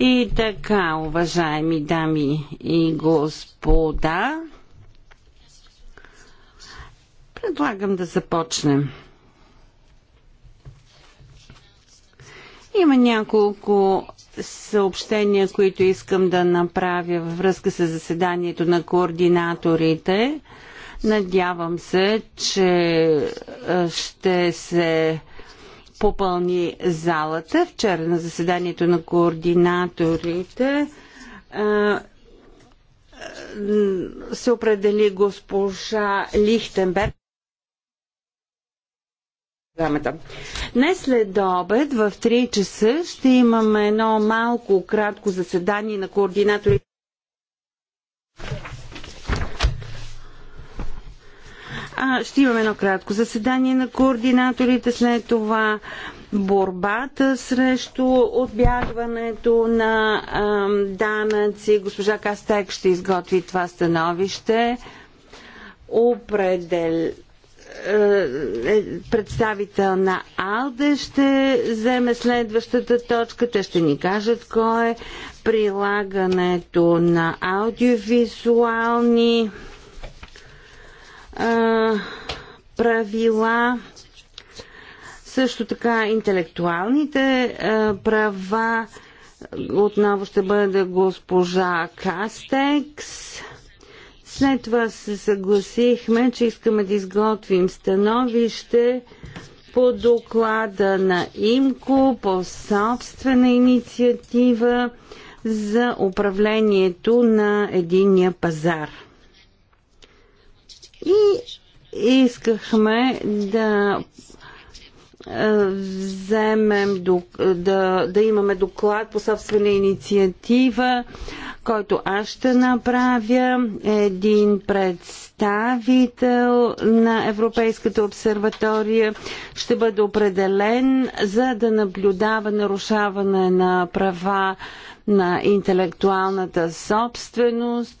И така, уважаеми дами и господа, предлагам да започнем. Има няколко съобщения, които искам да направя във връзка с заседанието на координаторите. Надявам се, че ще се попълни залата. Вчера на заседанието на координаторите се определи госпожа Лихтенберг. Днес след обед в 3 часа ще имаме едно малко кратко заседание на координаторите. А, ще имаме едно кратко заседание на координаторите, след това борбата срещу отбягването на ам, данъци. Госпожа Кастек ще изготви това становище. Определ е, е, представител на АЛДЕ ще вземе следващата точка. Те ще ни кажат кой е прилагането на аудиовизуални а, правила, също така интелектуалните а, права. Отново ще бъде госпожа Кастекс. След това се съгласихме, че искаме да изготвим становище по доклада на ИМКО по собствена инициатива за управлението на единния пазар. И искахме да вземем да, да имаме доклад по собствена инициатива, който аз ще направя. Един представител на Европейската обсерватория ще бъде определен за да наблюдава нарушаване на права на интелектуалната собственост.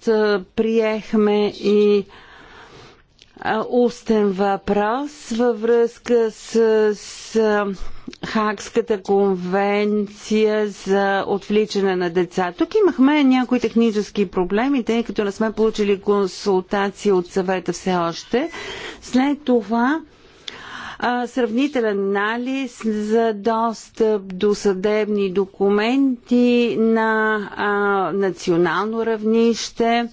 Приехме и устен въпрос във връзка с, с Хакската конвенция за отвличане на деца. Тук имахме някои технически проблеми, тъй като не сме получили консултации от съвета все още. След това сравнителен анализ за достъп до съдебни документи на а, национално равнище.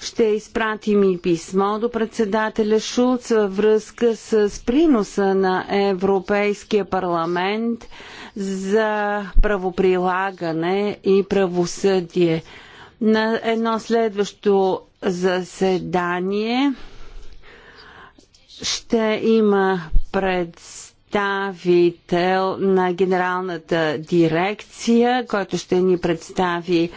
Ще изпратим и писмо до председателя Шулц във връзка с приноса на Европейския парламент за правоприлагане и правосъдие. На едно следващо заседание ще има представител на генералната дирекция, който ще ни представи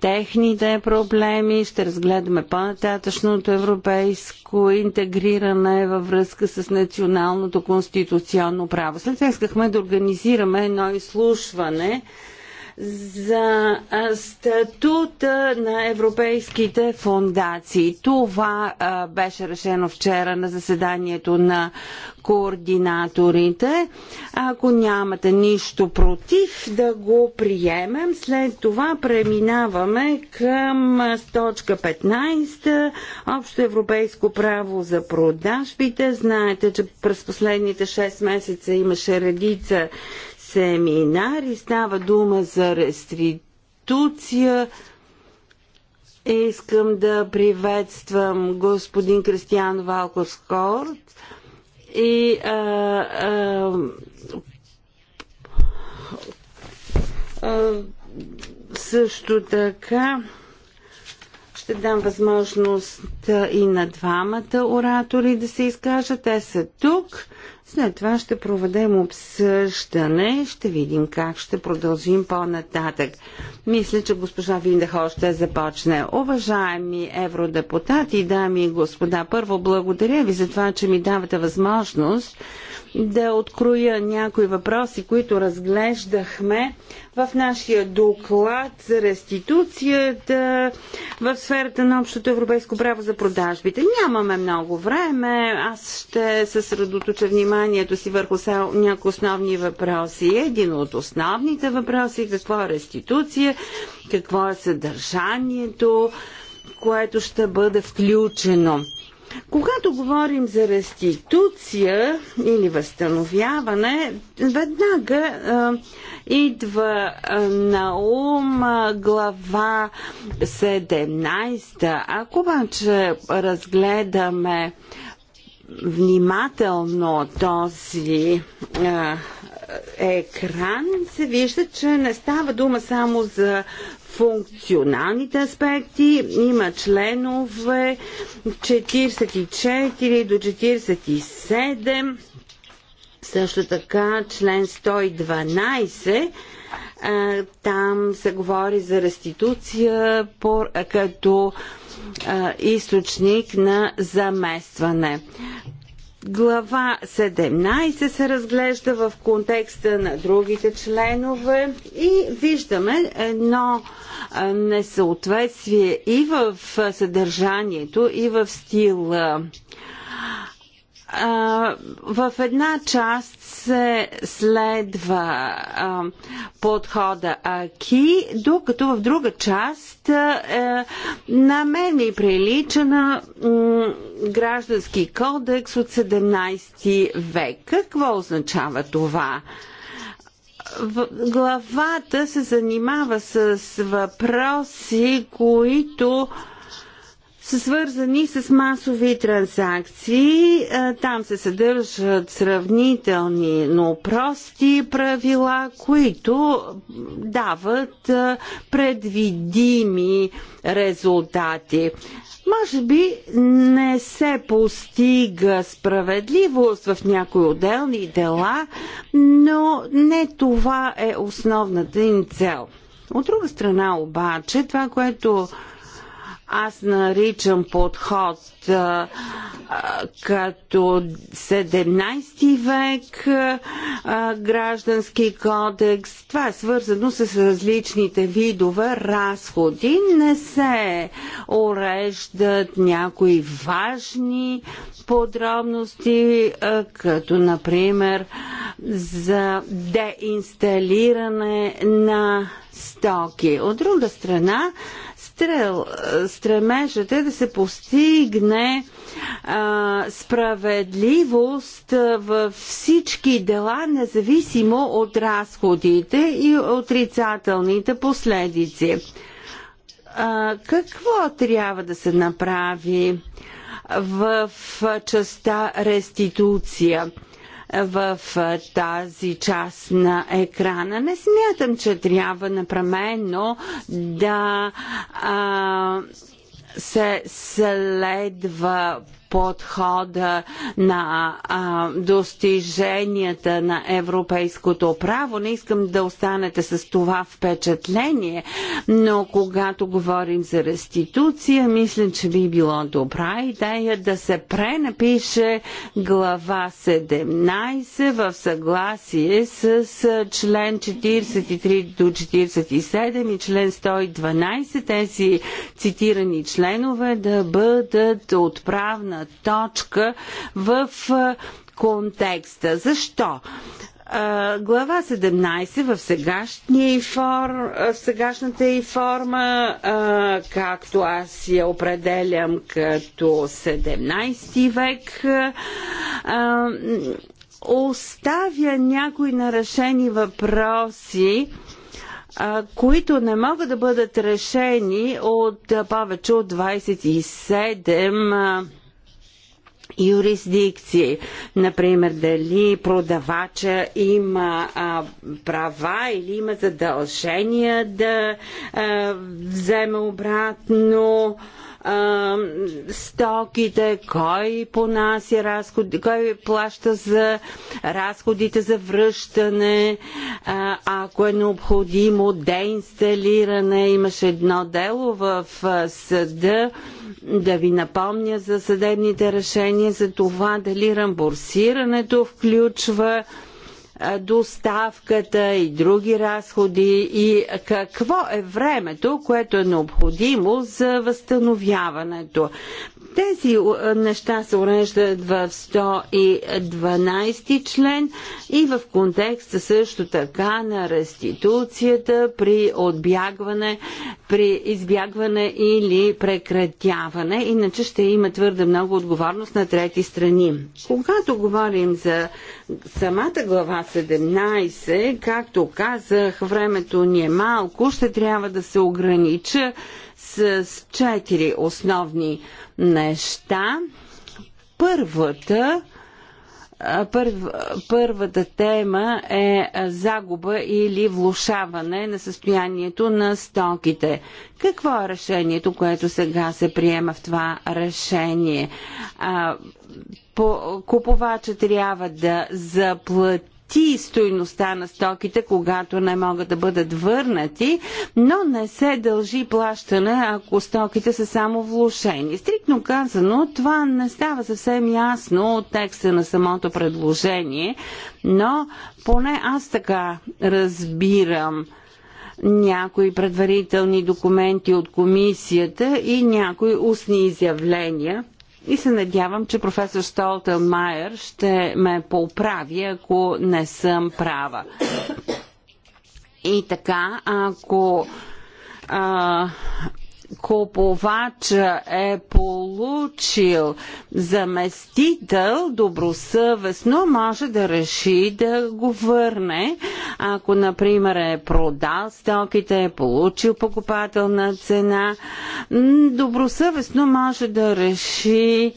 техните проблеми. Ще разгледаме по-нататъчното европейско интегриране във връзка с националното конституционно право. След това искахме да организираме едно изслушване за статута на европейските фондации. Това а, беше решено вчера на заседанието на координаторите. Ако нямате нищо против, да го приемем. След това преминаваме към точка 15. Общо европейско право за продажбите. Знаете, че през последните 6 месеца имаше редица семинари. Става дума за реституция. Е, искам да приветствам господин Кристиан Валков и а, а, а, също така ще дам възможност и на двамата оратори да се изкажат. Те са тук. След това ще проведем обсъждане. Ще видим как ще продължим по-нататък. Мисля, че госпожа Виндехол ще започне. Уважаеми евродепутати, дами и господа, първо благодаря ви за това, че ми давате възможност да откроя някои въпроси, които разглеждахме в нашия доклад за реституцията в сферата на общото европейско право за продажбите. Нямаме много време. Аз ще съсредоточа вниманието си върху някои основни въпроси. Един от основните въпроси е какво е реституция, какво е съдържанието, което ще бъде включено. Когато говорим за реституция или възстановяване, веднага а, идва а, на ум глава 17. Ако обаче разгледаме внимателно този а, екран, се вижда, че не става дума само за функционалните аспекти. Има членове 44 до 47. Също така член 112 там се говори за реституция по, като източник на заместване. Глава 17 се разглежда в контекста на другите членове и виждаме едно несъответствие и в съдържанието, и в стила в една част се следва подхода Аки, докато в друга част е, на мен ми прилича на граждански кодекс от 17 век. Какво означава това? главата се занимава с въпроси, които са свързани с масови транзакции. Е, там се съдържат сравнителни, но прости правила, които дават е, предвидими резултати. Може би не се постига справедливост в някои отделни дела, но не това е основната им цел. От друга страна обаче, това, което аз наричам подход а, като 17 век а, граждански кодекс. Това е свързано с различните видове разходи. Не се уреждат някои важни подробности, а, като например за деинсталиране на стоки. От друга страна, стрел. Стремежът е да се постигне а, справедливост във всички дела, независимо от разходите и отрицателните последици. А, какво трябва да се направи в частта реституция? в тази част на екрана. Не смятам, че трябва напременно да а, се следва подхода на а, достиженията на европейското право. Не искам да останете с това впечатление, но когато говорим за реституция, мисля, че би било добра идея да се пренапише глава 17 в съгласие с член 43 до 47 и член 112. Тези цитирани членове да бъдат отправна точка в контекста. Защо? глава 17 в, сегашния фор, в сегашната и форма, както аз я определям като 17 век, оставя някои нарешени въпроси, които не могат да бъдат решени от повече от 27 юрисдикции. Например, дали продавача има а, права или има задължения да а, вземе обратно а, стоките, кой понася разходи, кой плаща за разходите за връщане, а, ако е необходимо деинсталиране. Имаше едно дело в съда, да ви напомня за съдебните решения, за това дали рамбурсирането включва доставката и други разходи и какво е времето, което е необходимо за възстановяването. Тези е, неща се уреждат в 112 член и в контекста също така на реституцията при отбягване, при избягване или прекратяване, иначе ще има твърде много отговорност на трети страни. Когато говорим за самата глава 17, както казах, времето ни е малко, ще трябва да се огранича с, четири основни неща. Първата първ, първата тема е загуба или влушаване на състоянието на стоките. Какво е решението, което сега се приема в това решение? А, по, купувача трябва да заплати плати стойността на стоките, когато не могат да бъдат върнати, но не се дължи плащане, ако стоките са само влушени. Стрикно казано, това не става съвсем ясно от текста на самото предложение, но поне аз така разбирам някои предварителни документи от комисията и някои устни изявления и се надявам, че професор Столтен Майер ще ме поправи, ако не съм права. И така, ако а, купувач е получил заместител добросъвестно, може да реши да го върне. Ако, например, е продал стоките, е получил покупателна цена, добросъвестно може да реши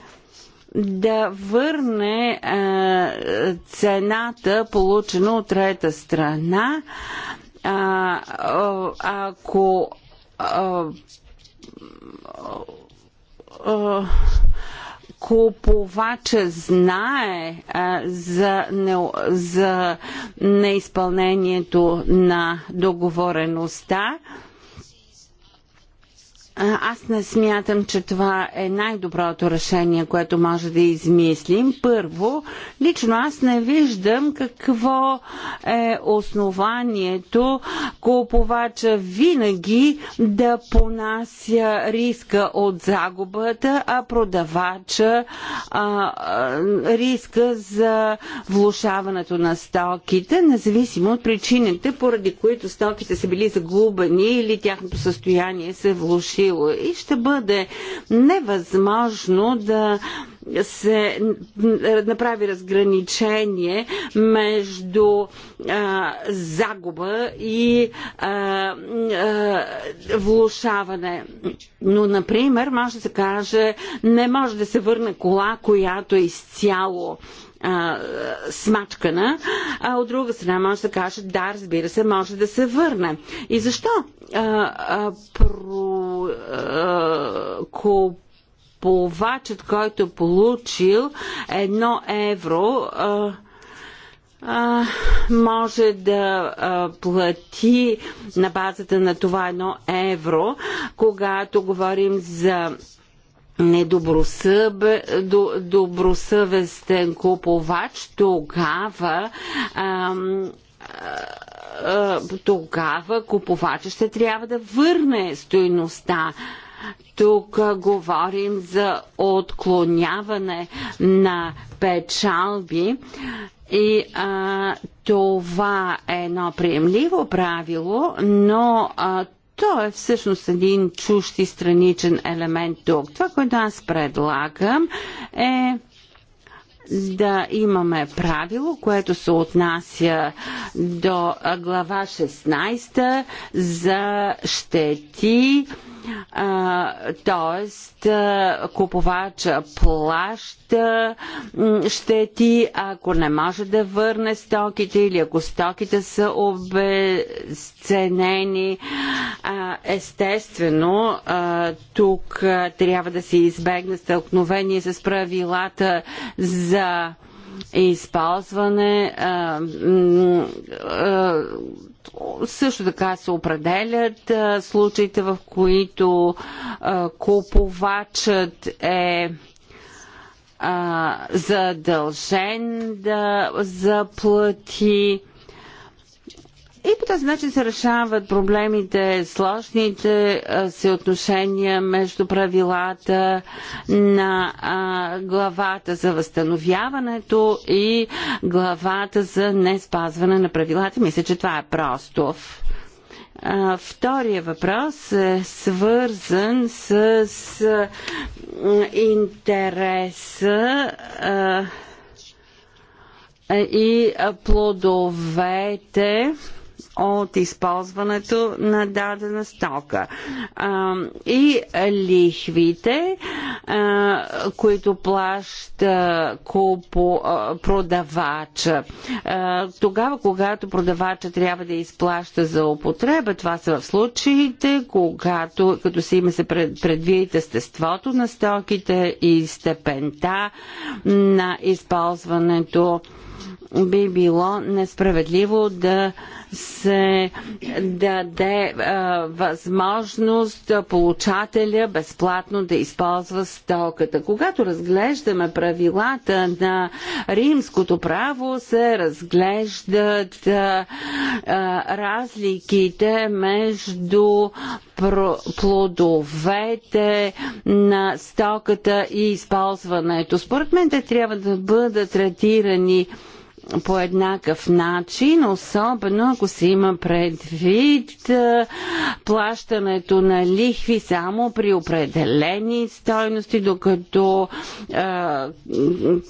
да върне е, цената, получена от трета страна. А, ако а, купувача знае а, за, не, за неизпълнението на договореността, аз не смятам, че това е най-доброто решение, което може да измислим. Първо, лично аз не виждам какво е основанието купувача винаги да понася риска от загубата, а продавача а, риска за влушаването на стоките, независимо от причините, поради които стоките са били загубени или тяхното състояние се влуши сила и ще бъде невъзможно да се направи разграничение между а, загуба и а, а, влушаване. Но, например, може да се каже, не може да се върне кола, която е изцяло а, смачкана, а от друга страна може да каже, да, разбира се, може да се върне. И защо а, а, про, а, ко, купувачът, който получил едно евро, а, а, може да а, плати на базата на това едно евро, когато говорим за недобросъвестен добросъвестен купувач, тогава ам, а, тогава купувача ще трябва да върне стойността тук говорим за отклоняване на печалби и а, това е едно приемливо правило, но а, то е всъщност един чужд и страничен елемент тук. Това, което аз предлагам е да имаме правило, което се отнася до глава 16 за щети, Тоест, купувача плаща щети, ако не може да върне стоките или ако стоките са обесценени. Естествено, тук трябва да се избегне стълкновение с правилата за използване също така се определят случаите, в които купувачът е задължен да заплати и по този начин се решават проблемите, сложните отношения между правилата на главата за възстановяването и главата за не спазване на правилата. Мисля, че това е просто. Втория въпрос е свързан с интереса и плодовете от използването на дадена стока. И лихвите, които плаща купо, продавача. Тогава, когато продавача трябва да изплаща за употреба, това са в случаите, когато като се има се предвид естеството на стоките и степента на използването би било несправедливо да се даде а, възможност получателя безплатно да използва стоката. Когато разглеждаме правилата на римското право, се разглеждат а, а, разликите между плодовете на стоката и използването. Според мен те трябва да бъдат третирани по еднакъв начин, особено ако се има предвид плащането на лихви само при определени стойности, докато е,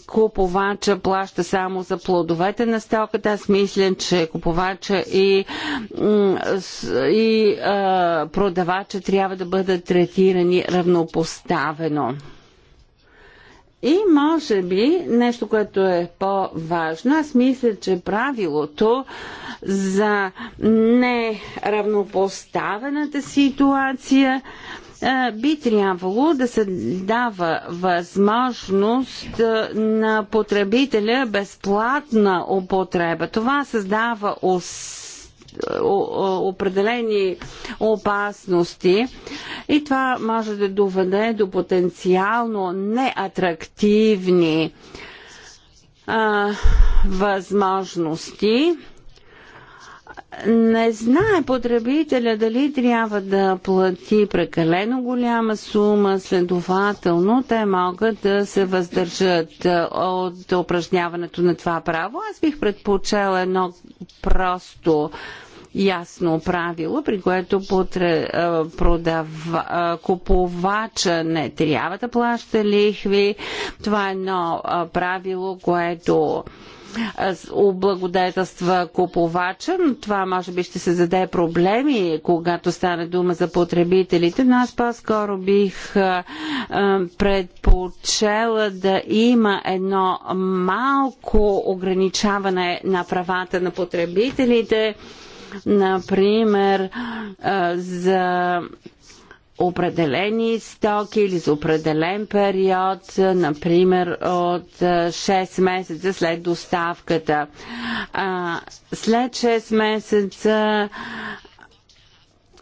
купувача плаща само за плодовете на стоката. Аз мисля, че купувача и, и е, продавача трябва да бъдат третирани равнопоставено. И може би нещо, което е по-важно, аз мисля, че правилото за неравнопоставената ситуация е, би трябвало да се дава възможност е, на потребителя безплатна употреба. Това създава усилия определени опасности и това може да доведе до потенциално неатрактивни а, възможности не знае потребителя дали трябва да плати прекалено голяма сума, следователно те могат да се въздържат от упражняването на това право. Аз бих предпочела едно просто ясно правило, при което продава, купувача не трябва да плаща лихви. Това е едно правило, което облагодетелства купувача, но това може би ще се заде проблеми, когато стане дума за потребителите, но аз по-скоро бих предпочела да има едно малко ограничаване на правата на потребителите, например, за определени стоки или за определен период, например от 6 месеца след доставката. След 6 месеца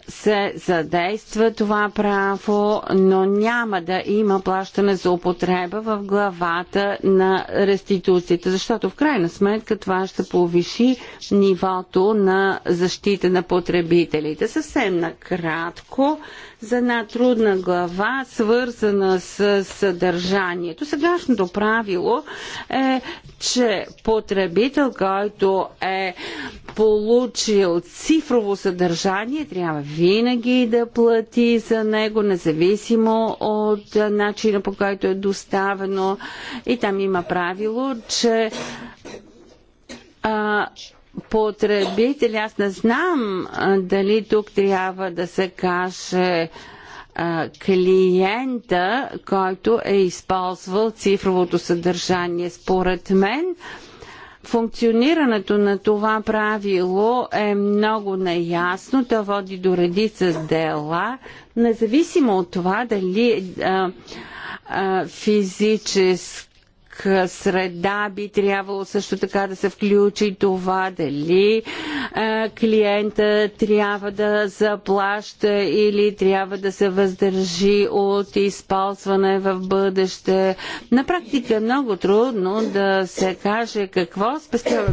се задейства това право, но няма да има плащане за употреба в главата на реституцията, защото в крайна сметка това ще повиши нивото на защита на потребителите. Съвсем накратко за една трудна глава, свързана с съдържанието. Сегашното правило е, че потребител, който е получил цифрово съдържание, трябва винаги да плати за него, независимо от начина по който е доставено. И там има правило, че а, потребители, аз не знам дали тук трябва да се каже клиента, който е използвал цифровото съдържание. Според мен, функционирането на това правило е много неясно. То води до редица дела, независимо от това дали физически среда би трябвало също така да се включи това дали клиента трябва да заплаща или трябва да се въздържи от използване в бъдеще. На практика е много трудно да се каже какво спестява.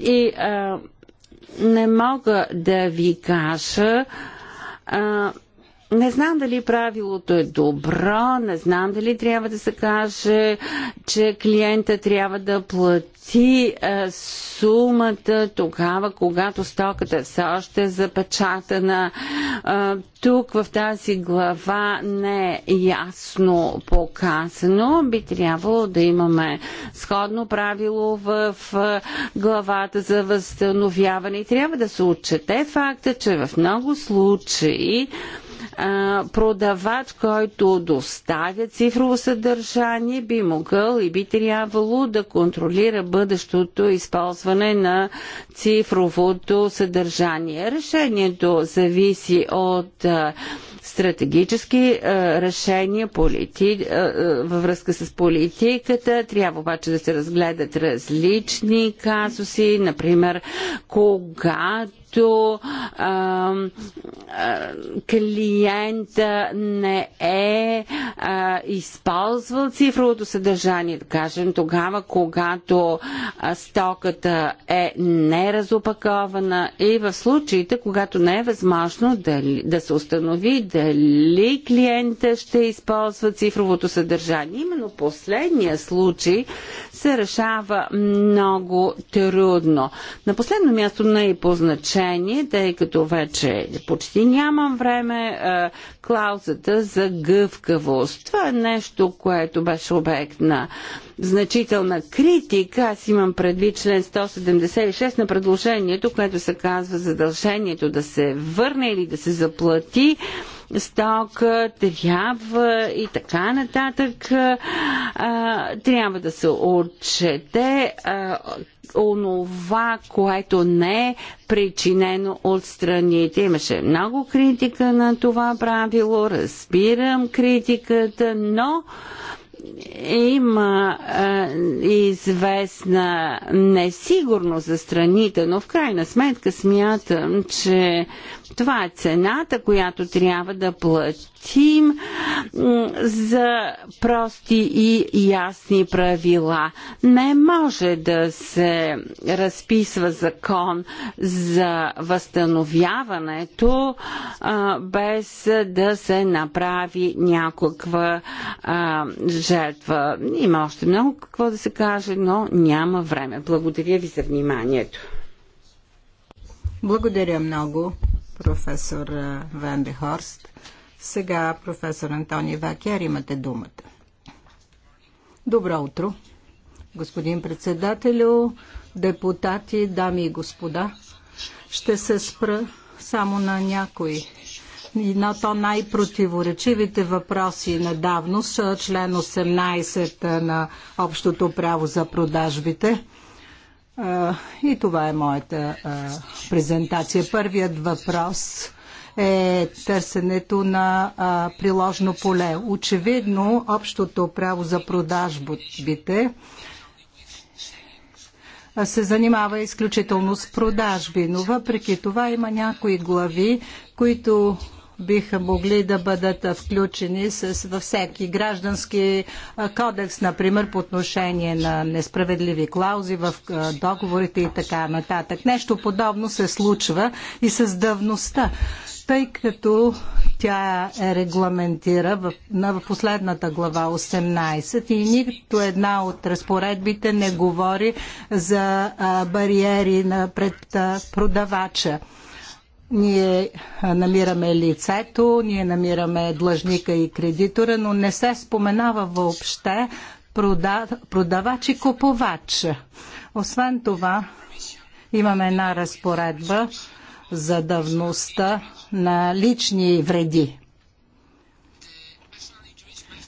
И а, не мога да ви кажа а, не знам дали правилото е добро, не знам дали трябва да се каже, че клиента трябва да плати е, сумата тогава, когато стоката е все още е запечатана. Е, тук в тази глава не е ясно показано. Би трябвало да имаме сходно правило в е, главата за възстановяване и трябва да се отчете факта, че в много случаи продавач, който доставя цифрово съдържание, би могъл и би трябвало да контролира бъдещото използване на цифровото съдържание. Решението зависи от стратегически решения полити, във връзка с политиката. Трябва обаче да се разгледат различни казуси, например, когато който а, а, клиента не е а, използвал цифровото съдържание, да кажем тогава, когато а, стоката е неразопакована и в случаите, когато не е възможно да, да се установи дали клиента ще използва цифровото съдържание. Именно последния случай се решава много трудно. На последно място не е по значение решение, тъй като вече почти нямам време, е, клаузата за гъвкавост. Това е нещо, което беше обект на значителна критика. Аз имам предвид член 176 на предложението, което се казва задължението да се върне или да се заплати стока, трябва и така нататък. А, трябва да се отчете а, онова, което не е причинено от страните. Имаше много критика на това правило, разбирам критиката, но има е, известна несигурност за страните, но в крайна сметка смятам, че това е цената, която трябва да платим за прости и ясни правила. Не може да се разписва закон за възстановяването без да се направи някаква жертва. Има още много какво да се каже, но няма време. Благодаря ви за вниманието. Благодаря много професор Ван де Хорст. Сега професор Антони Вакер, имате думата. Добро утро, господин председателю, депутати, дами и господа. Ще се спра само на някои на то най-противоречивите въпроси на давност, член 18 на Общото право за продажбите и това е моята презентация. Първият въпрос е търсенето на а, приложно поле. Очевидно, общото право за продажбите се занимава изключително с продажби, но въпреки това има някои глави, които биха могли да бъдат включени с, във всеки граждански кодекс, например по отношение на несправедливи клаузи в договорите и така нататък. Нещо подобно се случва и с давността, тъй като тя е регламентира в, на последната глава 18 и нито една от разпоредбите не говори за а, бариери на пред а, продавача ние намираме лицето, ние намираме длъжника и кредитора, но не се споменава въобще продавач и купувач. Освен това, имаме една разпоредба за давността на лични вреди.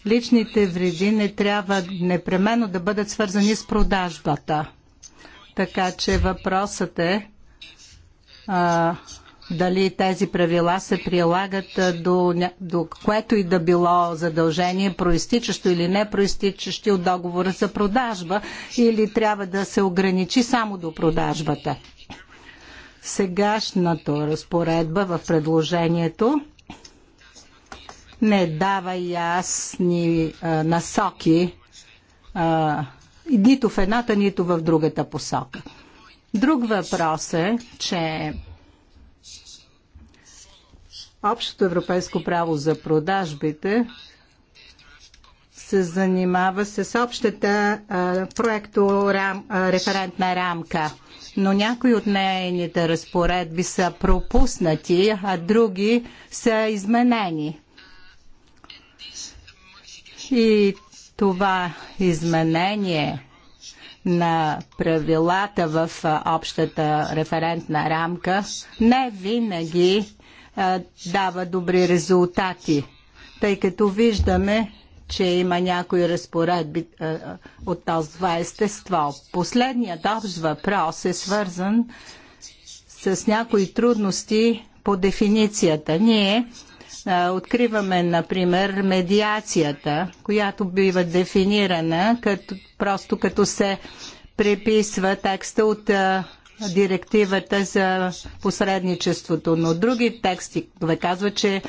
Личните вреди не трябва непременно да бъдат свързани с продажбата. Така че въпросът е а, дали тези правила се прилагат до, до което и да било задължение, проистичащо или не проистичащо от договора за продажба, или трябва да се ограничи само до продажбата. Сегашната разпоредба в предложението не дава ясни а, насоки а, нито в едната, нито в другата посока. Друг въпрос е, че Общото европейско право за продажбите се занимава с общата а, проекто рам, а, референтна рамка, но някои от нейните разпоредби са пропуснати, а други са изменени. И това изменение на правилата в общата референтна рамка не винаги дава добри резултати, тъй като виждаме, че има някои разпоредби а, от това естество. Последният общ въпрос е свързан с някои трудности по дефиницията. Ние а, откриваме, например, медиацията, която бива дефинирана като, просто като се приписва текста от А, директивата за посредничеството, но други тексти казват, че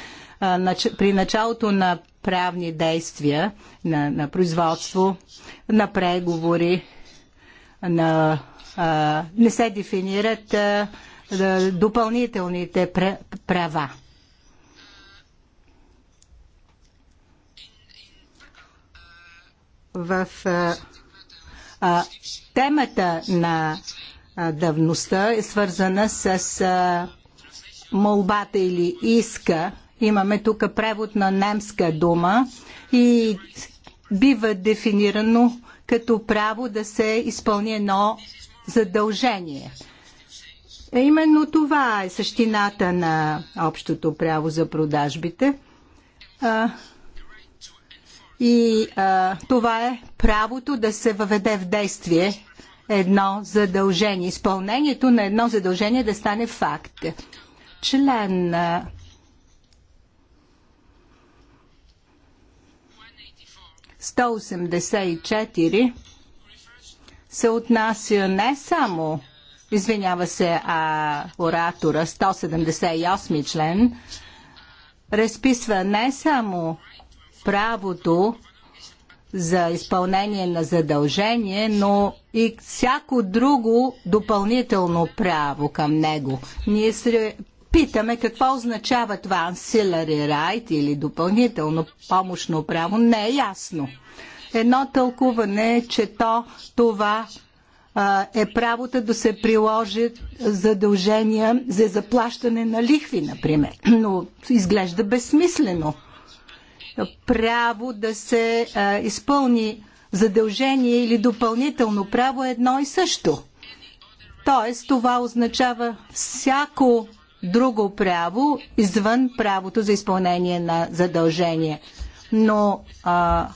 при началото на правни действия, на, на производство, на преговори, на, а, не се дефинират а, допълнителните права. В а, темата на давността е свързана с молбата или иска. Имаме тук превод на немска дума и бива дефинирано като право да се изпълни едно задължение. Е, именно това е същината на общото право за продажбите. А, и а, това е правото да се въведе в действие едно задължение, изпълнението на едно задължение да стане факт. Член 184 се отнася не само, извинява се, а оратора 178 член, разписва не само правото за изпълнение на задължение, но и всяко друго допълнително право към него. Ние се питаме какво означава това ancillary right или допълнително помощно право. Не е ясно. Едно тълкуване е, че то, това а, е правото да се приложи задължения за заплащане на лихви, например. Но изглежда безсмислено право да се а, изпълни задължение или допълнително право е едно и също. Тоест, това означава всяко друго право извън правото за изпълнение на задължение. Но а,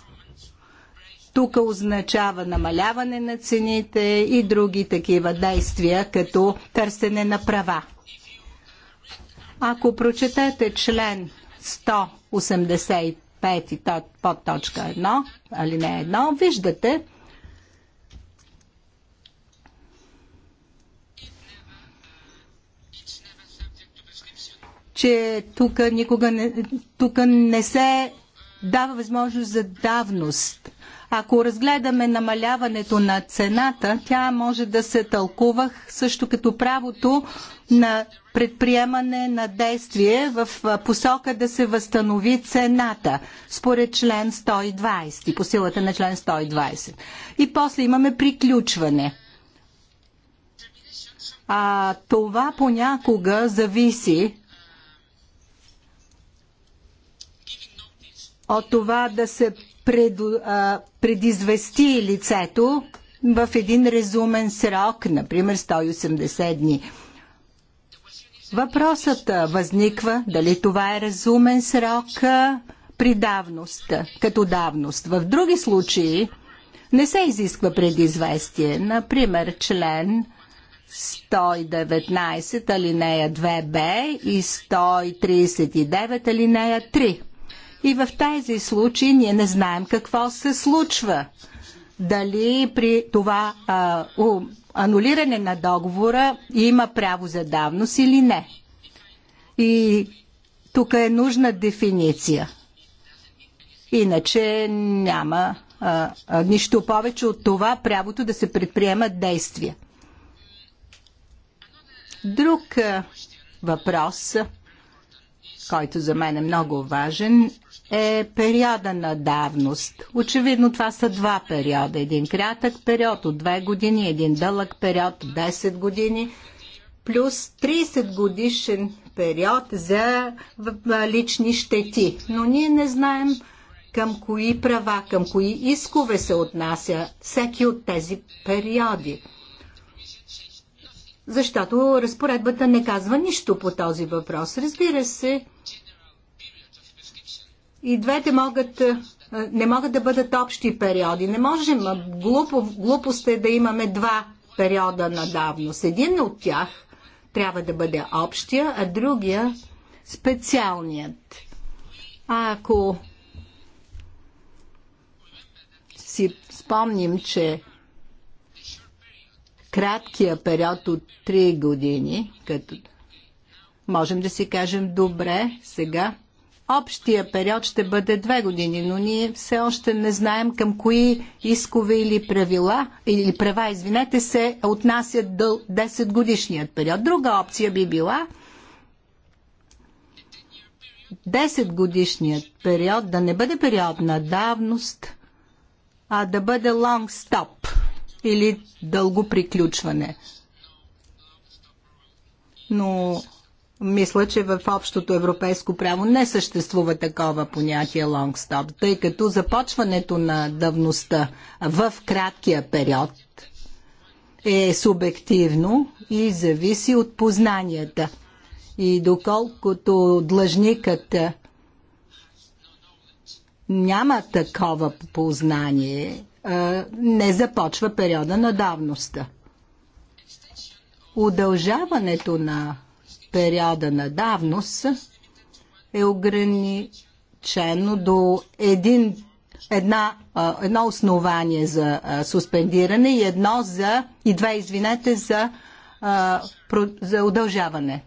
тук означава намаляване на цените и други такива действия, като търсене на права. Ако прочетете член 183 5 под точка 1, алинея 1, виждате, че тук никога не, тук не се дава възможност за давност. Ако разгледаме намаляването на цената, тя може да се тълкува също като правото на предприемане на действие в посока да се възстанови цената според член 120, по силата на член 120. И после имаме приключване. А това понякога зависи от това да се пред, а, предизвести лицето в един разумен срок, например 180 дни. Въпросът възниква дали това е разумен срок при давност, като давност. В други случаи не се изисква предизвестие. Например, член 119 алинея 2б и 139 алинея 3. И в тези случаи ние не знаем какво се случва. Дали при това а, у, анулиране на договора има право за давност или не. И тук е нужна дефиниция. Иначе няма а, а, нищо повече от това правото да се предприемат действия. Друг а, въпрос, който за мен е много важен, е периода на давност. Очевидно това са два периода. Един кратък период от две години, един дълъг период от 10 години, плюс 30 годишен период за лични щети. Но ние не знаем към кои права, към кои искове се отнася всеки от тези периоди. Защото разпоредбата не казва нищо по този въпрос. Разбира се, и двете могат, не могат да бъдат общи периоди. Не можем, глупо, глупост е да имаме два периода на давност. Един от тях трябва да бъде общия, а другия специалният. А ако си спомним, че краткия период от 3 години, като можем да си кажем добре, сега Общия период ще бъде две години, но ние все още не знаем към кои искове или правила, или права, извинете, се отнасят до 10 годишният период. Друга опция би била 10 годишният период да не бъде период на давност, а да бъде long stop или дълго приключване. Но мисля, че в общото европейско право не съществува такова понятие long stop, тъй като започването на давността в краткия период е субективно и зависи от познанията. И доколкото длъжникът няма такова познание, не започва периода на давността. Удължаването на периода на давност е ограничено до един, една, едно основание за суспендиране и едно за и две, извинете, за, за удължаване.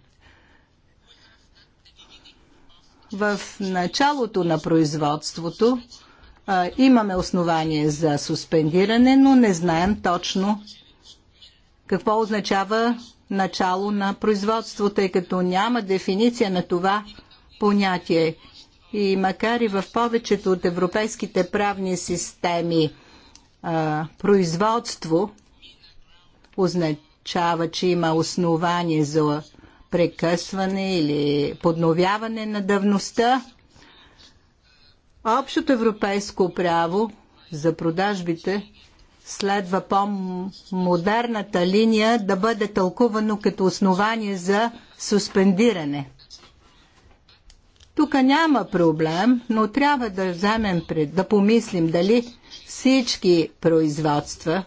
В началото на производството имаме основание за суспендиране, но не знаем точно какво означава начало на производство, тъй като няма дефиниция на това понятие. И макар и в повечето от европейските правни системи а, производство означава, че има основание за прекъсване или подновяване на давността. Общото европейско право за продажбите следва по-модерната линия да бъде тълкувано като основание за суспендиране. Тук няма проблем, но трябва да вземем пред, да помислим дали всички производства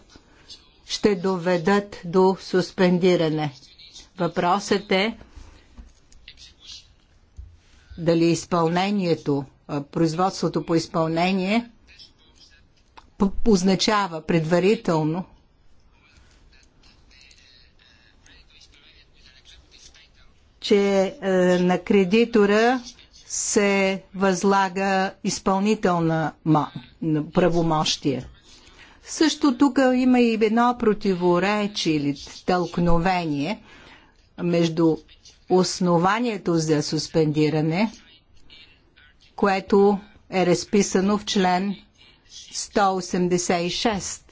ще доведат до суспендиране. Въпросът е дали изпълнението, производството по изпълнение – означава предварително. че е, на кредитора се възлага изпълнителна правомощие. Също тук има и едно противоречие или тълкновение между основанието за суспендиране, което е разписано в член 186.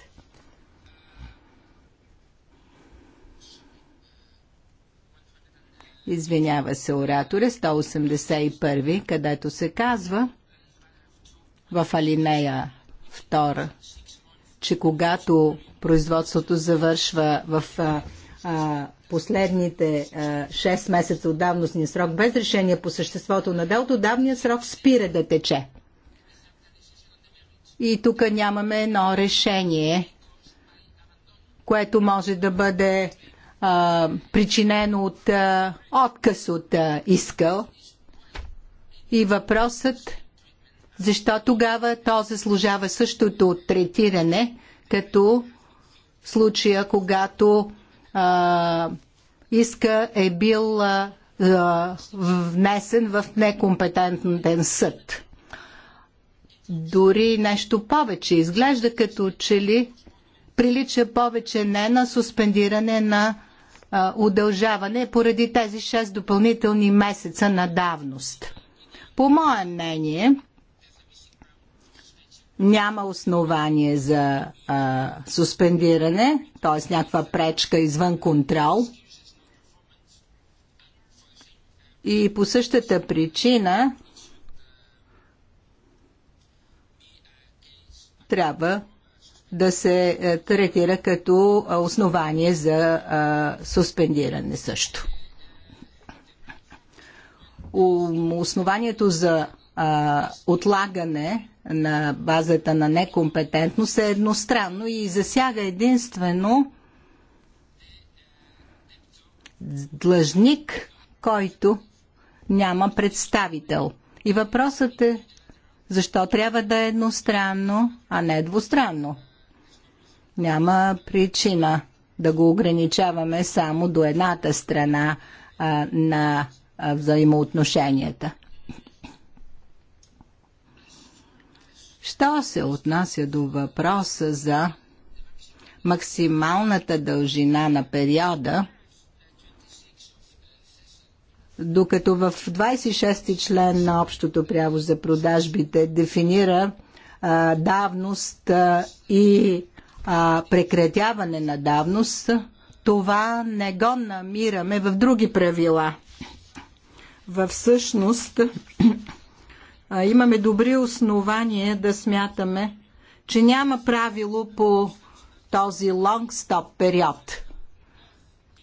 Извинява се оратора, 181, където се казва в алинея 2, че когато производството завършва в а, а, последните а, 6 месеца от давностния срок без решение по съществото на делото, давният срок спира да тече. И тук нямаме едно решение, което може да бъде а, причинено от а, отказ от а, искъл. И въпросът, защо тогава то заслужава същото третиране, като случая, когато а, иска е бил а, внесен в некомпетентен съд дори нещо повече. Изглежда като че ли прилича повече не на суспендиране на а, удължаване поради тези 6 допълнителни месеца на давност. По мое мнение, няма основание за а, суспендиране, т.е. някаква пречка извън контрол. И по същата причина трябва да се е, третира като е, основание за е, суспендиране също. Основанието за отлагане на базата на некомпетентност е едностранно и засяга единствено длъжник, който няма представител. И въпросът е защо трябва да е едностранно, а не двустранно? Няма причина да го ограничаваме само до едната страна а, на а, взаимоотношенията. Що се отнася до въпроса за максималната дължина на периода – докато в 26 ти член на общото право за продажбите дефинира а, давност а, и а, прекратяване на давност, това не го намираме в други правила. В всъщност а, имаме добри основания да смятаме, че няма правило по този long-stop период –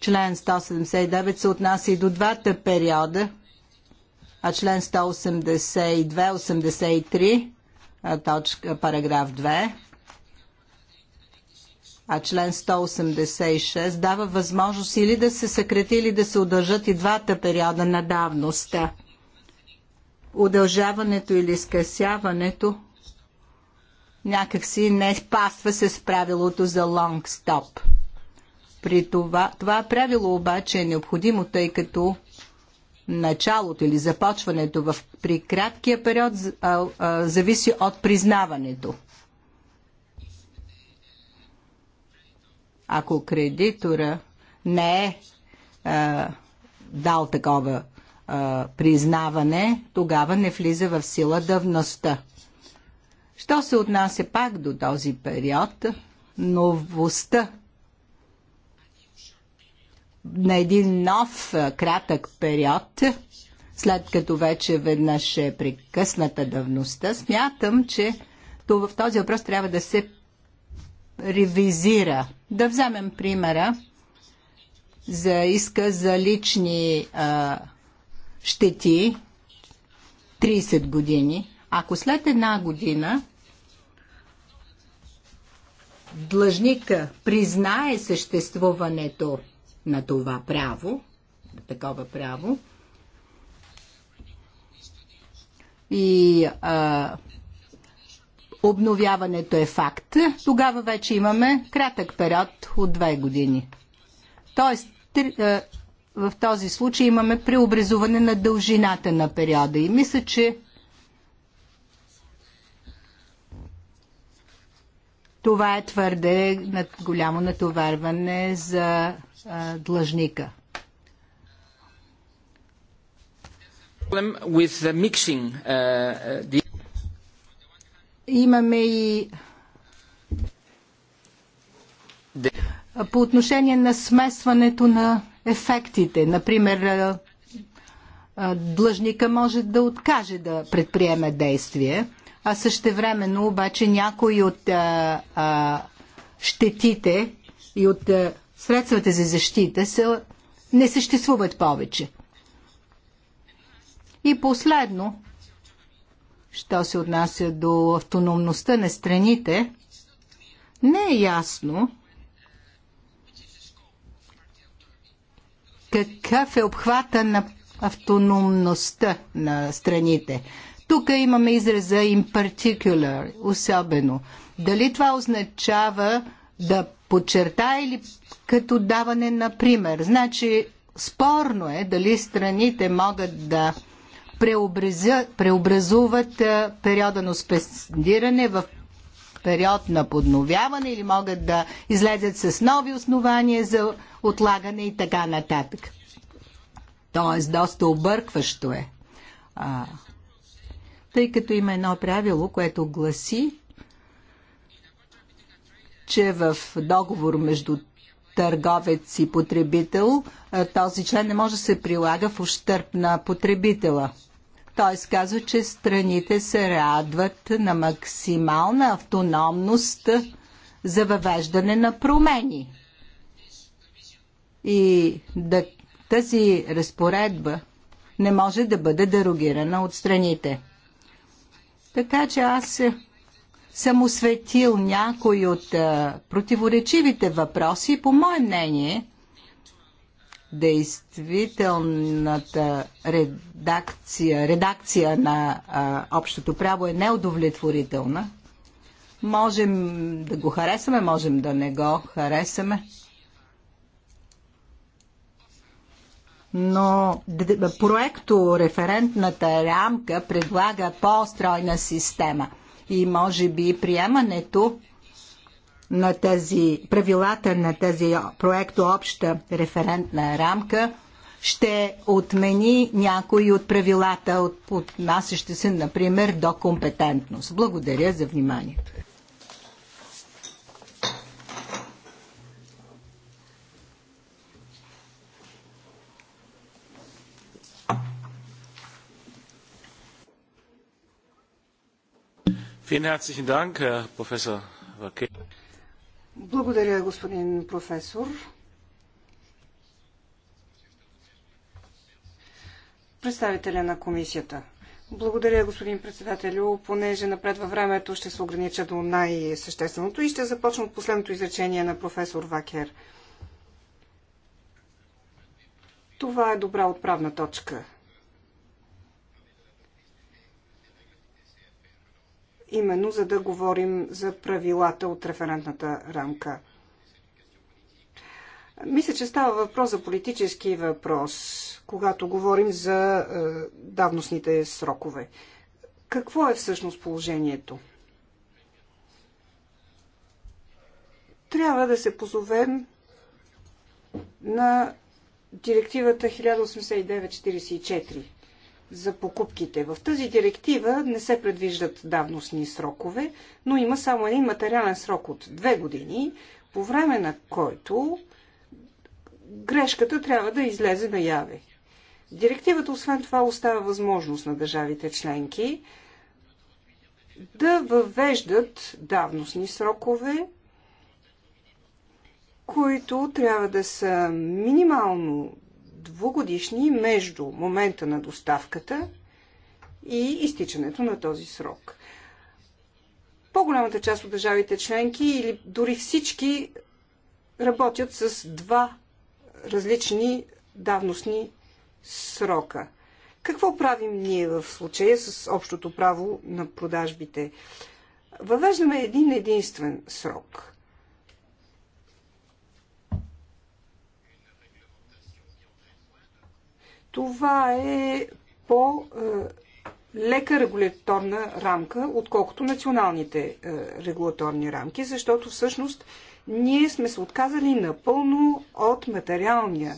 Член 179 се отнася и до двата периода, а член 182-83, параграф 2, а член 186 дава възможност или да се съкрати, или да се удържат и двата периода на давността. Удължаването или скъсяването някакси не пасва се с правилото за лонг стоп – при това, това правило обаче е необходимо, тъй като началото или започването в, при краткия период а, а, зависи от признаването. Ако кредитора не е а, дал такова а, признаване, тогава не влиза в сила давността. Що се отнася пак до този период, новостта на един нов кратък период, след като вече веднъж е прекъсната давността, смятам, че в този въпрос трябва да се ревизира. Да вземем примера за иска за лични а, щети 30 години. Ако след една година длъжника признае съществуването на това право, на такова право. И а, обновяването е факт. Тогава вече имаме кратък период от две години. Тоест, три, а, в този случай имаме преобразуване на дължината на периода. И мисля, че това е твърде голямо натоварване за длъжника. Uh, uh, Имаме и по отношение на смесването на ефектите. Например, длъжника може да откаже да предприеме действие, а същевременно обаче някои от щетите и от средствата за защита са, не съществуват повече. И последно, що се отнася до автономността на страните, не е ясно какъв е обхвата на автономността на страните. Тук имаме израза in particular, особено. Дали това означава да подчерта или като даване на пример. Значи, спорно е дали страните могат да преобразуват периода на спестиране в период на подновяване или могат да излезат с нови основания за отлагане и така нататък. Тоест, доста объркващо е. А, тъй като има едно правило, което гласи, че в договор между търговец и потребител този член не може да се прилага в ущърп на потребителя. Той казва, че страните се радват на максимална автономност за въвеждане на промени. И да, тази разпоредба не може да бъде дерогирана от страните. Така че аз съм осветил някои от а, противоречивите въпроси. По мое мнение, действителната редакция, редакция на а, общото право е неудовлетворителна. Можем да го харесаме, можем да не го харесаме. но проекто референтната рамка предлага по-стройна система – и може би приемането на тези правилата на тази проекто обща референтна рамка ще отмени някои от правилата, от, отнасящи се, например, до компетентност. Благодаря за вниманието. Благодаря, господин професор. Представителя на комисията. Благодаря, господин председателю. Понеже напред във времето ще се огранича до най-същественото и ще започна от последното изречение на професор Вакер. Това е добра отправна точка – именно за да говорим за правилата от референтната рамка. Мисля, че става въпрос за политически въпрос, когато говорим за е, давностните срокове. Какво е всъщност положението? Трябва да се позовем на директивата за покупките. В тази директива не се предвиждат давностни срокове, но има само един материален срок от две години, по време на който грешката трябва да излезе наяве. Директивата освен това остава възможност на държавите членки да въвеждат давностни срокове, които трябва да са минимално двугодишни между момента на доставката и изтичането на този срок. По-голямата част от държавите членки или дори всички работят с два различни давностни срока. Какво правим ние в случая с общото право на продажбите? Въвеждаме един единствен срок. Това е по-лека е, регуляторна рамка, отколкото националните е, регулаторни рамки, защото всъщност ние сме се отказали напълно от материалния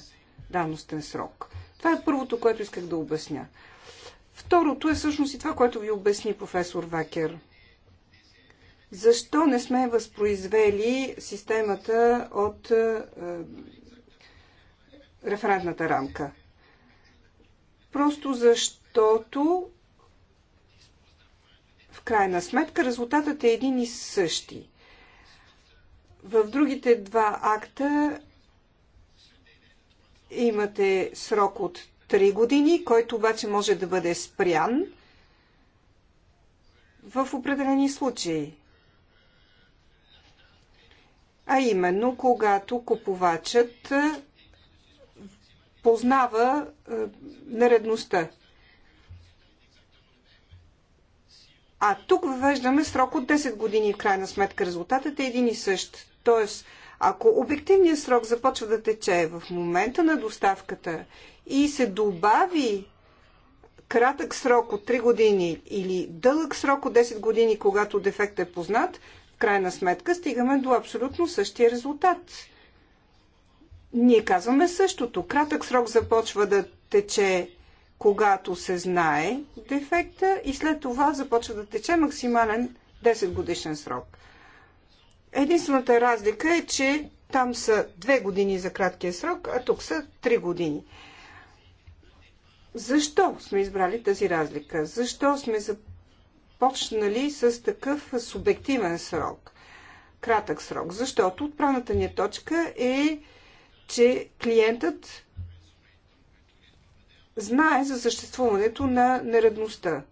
данностен срок. Това е първото, което исках да обясня. Второто е всъщност и това, което ви обясни професор Вакер. Защо не сме възпроизвели системата от е, е референтната рамка? просто защото в крайна сметка резултатът е един и същи. В другите два акта имате срок от 3 години, който обаче може да бъде спрян в определени случаи. А именно, когато купувачът познава е, нередността. А тук въвеждаме срок от 10 години и в крайна сметка резултатът е един и същ. Тоест, ако обективният срок започва да тече в момента на доставката и се добави кратък срок от 3 години или дълъг срок от 10 години, когато дефектът е познат, в крайна сметка стигаме до абсолютно същия резултат. Ние казваме същото. Кратък срок започва да тече, когато се знае дефекта и след това започва да тече максимален 10 годишен срок. Единствената разлика е, че там са 2 години за краткия срок, а тук са 3 години. Защо сме избрали тази разлика? Защо сме започнали с такъв субективен срок? Кратък срок. Защото отправната ни точка е че клиентът знае за съществуването на нередността.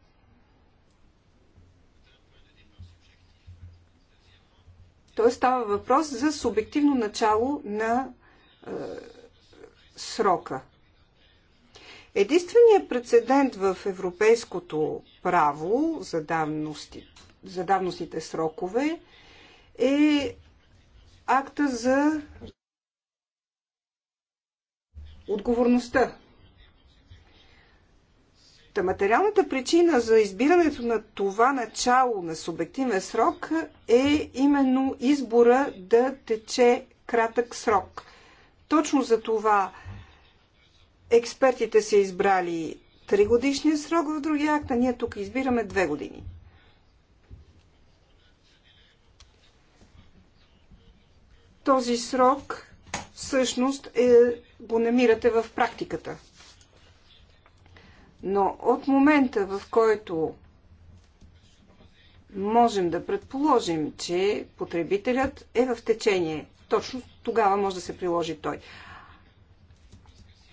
Тоест става въпрос за субективно начало на е, срока. Единственият прецедент в европейското право за, давности, за давностите срокове е акта за отговорността. Та материалната причина за избирането на това начало на субективен срок е именно избора да тече кратък срок. Точно за това експертите са избрали 3 годишния срок в другия акт, а ние тук избираме 2 години. Този срок всъщност е го намирате в практиката. Но от момента, в който можем да предположим, че потребителят е в течение, точно тогава може да се приложи той.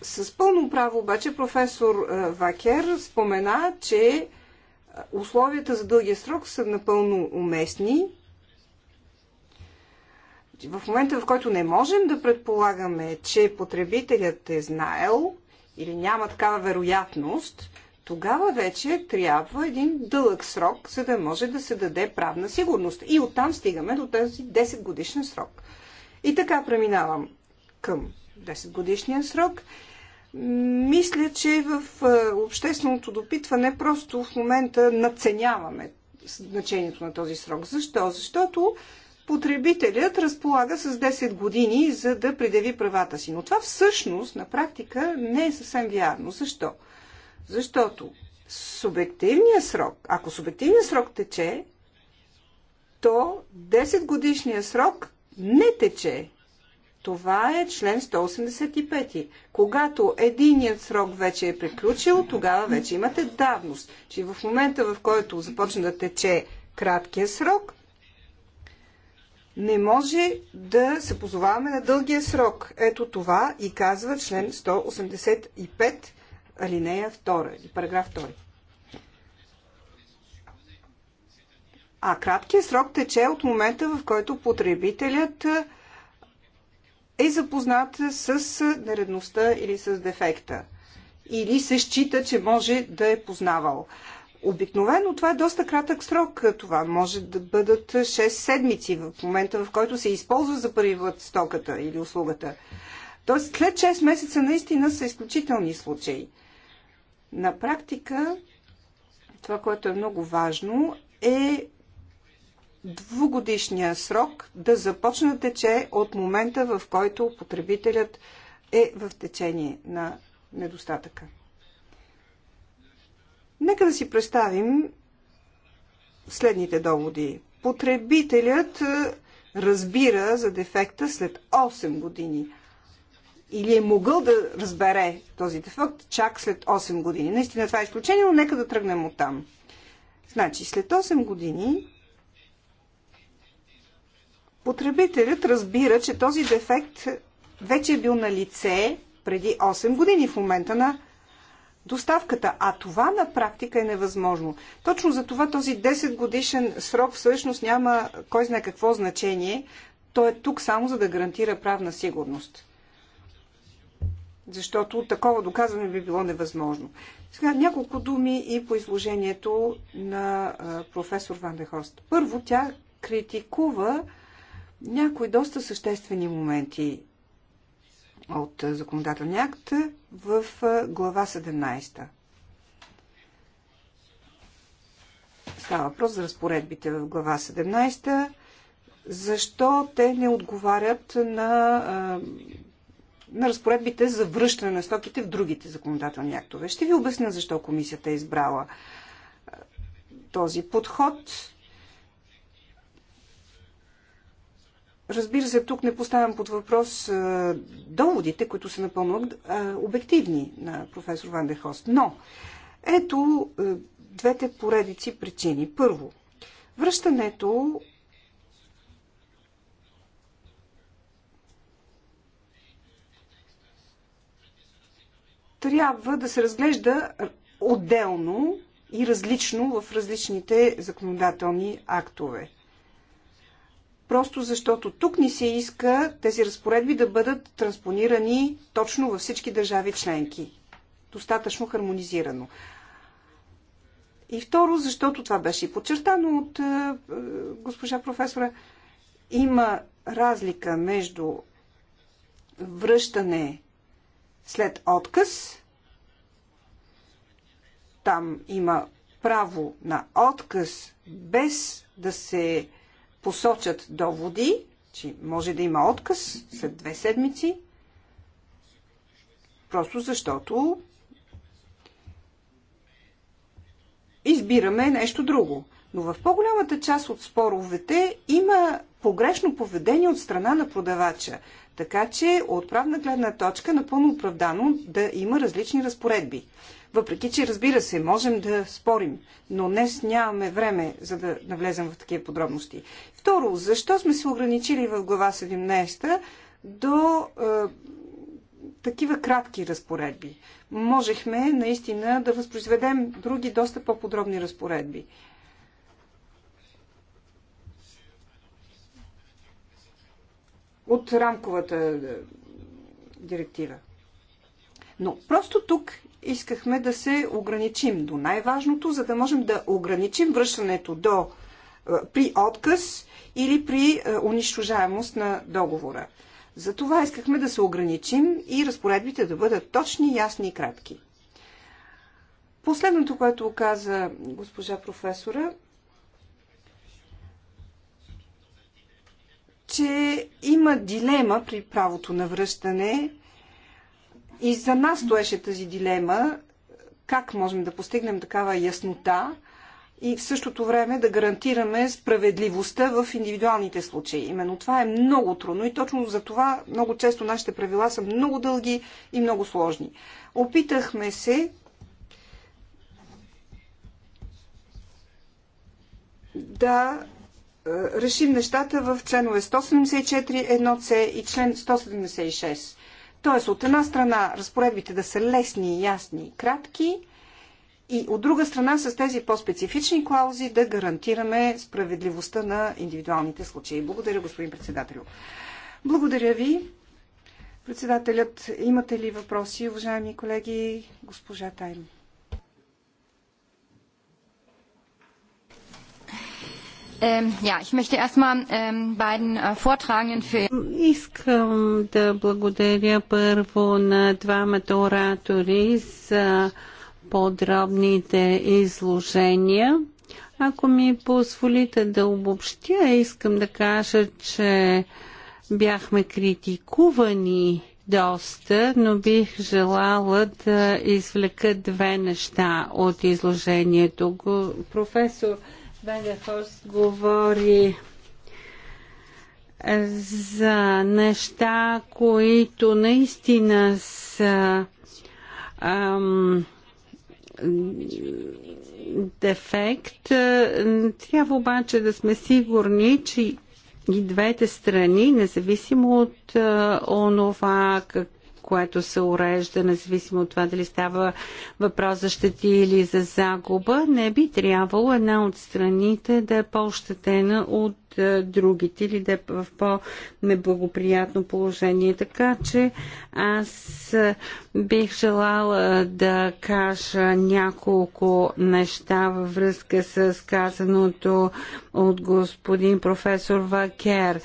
С пълно право обаче професор е, Вакер спомена, че е, условията за дългия срок са напълно уместни в момента, в който не можем да предполагаме, че потребителят е знаел или няма такава вероятност, тогава вече трябва един дълъг срок, за да може да се даде правна сигурност. И оттам стигаме до този 10 годишен срок. И така преминавам към 10 годишния срок. Мисля, че в е, общественото допитване просто в момента наценяваме значението на този срок. Защо? Защото потребителят разполага с 10 години, за да предяви правата си. Но това всъщност на практика не е съвсем вярно. Защо? Защото субективният срок, ако субективният срок тече, то 10 годишния срок не тече. Това е член 185. Когато единият срок вече е приключил, тогава вече имате давност. Че в момента, в който започне да тече краткия срок, не може да се позоваваме на дългия срок. Ето това и казва член 185 алинея 2 или параграф 2. А краткият срок тече от момента, в който потребителят е запознат с нередността или с дефекта. Или се счита, че може да е познавал. Обикновено това е доста кратък срок. Това може да бъдат 6 седмици в момента, в който се използва за първи път стоката или услугата. Тоест след 6 месеца наистина са изключителни случаи. На практика това, което е много важно, е двугодишния срок да започне да тече от момента, в който потребителят е в течение на недостатъка. Нека да си представим следните доводи. Потребителят е, разбира за дефекта след 8 години. Или е могъл да разбере този дефект чак след 8 години. Наистина това е изключение, но нека да тръгнем от там. Значи, след 8 години потребителят разбира, че този дефект вече е бил на лице преди 8 години в момента на доставката. А това на практика е невъзможно. Точно за това този 10 годишен срок всъщност няма кой знае какво значение. Той е тук само за да гарантира правна сигурност. Защото такова доказване би било невъзможно. Сега няколко думи и по изложението на професор Ван Дехорст. Първо, тя критикува някои доста съществени моменти от законодателния акт в глава 17. Става въпрос за разпоредбите в глава 17. Защо те не отговарят на, на разпоредбите за връщане на стоките в другите законодателни актове? Ще ви обясня защо комисията е избрала този подход Разбира се, тук не поставям под въпрос доводите, които са напълно обективни на професор Ван де Хост. Но ето двете поредици причини. Първо, връщането трябва да се разглежда отделно и различно в различните законодателни актове просто защото тук ни се иска тези разпоредби да бъдат транспонирани точно във всички държави членки. Достатъчно хармонизирано. И второ, защото това беше и подчертано от е, е госпожа професора, има разлика между връщане след отказ, там има право на отказ без да се посочат доводи, че може да има отказ след две седмици, просто защото избираме нещо друго. Но в по-голямата част от споровете има погрешно поведение от страна на продавача. Така че от правна гледна точка напълно оправдано да има различни разпоредби. Въпреки, че разбира се, можем да спорим, но днес нямаме време, за да навлезем в такива подробности. Второ, защо сме се ограничили в глава 17 до е, такива кратки разпоредби? Можехме наистина да възпроизведем други доста по-подробни разпоредби. От рамковата е, директива. Но просто тук искахме да се ограничим до най-важното, за да можем да ограничим връщането до, е, при отказ или при е, унищожаемост на договора. Затова искахме да се ограничим и разпоредбите да бъдат точни, ясни и кратки. Последното, което каза госпожа професора, че има дилема при правото на връщане – и за нас стоеше тази дилема, как можем да постигнем такава яснота и в същото време да гарантираме справедливостта в индивидуалните случаи. Именно това е много трудно и точно за това много често нашите правила са много дълги и много сложни. Опитахме се да е, решим нещата в членове 174, 1C и член 176. Тоест, от една страна разпоредбите да са лесни, ясни и кратки, и от друга страна с тези по-специфични клаузи да гарантираме справедливостта на индивидуалните случаи. Благодаря, господин председател. Благодаря ви. Председателят, имате ли въпроси, уважаеми колеги? Госпожа Тайм. Ähm, ja, ich möchte erstmal ähm, beiden äh, Vortragenden für Искам да благодаря първо на двамата оратори за подробните изложения. Ако ми позволите да обобщя, искам да кажа, че бяхме критикувани доста, но бих желала да извлека две неща от изложението. Професор Бендерхорс говори за неща, които наистина са ам, дефект. Трябва обаче да сме сигурни, че и двете страни, независимо от а, онова как, което се урежда, независимо от това дали става въпрос за щети или за загуба, не би трябвало една от страните да е по-ощетена от е, другите или да е в по-неблагоприятно положение. Така че аз бих желала да кажа няколко неща във връзка с казаното от господин професор Вакер.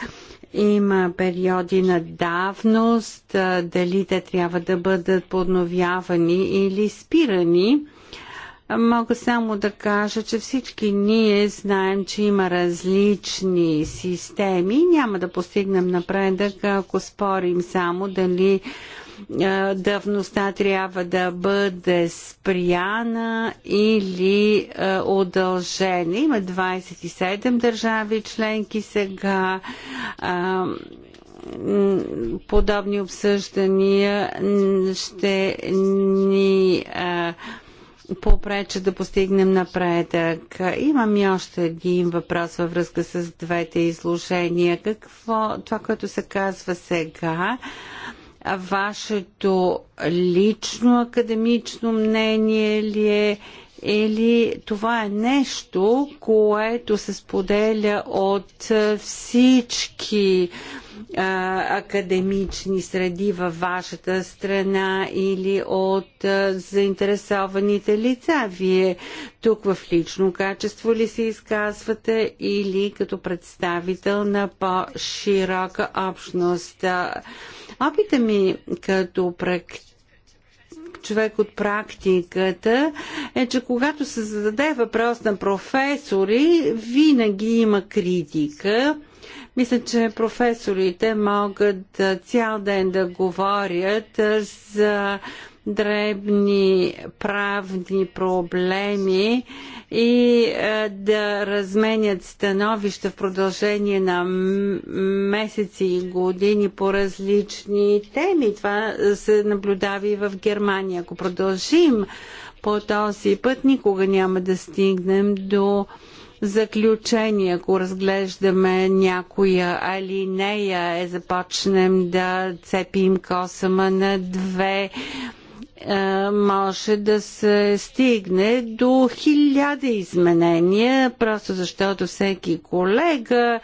Има периоди на давност, дали те трябва да бъдат подновявани или спирани. Мога само да кажа, че всички ние знаем, че има различни системи. Няма да постигнем напредък, ако спорим само дали давността трябва да бъде спряна или удължена. Има 27 държави членки сега подобни обсъждания ще ни попреча да постигнем напредък. Имам и още един въпрос във връзка с двете изложения. Какво, това, което се казва сега, вашето лично академично мнение ли е или това е нещо, което се споделя от всички академични среди във вашата страна или от заинтересованите лица? Вие тук в лично качество ли се изказвате или като представител на по-широка общност? Опита ми като практик човек от практиката е, че когато се зададе въпрос на професори, винаги има критика мисля, че професорите могат цял ден да говорят за дребни правни проблеми и да разменят становища в продължение на месеци и години по различни теми. Това се наблюдава и в Германия. Ако продължим по този път, никога няма да стигнем до заключение, ако разглеждаме някоя алинея, е започнем да цепим косама на две е, може да се стигне до хиляда изменения, просто защото всеки колега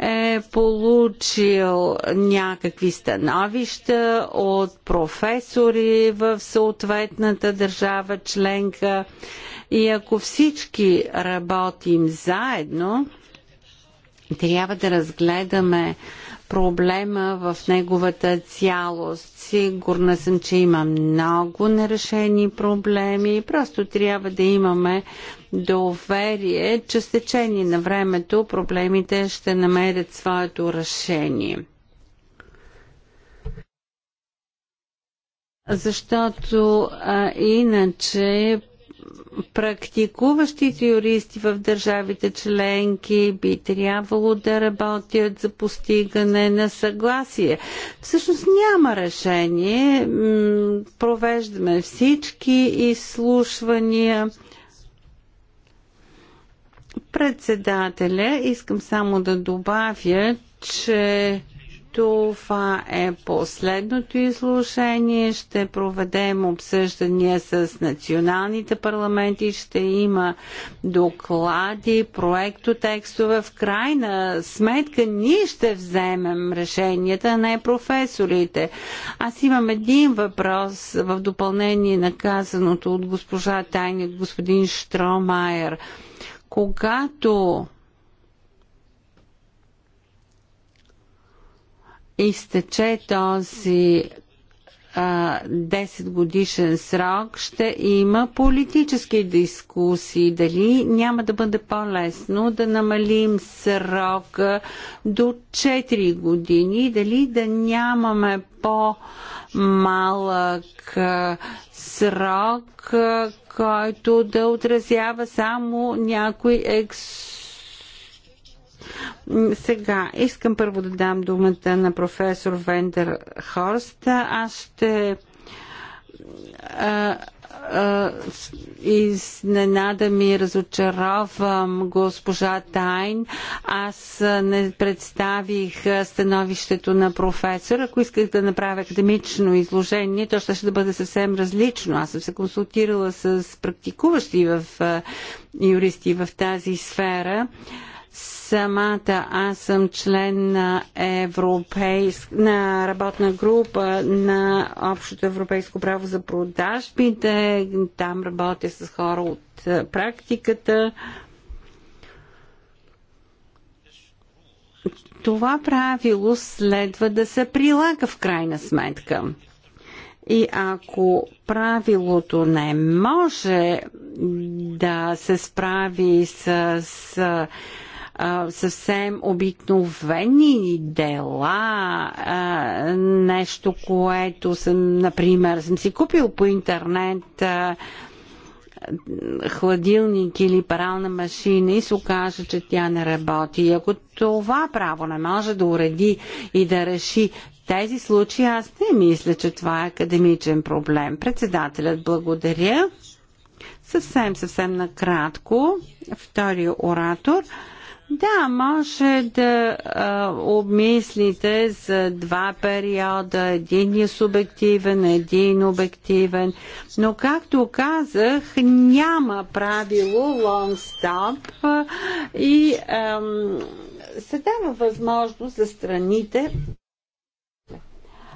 е получил някакви становища от професори в съответната държава членка. И ако всички работим заедно, трябва да разгледаме проблема в неговата цялост. Сигурна съм, че има много нерешени проблеми и просто трябва да имаме доверие, че с течение на времето проблемите ще намерят своето решение. Защото а, иначе практикуващите юристи в държавите членки би трябвало да работят за постигане на съгласие. Всъщност няма решение. Провеждаме всички изслушвания. Председателя, искам само да добавя, че това е последното изложение. Ще проведем обсъждания с националните парламенти. Ще има доклади, проектотекстове. В крайна сметка ние ще вземем решенията, не професорите. Аз имам един въпрос в допълнение на казаното от госпожа Тайник, господин Штромайер. Когато изтече този 10 годишен срок ще има политически дискусии. Дали няма да бъде по-лесно да намалим срока до 4 години, дали да нямаме по-малък срок, който да отразява само някои екс сега искам първо да дам думата на професор Вендер Хорст. Аз ще изненада ми разочаровам госпожа Тайн. Аз не представих становището на професор. Ако исках да направя академично изложение, то ще, ще бъде съвсем различно. Аз съм се консултирала с практикуващи в юристи в тази сфера. Самата аз съм член на, европейск, на работна група на Общото европейско право за продажбите. Там работя с хора от е, практиката. Това правило следва да се прилага в крайна сметка. И ако правилото не може да се справи с, с съвсем обикновени дела, а, нещо, което съм, например, съм си купил по интернет. А, хладилник или парална машина и се окаже, че тя не работи. И ако това право не може да уреди и да реши тези случаи, аз не мисля, че това е академичен проблем. Председателят благодаря. Съвсем, съвсем накратко, втори оратор – да, може да а, обмислите за два периода. Един е субективен, един обективен. Но, както казах, няма правило long-stop и ам, се дава възможност за страните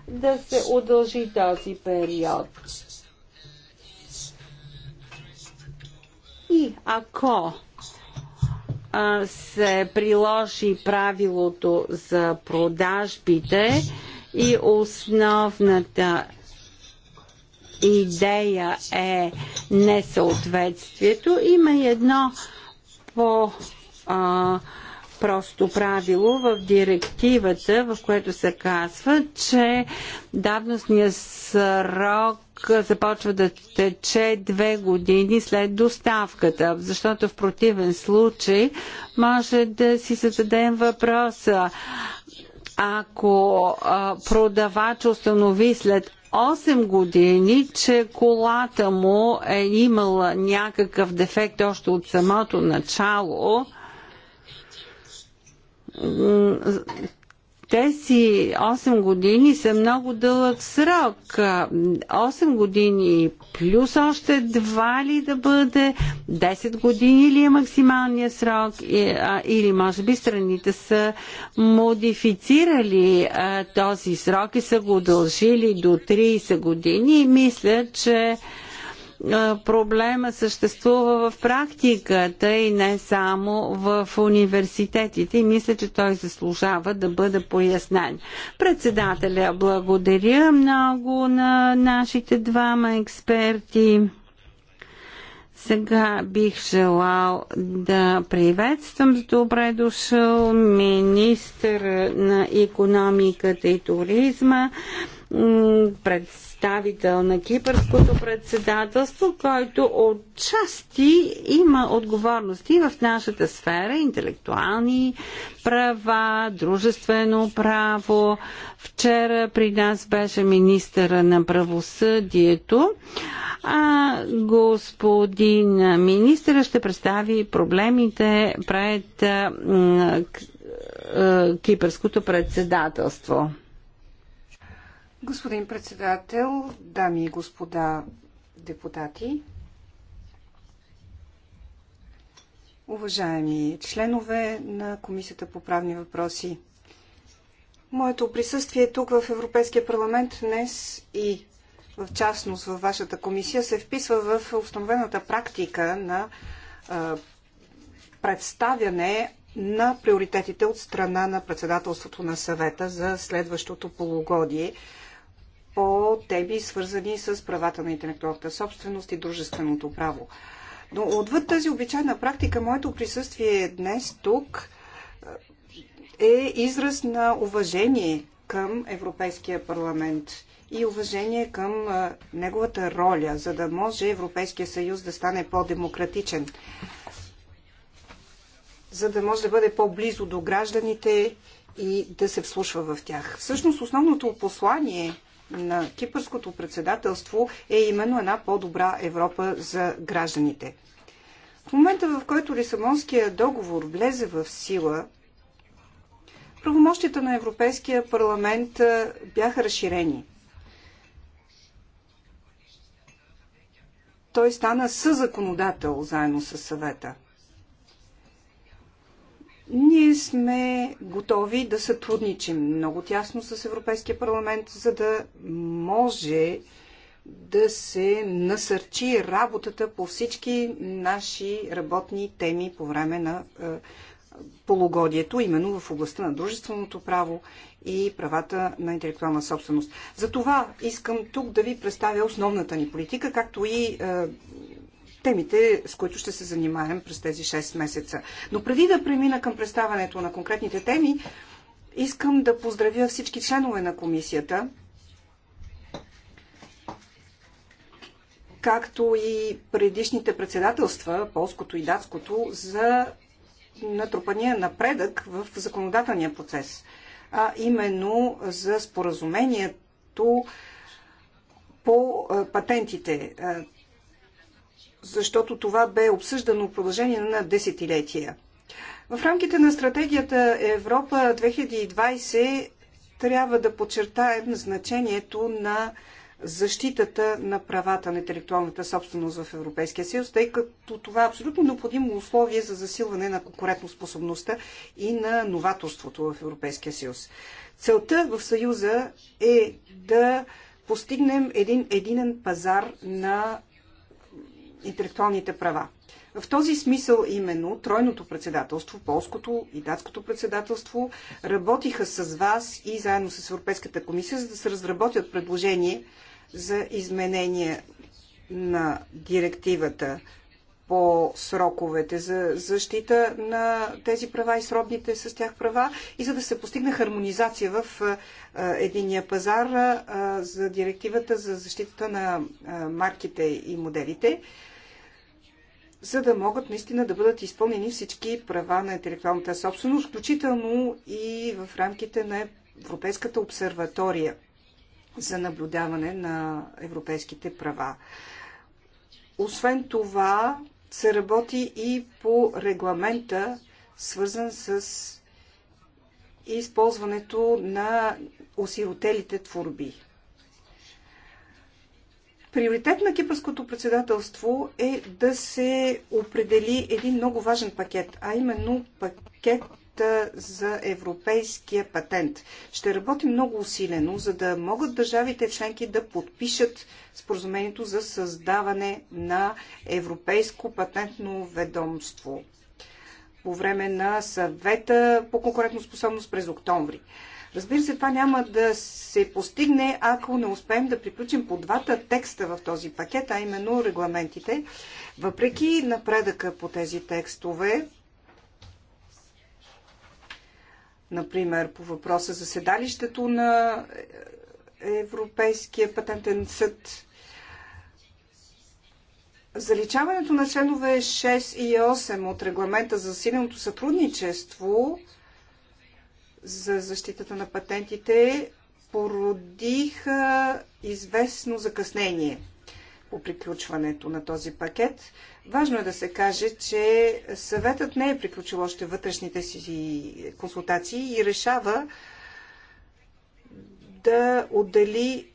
да се удължи този период. И ако се приложи правилото за продажбите и основната идея е несъответствието. Има едно по а, просто правило в директивата, в което се казва, че давностният срок започва да тече две години след доставката, защото в противен случай може да си зададем въпроса. Ако продавач установи след 8 години, че колата му е имала някакъв дефект още от самото начало, тези 8 години са много дълъг срок. 8 години плюс още 2 ли да бъде, 10 години ли е максималния срок или може би страните са модифицирали този срок и са го удължили до 30 години и мисля, че проблема съществува в практиката и не само в университетите и мисля, че той заслужава да бъде пояснен. Председателя, благодаря много на нашите двама експерти. Сега бих желал да приветствам с добре дошъл министър на економиката и туризма представител на кипърското председателство, който отчасти има отговорности в нашата сфера, интелектуални права, дружествено право. Вчера при нас беше министъра на правосъдието. А господин министър ще представи проблемите пред е, кипърското председателство. Господин председател, дами и господа депутати, уважаеми членове на Комисията по правни въпроси, моето присъствие тук в Европейския парламент днес и в частност във вашата комисия се вписва в установената практика на а, представяне на приоритетите от страна на председателството на съвета за следващото полугодие – по теми, свързани с правата на интелектуалната собственост и дружественото право. Но отвъд тази обичайна практика, моето присъствие днес тук е израз на уважение към Европейския парламент и уважение към неговата роля, за да може Европейския съюз да стане по-демократичен, за да може да бъде по-близо до гражданите и да се вслушва в тях. Всъщност основното послание на кипърското председателство е именно една по-добра Европа за гражданите. В момента, в който Лисабонския договор влезе в сила, правомощията на Европейския парламент бяха разширени. Той стана съзаконодател заедно с съвета – ние сме готови да сътрудничим много тясно с Европейския парламент, за да може да се насърчи работата по всички наши работни теми по време на е, полугодието, именно в областта на дружественото право и правата на интелектуална собственост. За това искам тук да ви представя основната ни политика, както и е, темите, с които ще се занимаем през тези 6 месеца. Но преди да премина към представането на конкретните теми, искам да поздравя всички членове на комисията, както и предишните председателства, полското и датското, за натрупания напредък в законодателния процес, а именно за споразумението по патентите защото това бе обсъждано в продължение на десетилетия. В рамките на стратегията Европа 2020 трябва да подчертаем значението на защитата на правата на интелектуалната собственост в Европейския съюз, тъй като това е абсолютно необходимо условие за засилване на конкурентоспособността и на новаторството в Европейския съюз. Целта в Съюза е да постигнем един единен пазар на интелектуалните права. В този смисъл именно тройното председателство, полското и датското председателство, работиха с вас и заедно с Европейската комисия, за да се разработят предложение за изменение на директивата по сроковете за защита на тези права и сродните с тях права и за да се постигне хармонизация в единия пазар за директивата за защита на марките и моделите за да могат наистина да бъдат изпълнени всички права на интелектуалната собственост, включително и в рамките на Европейската обсерватория за наблюдаване на европейските права. Освен това, се работи и по регламента, свързан с използването на осиротелите творби. Приоритет на кипърското председателство е да се определи един много важен пакет, а именно пакет за европейския патент. Ще работи много усилено, за да могат държавите членки да подпишат споразумението за създаване на Европейско патентно ведомство по време на съвета по конкурентоспособност през октомври. Разбира се, това няма да се постигне, ако не успеем да приключим по двата текста в този пакет, а именно регламентите. Въпреки напредъка по тези текстове, например по въпроса за седалището на Европейския патентен съд, Заличаването на членове 6 и 8 от регламента за силеното сътрудничество – за защитата на патентите породиха известно закъснение по приключването на този пакет. Важно е да се каже, че съветът не е приключил още вътрешните си консултации и решава да отдели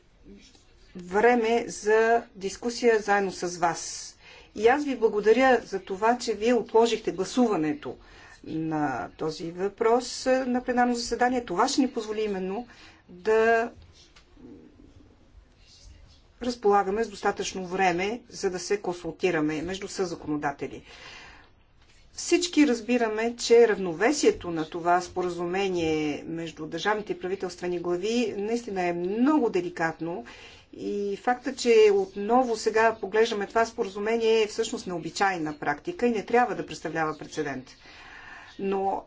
време за дискусия заедно с вас. И аз ви благодаря за това, че вие отложихте гласуването на този въпрос на пленарно заседание. Това ще ни позволи именно да разполагаме с достатъчно време, за да се консултираме между съзаконодатели. Всички разбираме, че равновесието на това споразумение между държавните и правителствени глави наистина е много деликатно и факта, че отново сега поглеждаме това споразумение е всъщност необичайна практика и не трябва да представлява прецедент но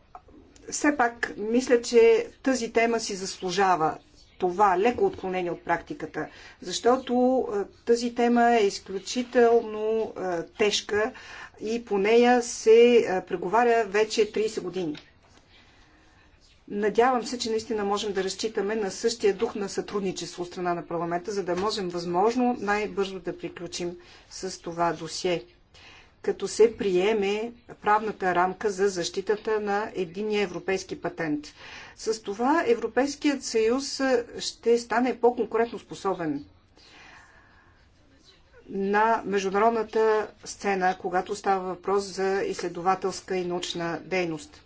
все пак мисля, че тази тема си заслужава това леко отклонение от практиката, защото е, тази тема е изключително е, тежка и по нея се е, преговаря вече 30 години. Надявам се, че наистина можем да разчитаме на същия дух на сътрудничество от страна на парламента, за да можем възможно най-бързо да приключим с това досие като се приеме правната рамка за защитата на единия европейски патент. С това Европейският съюз ще стане по-конкурентно способен на международната сцена, когато става въпрос за изследователска и научна дейност.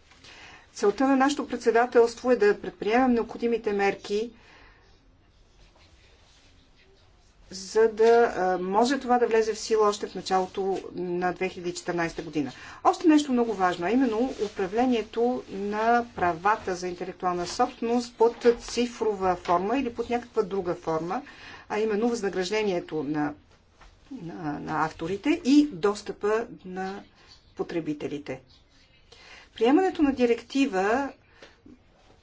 Целта на нашето председателство е да предприемем необходимите мерки за да може това да влезе в сила още в началото на 2014 година. Още нещо много важно, а именно управлението на правата за интелектуална собственост под цифрова форма или под някаква друга форма, а именно възнаграждението на, на, на авторите и достъпа на потребителите. Приемането на директива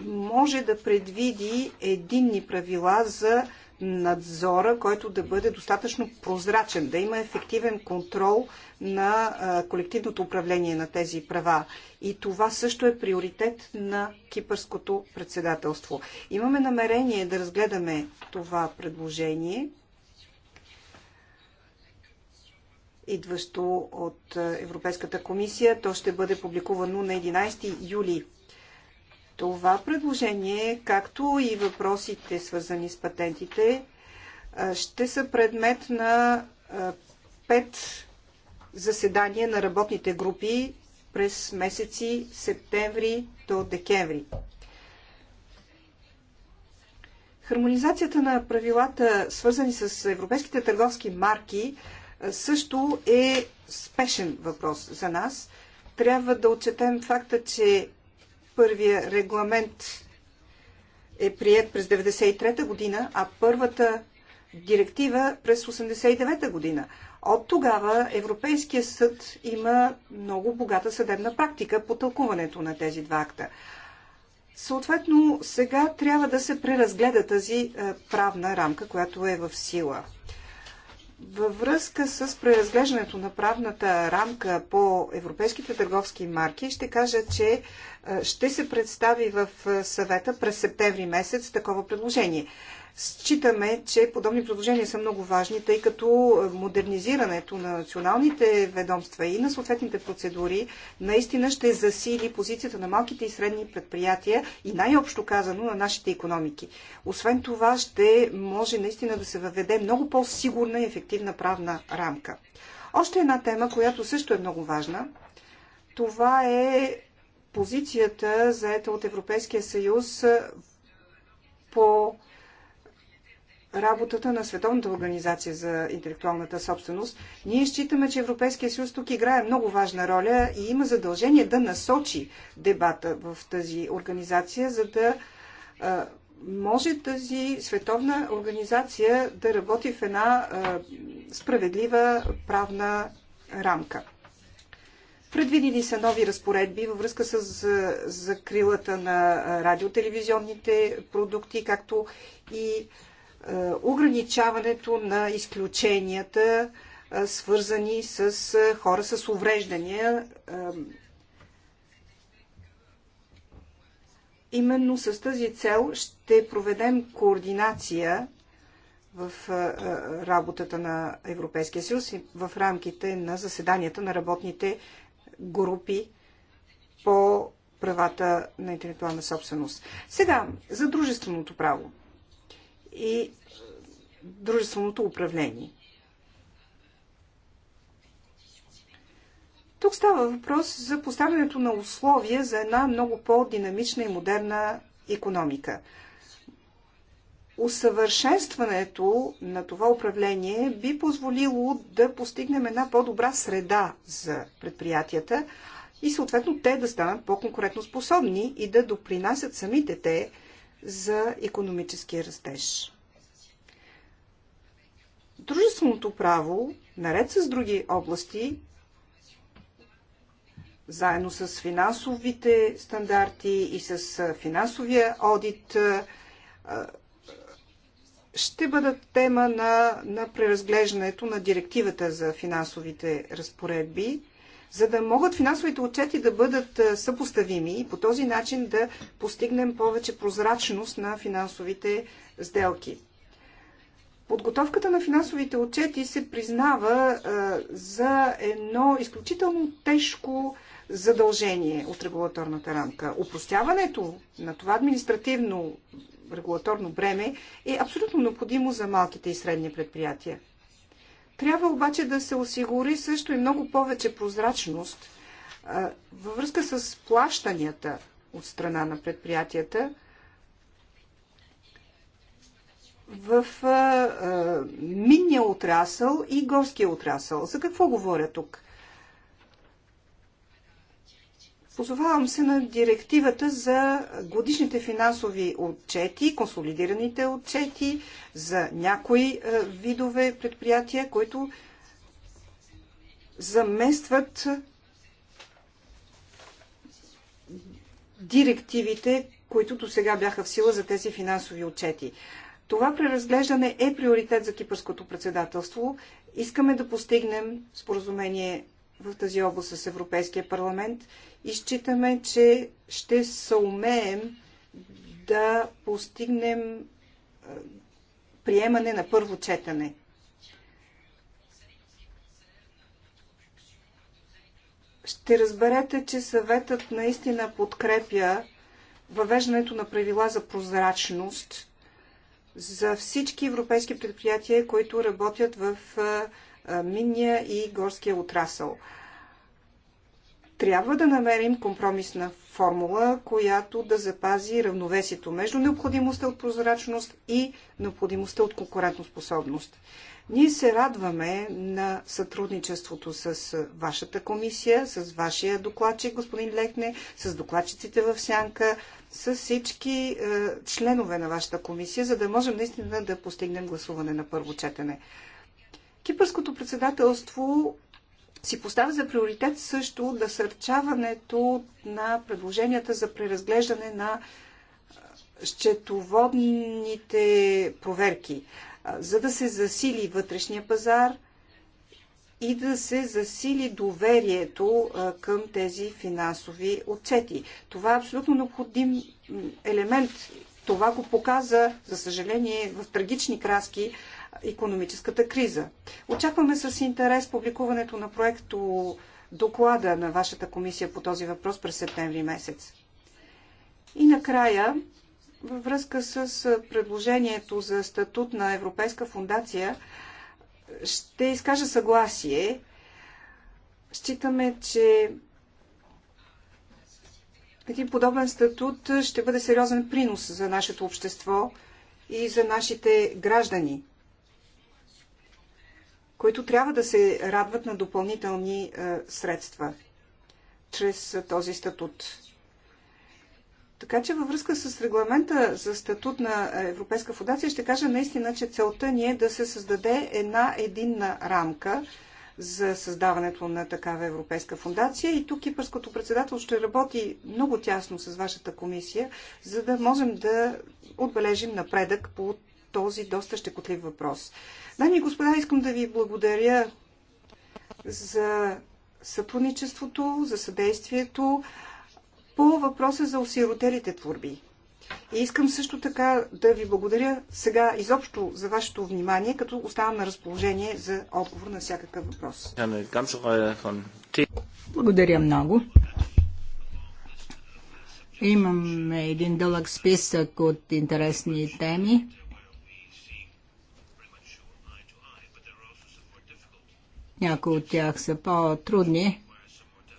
може да предвиди единни правила за надзора, който да бъде достатъчно прозрачен, да има ефективен контрол на колективното управление на тези права. И това също е приоритет на кипърското председателство. Имаме намерение да разгледаме това предложение, идващо от Европейската комисия. То ще бъде публикувано на 11 юли това предложение, както и въпросите свързани с патентите, ще са предмет на пет заседания на работните групи през месеци септември до декември. Хармонизацията на правилата, свързани с европейските търговски марки, също е спешен въпрос за нас. Трябва да отчетем факта, че Първия регламент е прият през 1993 година, а първата директива през 1989 година. От тогава Европейския съд има много богата съдебна практика по тълкуването на тези два акта. Съответно, сега трябва да се преразгледа тази е, правна рамка, която е в сила. Във връзка с преразглеждането на правната рамка по европейските търговски марки, ще кажа, че е, ще се представи в е, съвета през септември месец такова предложение. Считаме, че подобни предложения са много важни, тъй като е, модернизирането на националните ведомства и на съответните процедури наистина ще засили позицията на малките и средни предприятия и най-общо казано на нашите економики. Освен това ще може наистина да се въведе много по-сигурна и ефективна правна рамка. Още една тема, която също е много важна, това е позицията заета от Европейския съюз е, по работата на Световната организация за интелектуалната собственост, ние считаме, че Европейския съюз тук играе много важна роля и има задължение да насочи дебата в тази организация, за да може тази световна организация да работи в една справедлива правна рамка. Предвидени са нови разпоредби във връзка с закрилата на радиотелевизионните продукти, както и е, ограничаването на изключенията, е, свързани с е, хора с увреждания. Именно с тази цел ще проведем координация в работата на Европейския съюз и в рамките на заседанията на работните групи по правата на интелектуална собственост. Сега, за дружественото право и дружественото управление. Тук става въпрос за поставянето на условия за една много по-динамична и модерна економика. Усъвършенстването на това управление би позволило да постигнем една по-добра среда за предприятията и съответно те да станат по-конкурентоспособни и да допринасят самите те за економически растеж. Дружественото право, наред с други области, заедно с финансовите стандарти и с финансовия одит, ще бъдат тема на, на преразглеждането на директивата за финансовите разпоредби за да могат финансовите отчети да бъдат е, съпоставими и по този начин да постигнем повече прозрачност на финансовите сделки. Подготовката на финансовите отчети се признава е, за едно изключително тежко задължение от регулаторната рамка. Опростяването на това административно регулаторно бреме е абсолютно необходимо за малките и средни предприятия. Трябва обаче да се осигури също и много повече прозрачност във връзка с плащанията от страна на предприятията в минния отрасъл и горския отрасъл. За какво говоря тук? Позовавам се на директивата за годишните финансови отчети, консолидираните отчети за някои е, видове предприятия, които заместват директивите, които до сега бяха в сила за тези финансови отчети. Това преразглеждане е приоритет за кипърското председателство. Искаме да постигнем споразумение в тази област с Европейския парламент – и считаме, че ще съумеем да постигнем приемане на първо четане. Ще разберете, че съветът наистина подкрепя въвеждането на правила за прозрачност за всички европейски предприятия, които работят в минния и горския отрасъл трябва да намерим компромисна формула, която да запази равновесието между необходимостта от прозрачност и необходимостта от конкурентоспособност. Ние се радваме на сътрудничеството с вашата комисия, с вашия докладчик, господин Лехне, с докладчиците в Сянка, с всички е, членове на вашата комисия, за да можем наистина да постигнем гласуване на първо четене. Кипърското председателство си поставя за приоритет също насърчаването на предложенията за преразглеждане на счетоводните проверки, за да се засили вътрешния пазар и да се засили доверието към тези финансови отчети. Това е абсолютно необходим елемент. Това го показа, за съжаление, в трагични краски економическата криза. Очакваме с интерес публикуването на проекто доклада на вашата комисия по този въпрос през септември месец. И накрая, във връзка с предложението за статут на Европейска фундация, ще изкажа съгласие. Считаме, че един подобен статут ще бъде сериозен принос за нашето общество и за нашите граждани които трябва да се радват на допълнителни е, средства чрез е, този статут. Така че във връзка с регламента за статут на е, Европейска фундация ще кажа наистина, че целта ни е да се създаде една единна рамка за създаването на такава Европейска фундация и тук Кипърското председател ще работи много тясно с вашата комисия, за да можем да отбележим напредък по този доста щекотлив въпрос. Дами и господа, искам да ви благодаря за сътрудничеството, за съдействието по въпроса за осиротелите творби. И искам също така да ви благодаря сега изобщо за вашето внимание, като оставам на разположение за отговор на всякакъв въпрос. Благодаря много. Имаме един дълъг списък от интересни теми. Някои от тях са по-трудни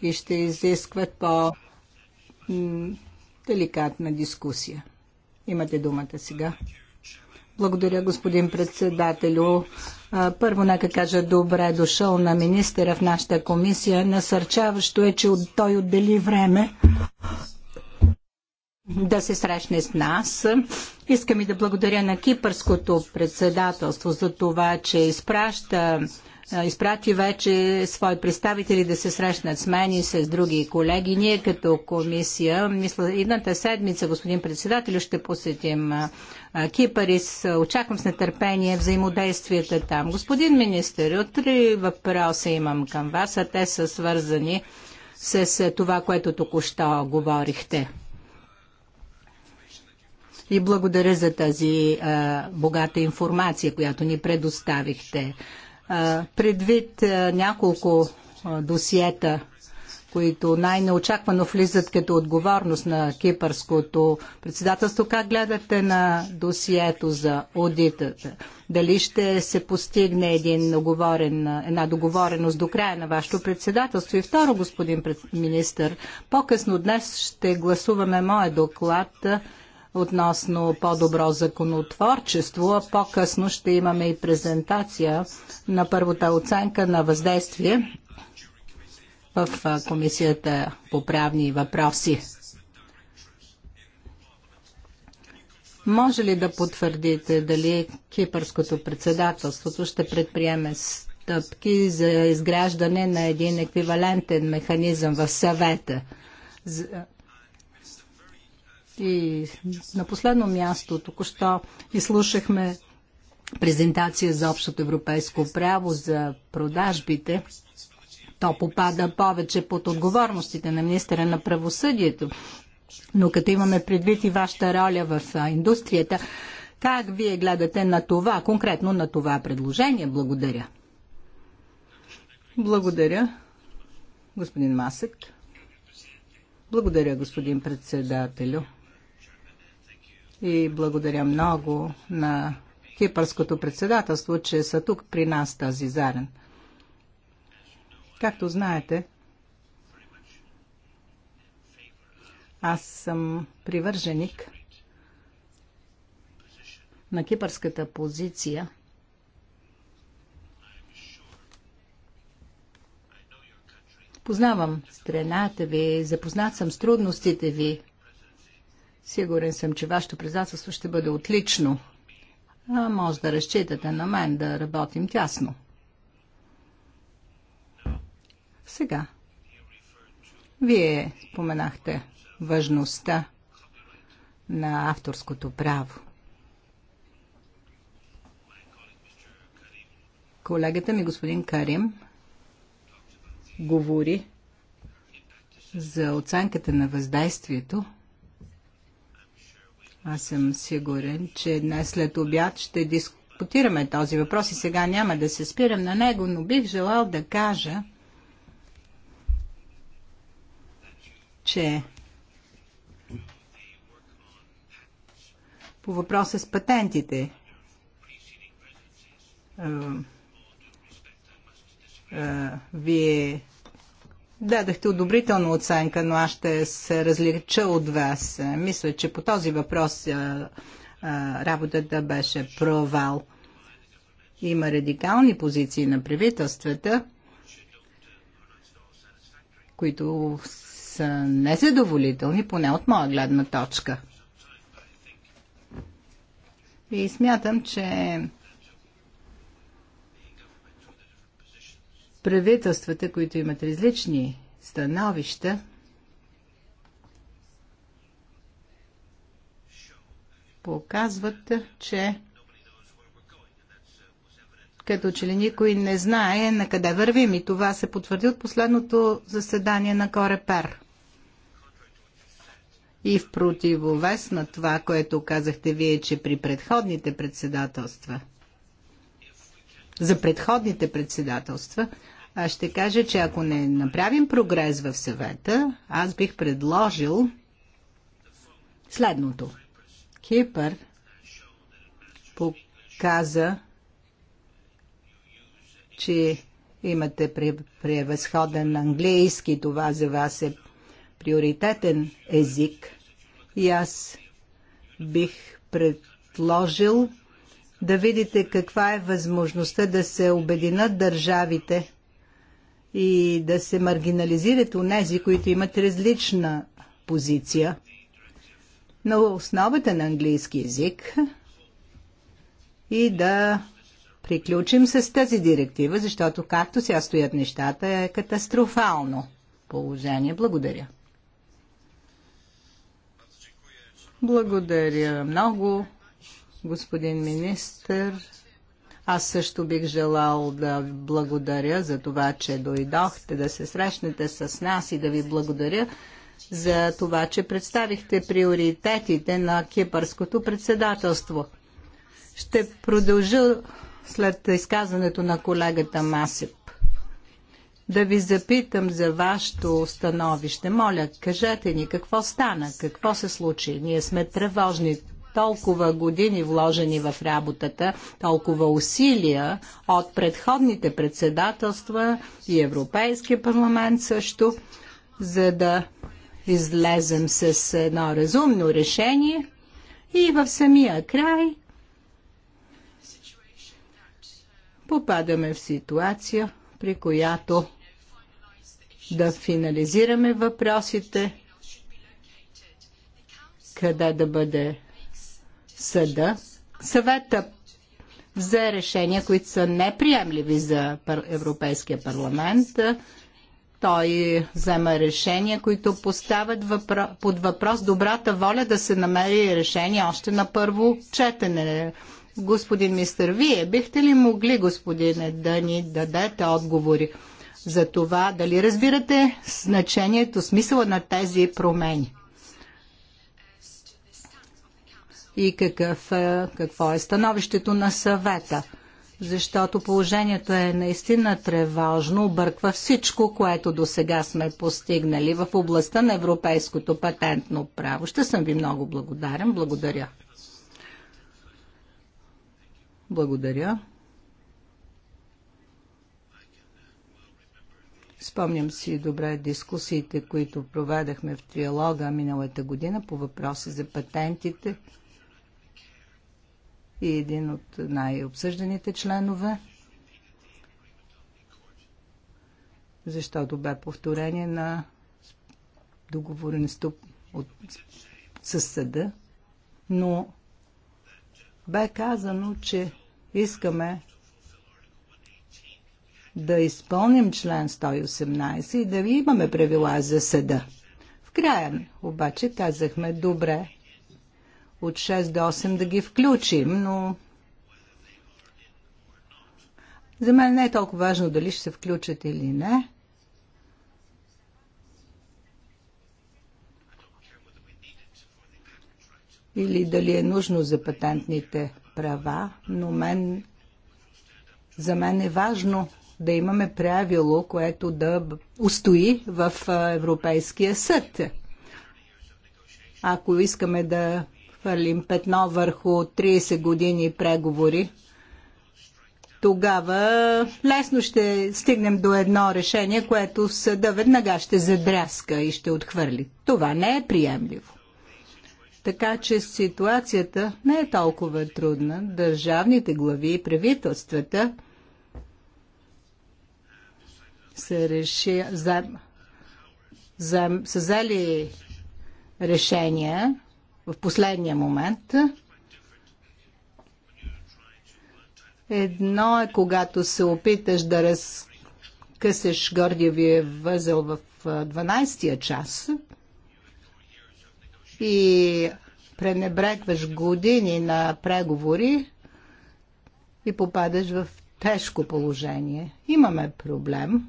и ще изискват по-деликатна дискусия. Имате думата сега. Благодаря, господин председателю. Първо, нека кажа добре дошъл на министъра в нашата комисия. Насърчаващо е, че той отдели време да се срещне с нас. Искам и да благодаря на Кипърското председателство за това, че изпраща изпрати вече свои представители да се срещнат с мен и с други колеги. Ние като комисия, мисля, едната седмица, господин председател, ще посетим Кипър и очаквам с нетърпение взаимодействията там. Господин министър, от три въпроса имам към вас, а те са свързани с това, което току-що говорихте и благодаря за тази а, богата информация, която ни предоставихте. А, предвид а, няколко а, досиета, които най-неочаквано влизат като отговорност на кипърското председателство. Как гледате на досието за аудитата? Дали ще се постигне един договорен, една договореност до края на вашето председателство? И второ, господин министр, по-късно днес ще гласуваме моя доклад относно по-добро законотворчество, а по-късно ще имаме и презентация на първата оценка на въздействие в Комисията по правни въпроси. Може ли да потвърдите дали кипърското председателството ще предприеме стъпки за изграждане на един еквивалентен механизъм в съвета? И на последно място, току-що изслушахме презентация за общото европейско право за продажбите. То попада повече под отговорностите на министъра на правосъдието. Но като имаме предвид и вашата роля в индустрията, как вие гледате на това, конкретно на това предложение? Благодаря. Благодаря, господин Масък. Благодаря, господин председателю и благодаря много на Кипърското председателство, че са тук при нас тази зарен. Както знаете, аз съм привърженик на кипърската позиция – Познавам страната ви, запознат съм с трудностите ви, Сигурен съм, че вашето председателство ще бъде отлично. А може да разчитате на мен да работим тясно. Сега. Вие споменахте важността на авторското право. Колегата ми, господин Карим, говори за оценката на въздействието – аз съм сигурен, че днес след обяд ще дискутираме този въпрос и сега няма да се спирам на него, но бих желал да кажа, че по въпроса с патентите вие дадахте одобрителна оценка, но аз ще се различа от вас. Мисля, че по този въпрос а, а, работата беше провал. Има радикални позиции на правителствата, които са незадоволителни, поне от моя гледна точка. И смятам, че правителствата, които имат различни становища, показват, че като че ли никой не знае на къде вървим и това се потвърди от последното заседание на Корепер. И в противовес на това, което казахте вие, че при предходните председателства, за предходните председателства, аз ще кажа, че ако не направим прогрес в съвета, аз бих предложил следното. Кипър показа, че имате превъзходен английски, това за вас е приоритетен език. И аз бих предложил да видите каква е възможността да се обединят държавите и да се маргинализират онези, които имат различна позиция. На основата на английски язик и да приключим с тази директива, защото както сега стоят нещата е катастрофално положение. Благодаря. Благодаря много, господин министр. Аз също бих желал да ви благодаря за това, че дойдохте да се срещнете с нас и да ви благодаря за това, че представихте приоритетите на кипърското председателство. Ще продължа след изказването на колегата Масип. Да ви запитам за вашето становище. Моля, кажете ни какво стана, какво се случи. Ние сме тревожни толкова години вложени в работата, толкова усилия от предходните председателства и Европейския парламент също, за да излезем с едно разумно решение и в самия край попадаме в ситуация, при която да финализираме въпросите, къде да бъде съда, съвета взе решения, които са неприемливи за Европейския парламент. Той взема решения, които поставят въпро... под въпрос добрата воля да се намери решение още на първо четене. Господин мистер, вие бихте ли могли, господине, да ни дадете отговори за това, дали разбирате значението, смисъла на тези промени? и какъв, е, какво е становището на съвета. Защото положението е наистина тревожно, обърква всичко, което до сега сме постигнали в областта на европейското патентно право. Ще съм ви много благодарен. Благодаря. Благодаря. Спомням си добре дискусиите, които проведахме в триалога миналата година по въпроси за патентите и един от най-обсъжданите членове, защото бе повторение на договореността от, съда, но бе казано, че искаме да изпълним член 118 и да имаме правила за съда. В края обаче казахме, добре, от 6 до 8 да ги включим, но за мен не е толкова важно дали ще се включат или не. Или дали е нужно за патентните права, но мен, за мен е важно да имаме правило, което да устои в Европейския съд. Ако искаме да хвърлим петно върху 30 години преговори, тогава лесно ще стигнем до едно решение, което съда веднага ще задряска и ще отхвърли. Това не е приемливо. Така че ситуацията не е толкова трудна. Държавните глави и правителствата се реши, за, за, са взели решения в последния момент. Едно е, когато се опиташ да разкъсеш гордиевия е възел в 12-я час и пренебрегваш години на преговори и попадаш в тежко положение. Имаме проблем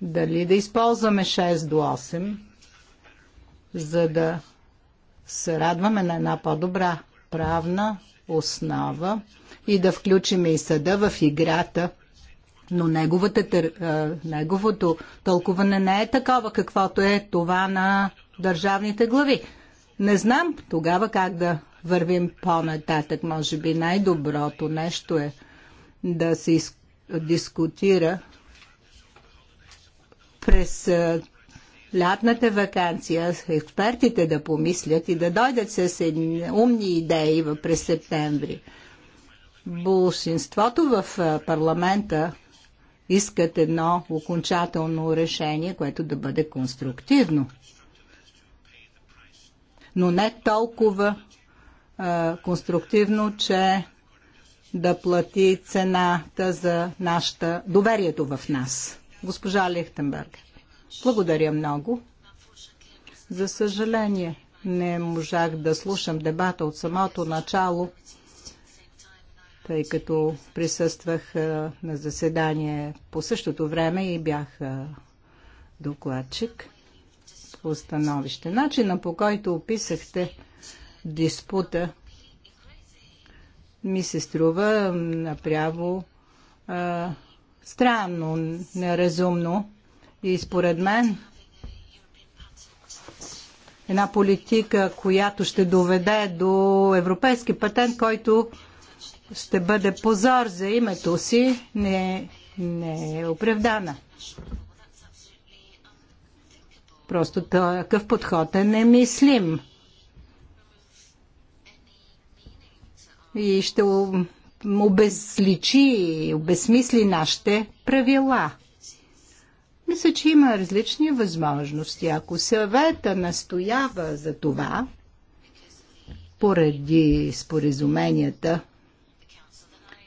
дали да използваме 6 до 8, за да се радваме на една по-добра правна основа и да включим и съда в играта. Но неговата, неговото тълкуване не е такова, каквото е това на държавните глави. Не знам тогава как да вървим по-нататък. Може би най-доброто нещо е да се дискутира през лятната вакансия експертите да помислят и да дойдат с умни идеи през септември. Болшинството в парламента искат едно окончателно решение, което да бъде конструктивно. Но не толкова а, конструктивно, че да плати цената за нашата доверието в нас. Госпожа Лихтенберг. Благодаря много. За съжаление, не можах да слушам дебата от самото начало, тъй като присъствах на заседание по същото време и бях докладчик по становище. Начина по който описахте диспута ми се струва направо а, странно, неразумно и според мен една политика, която ще доведе до европейски патент, който ще бъде позор за името си, не, не е оправдана. Просто такъв подход е немислим. И ще обезличи, обезмисли нашите правила. Мисля, че има различни възможности. Ако съвета настоява за това, поради споразуменията,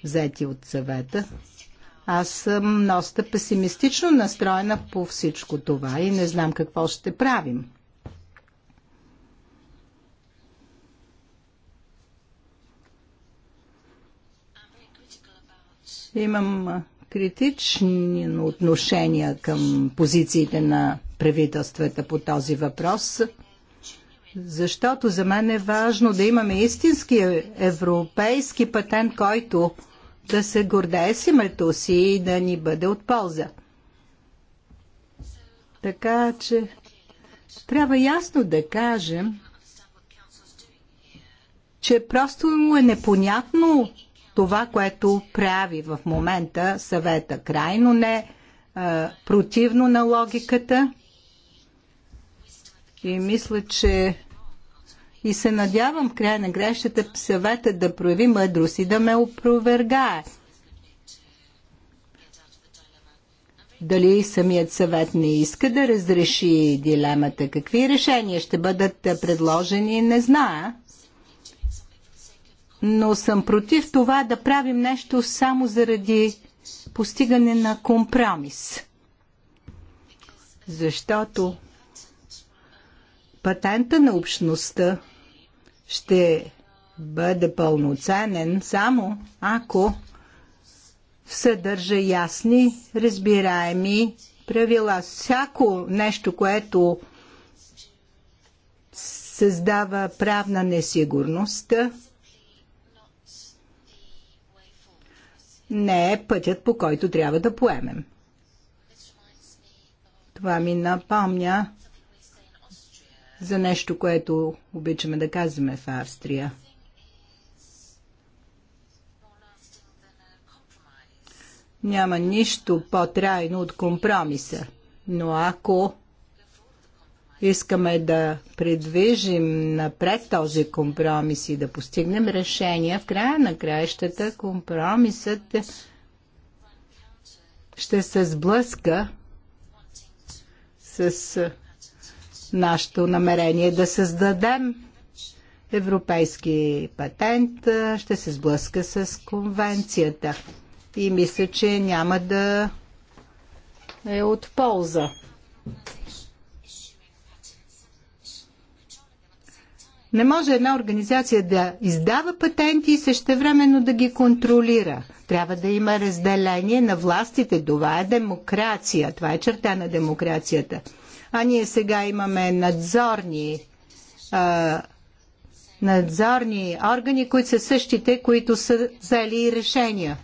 взети от съвета, аз съм доста песимистично настроена по всичко това и не знам какво ще правим. имам критични отношения към позициите на правителствата по този въпрос, защото за мен е важно да имаме истински европейски патент, който да се гордее с името си и да ни бъде от полза. Така че трябва ясно да кажем, че просто му е непонятно това, което прави в момента съвета. Крайно не а, противно на логиката и мисля, че и се надявам в края на грешата съвета да прояви мъдрост и да ме опровергае. Дали самият съвет не иска да разреши дилемата? Какви решения ще бъдат предложени, не знае но съм против това да правим нещо само заради постигане на компромис. Защото патента на общността ще бъде пълноценен само ако съдържа ясни, разбираеми правила. Всяко нещо, което създава правна несигурност, не е пътят, по който трябва да поемем. Това ми напомня за нещо, което обичаме да казваме в Австрия. Няма нищо по-трайно от компромиса. Но ако искаме да придвижим напред този компромис и да постигнем решение, в края на краищата компромисът ще се сблъска с нашето намерение да създадем европейски патент, ще се сблъска с конвенцията. И мисля, че няма да е от полза. Не може една организация да издава патенти и същевременно да ги контролира. Трябва да има разделение на властите. Това е демокрация. Това е черта на демокрацията. А ние сега имаме надзорни а, надзорни органи, които са същите, които са взели решения.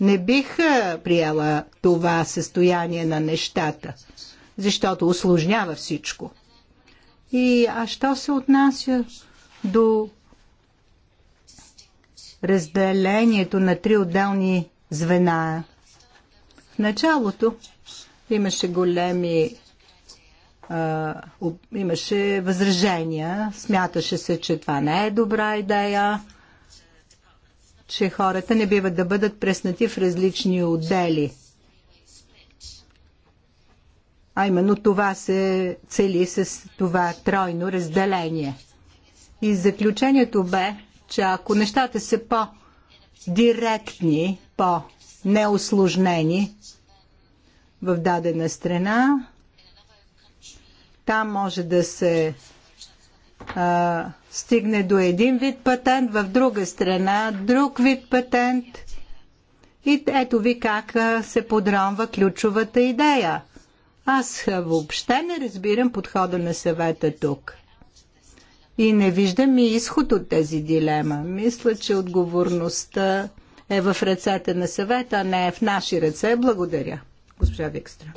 Не бих приела това състояние на нещата, защото усложнява всичко. И а що се отнася до разделението на три отделни звена? В началото имаше големи а, имаше възражения. Смяташе се, че това не е добра идея, че хората не биват да бъдат преснати в различни отдели – а именно това се цели с това тройно разделение. И заключението бе, че ако нещата са по-директни, по-неосложнени в дадена страна, там може да се а, стигне до един вид патент, в друга страна друг вид патент. И ето ви как се подронва ключовата идея – аз въобще не разбирам подхода на съвета тук. И не виждам и изход от тези дилема. Мисля, че отговорността е в ръцете на съвета, а не е в наши ръце. Благодаря. Госпожа Викстра.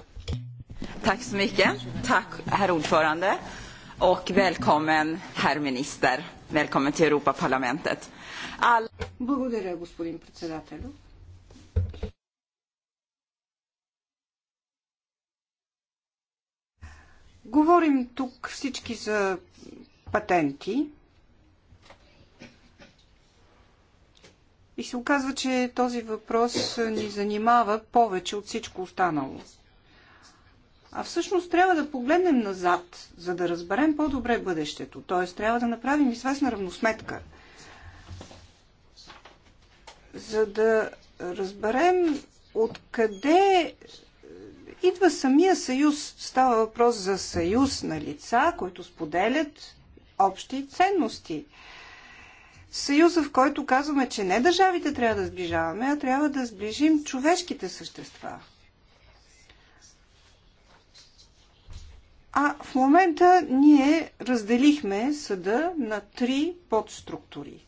Так så мике. Так, хер ordförande. Ок, велкомен, хер minister. Велкомен ти Европа парламентът. Благодаря, господин председател. Говорим тук всички за патенти. И се оказва, че този въпрос ни занимава повече от всичко останало. А всъщност трябва да погледнем назад, за да разберем по-добре бъдещето. Т.е. трябва да направим известна равносметка, за да разберем откъде идва самия съюз. Става въпрос за съюз на лица, които споделят общи ценности. Съюза, в който казваме, че не държавите трябва да сближаваме, а трябва да сближим човешките същества. А в момента ние разделихме съда на три подструктури.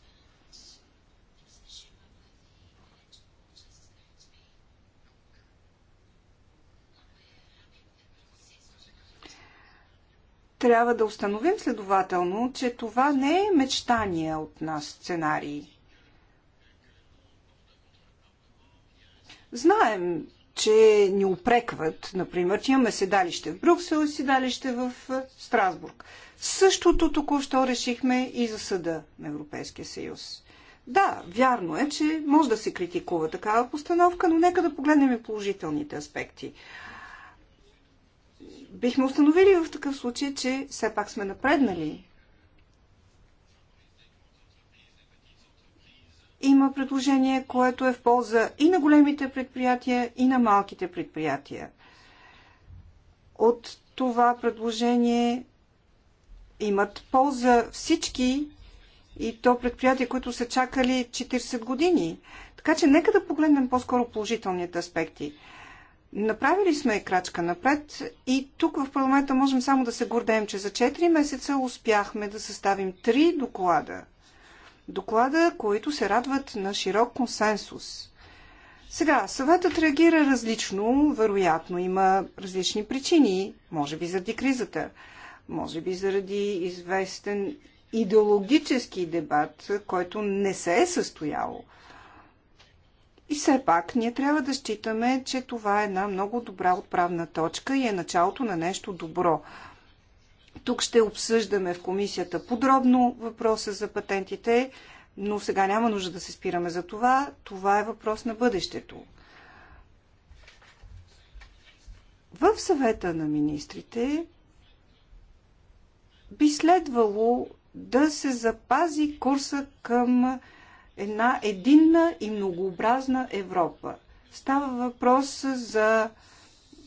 Трябва да установим следователно, че това не е мечтание от нас сценарий. Знаем, че ни опрекват, например, че имаме седалище в Брюксел и седалище в е, Страсбург. Същото току-що решихме и за съда на Европейския съюз. Да, вярно е, че може да се критикува такава постановка, но нека да погледнем и положителните аспекти бихме установили в такъв случай, че все пак сме напреднали. Има предложение, което е в полза и на големите предприятия, и на малките предприятия. От това предложение имат полза всички и то предприятия, които са чакали 40 години. Така че нека да погледнем по-скоро положителните аспекти. Направили сме крачка напред и тук в парламента можем само да се гордеем, че за 4 месеца успяхме да съставим 3 доклада. Доклада, които се радват на широк консенсус. Сега, съветът реагира различно, вероятно има различни причини, може би заради кризата, може би заради известен идеологически дебат, който не се е състоял – и все пак, ние трябва да считаме, че това е една много добра отправна точка и е началото на нещо добро. Тук ще обсъждаме в комисията подробно въпроса за патентите, но сега няма нужда да се спираме за това. Това е въпрос на бъдещето. В съвета на министрите би следвало да се запази курса към една единна и многообразна Европа. Става въпрос за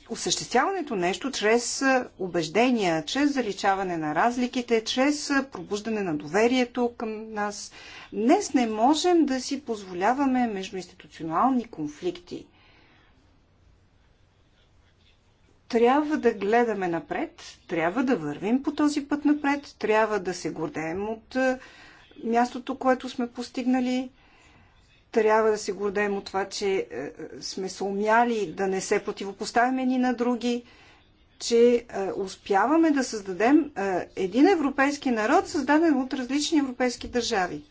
осъществяването нещо чрез убеждения, чрез заличаване на разликите, чрез пробуждане на доверието към нас. Днес не можем да си позволяваме междуинституционални конфликти. Трябва да гледаме напред, трябва да вървим по този път напред, трябва да се гордеем от мястото, което сме постигнали. Трябва да се гордеем от това, че е, сме се умяли да не се противопоставяме ни на други, че е, успяваме да създадем е, един европейски народ, създаден от различни европейски държави.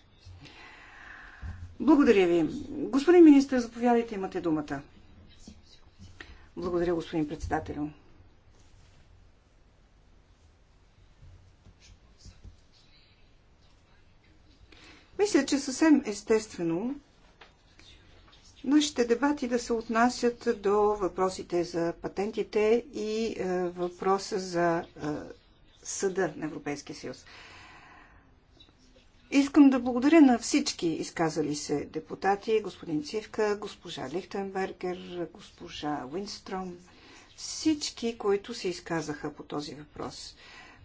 Благодаря ви. Господин министр, заповядайте, имате думата. Благодаря, господин председател. Мисля, че съвсем естествено нашите дебати да се отнасят до въпросите за патентите и е, въпроса за е, съда на Европейския съюз. Искам да благодаря на всички изказали се депутати, господин Цивка, госпожа Лихтенбергер, госпожа Уинстром, всички, които се изказаха по този въпрос.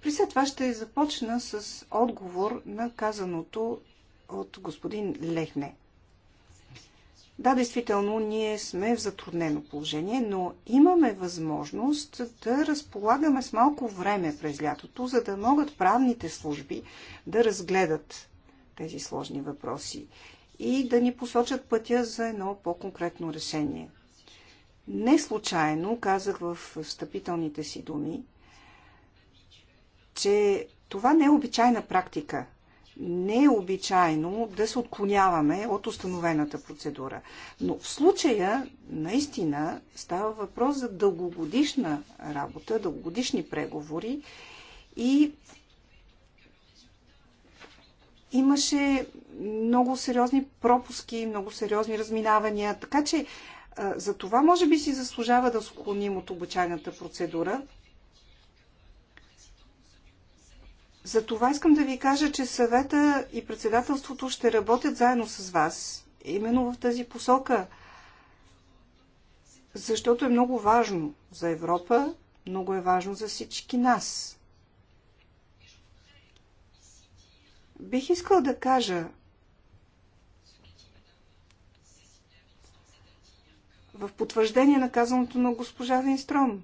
При след това ще започна с отговор на казаното от господин Лехне. Да, действително, ние сме в затруднено положение, но имаме възможност да разполагаме с малко време през лятото, за да могат правните служби да разгледат тези сложни въпроси и да ни посочат пътя за едно по-конкретно решение. Не случайно казах в встъпителните си думи, че това не е обичайна практика – не е обичайно да се отклоняваме от установената процедура. Но в случая наистина става въпрос за дългогодишна работа, дългогодишни преговори и имаше много сериозни пропуски, много сериозни разминавания, така че за това може би си заслужава да склоним от обичайната процедура. За това искам да ви кажа, че съвета и председателството ще работят заедно с вас, именно в тази посока, защото е много важно за Европа, много е важно за всички нас. Бих искал да кажа, в потвърждение на казаното на госпожа Винстром,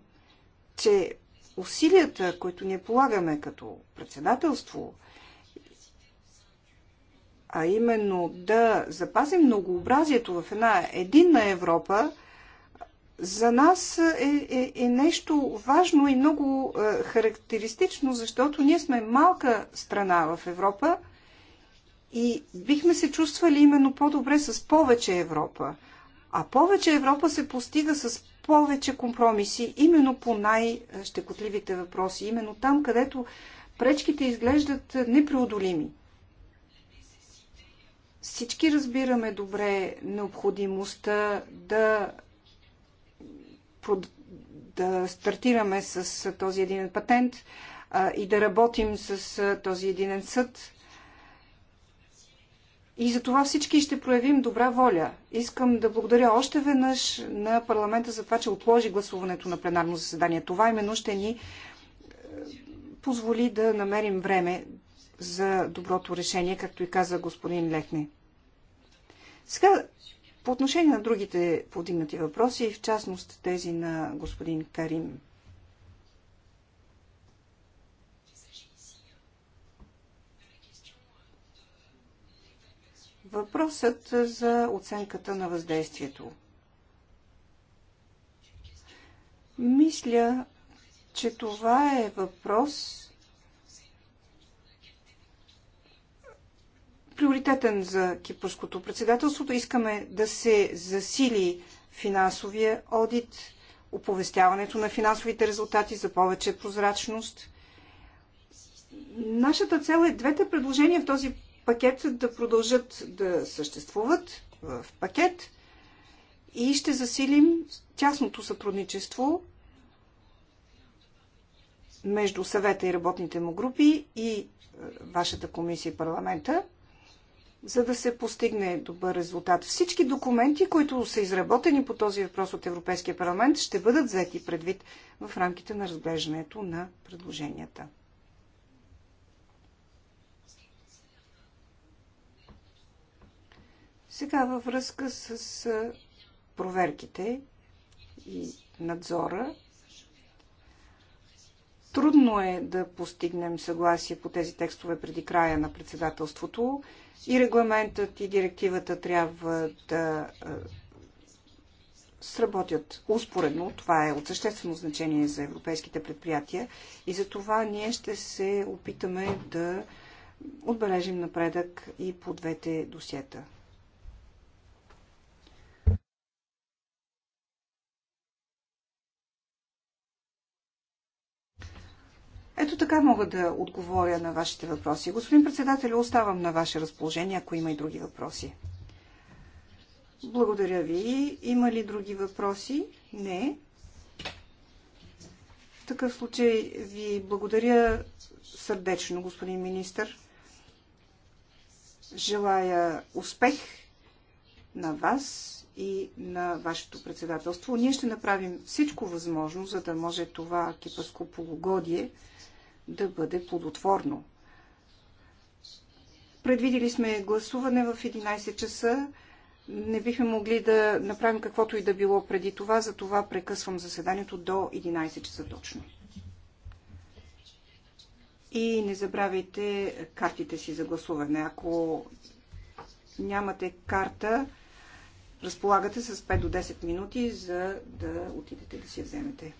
че усилията, които ние полагаме като председателство, а именно да запазим многообразието в една единна Европа, за нас е, е, е нещо важно и много е, характеристично, защото ние сме малка страна в Европа и бихме се чувствали именно по-добре с повече Европа. А повече Европа се постига с повече компромиси, именно по най-щекотливите въпроси, именно там, където пречките изглеждат непреодолими. Всички разбираме добре необходимостта да, да стартираме с този един патент и да работим с този един съд. И за това всички ще проявим добра воля. Искам да благодаря още веднъж на парламента за това, че отложи гласуването на пленарно заседание. Това именно ще ни е, позволи да намерим време за доброто решение, както и каза господин Лехне. Сега, по отношение на другите подигнати въпроси, в частност тези на господин Карим Въпросът за оценката на въздействието. Мисля, че това е въпрос приоритетен за кипърското председателството. Искаме да се засили финансовия одит, оповестяването на финансовите резултати за повече прозрачност. Нашата цел е двете предложения в този пакет да продължат да съществуват в пакет и ще засилим тясното сътрудничество между съвета и работните му групи и е, вашата комисия и парламента, за да се постигне добър резултат. Всички документи, които са изработени по този въпрос от Европейския парламент, ще бъдат взети предвид в рамките на разглеждането на предложенията. Сега във връзка с проверките и надзора, трудно е да постигнем съгласие по тези текстове преди края на председателството и регламентът и директивата трябва да сработят успоредно. Това е от съществено значение за европейските предприятия и за това ние ще се опитаме да отбележим напредък и по двете досиета. Ето така мога да отговоря на вашите въпроси. Господин председател, оставам на ваше разположение, ако има и други въпроси. Благодаря ви. Има ли други въпроси? Не. В такъв случай ви благодаря сърдечно, господин министр. Желая успех на вас и на вашето председателство. Ние ще направим всичко възможно, за да може това кипаско полугодие да бъде плодотворно. Предвидили сме гласуване в 11 часа. Не бихме могли да направим каквото и да било преди това, затова прекъсвам заседанието до 11 часа точно. И не забравяйте картите си за гласуване. Ако нямате карта, разполагате с 5 до 10 минути, за да отидете да си я вземете.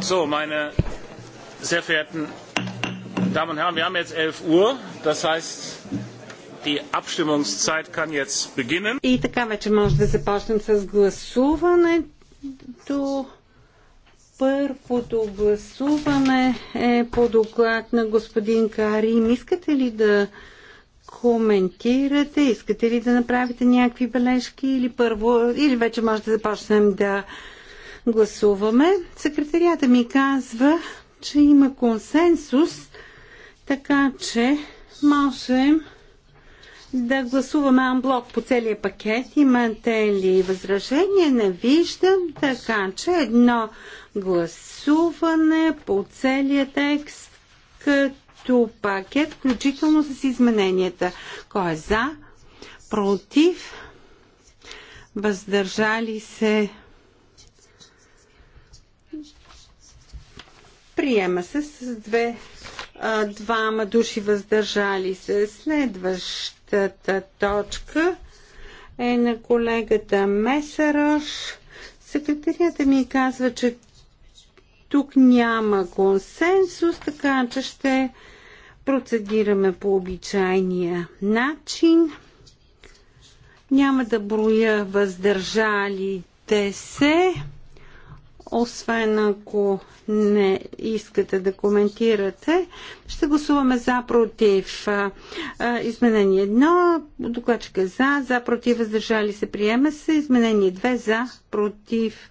So, meine sehr verehrten Damen und Herren, wir haben jetzt 11 Uhr. Das heißt, die Abstimmungszeit kann jetzt beginnen. И така вече може да започнем с гласуването. Първото гласуване е по доклад на господин Карим. Искате ли да коментирате? Искате ли да направите някакви бележки? Или първо, или вече може да започнем да гласуваме. Секретарията ми казва, че има консенсус, така че можем да гласуваме анблок по целия пакет. Имате ли възражение? Не виждам. Така че едно гласуване по целия текст като пакет, включително с измененията. Кой е за? Против? Въздържали се? Приема се с две, а, двама души въздържали се. Следващата точка е на колегата Месарош. Секретарията ми казва, че тук няма консенсус, така че ще процедираме по обичайния начин. Няма да броя въздържалите се освен ако не искате да коментирате, ще гласуваме за против изменение 1, докладчика за, за против въздържали се, приема се, изменение 2 за, против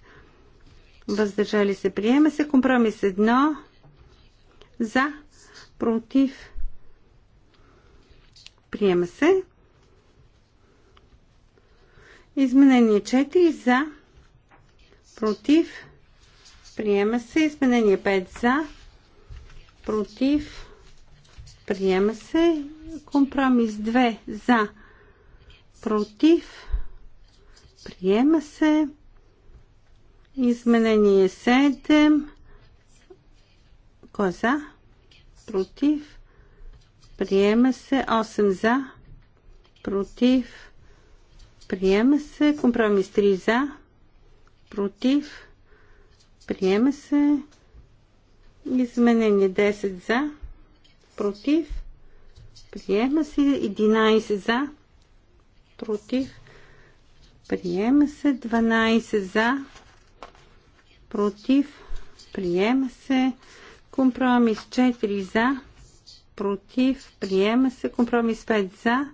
въздържали се, приема се, компромис 1 за, против приема се, изменение 4 за, против Приема се. Изменение 5 за. Против. Приема се. Компромис 2 за. Против. Приема се. Изменение 7. Кой е за? Против. Приема се. 8 за. Против. Приема се. Компромис 3 за. Против. Приема се. Изменение 10 за. Против. Приема се. 11 за. Против. Приема се. 12 за. Против. Приема се. Компромис 4 за. Против. Приема се. Компромис 5 за.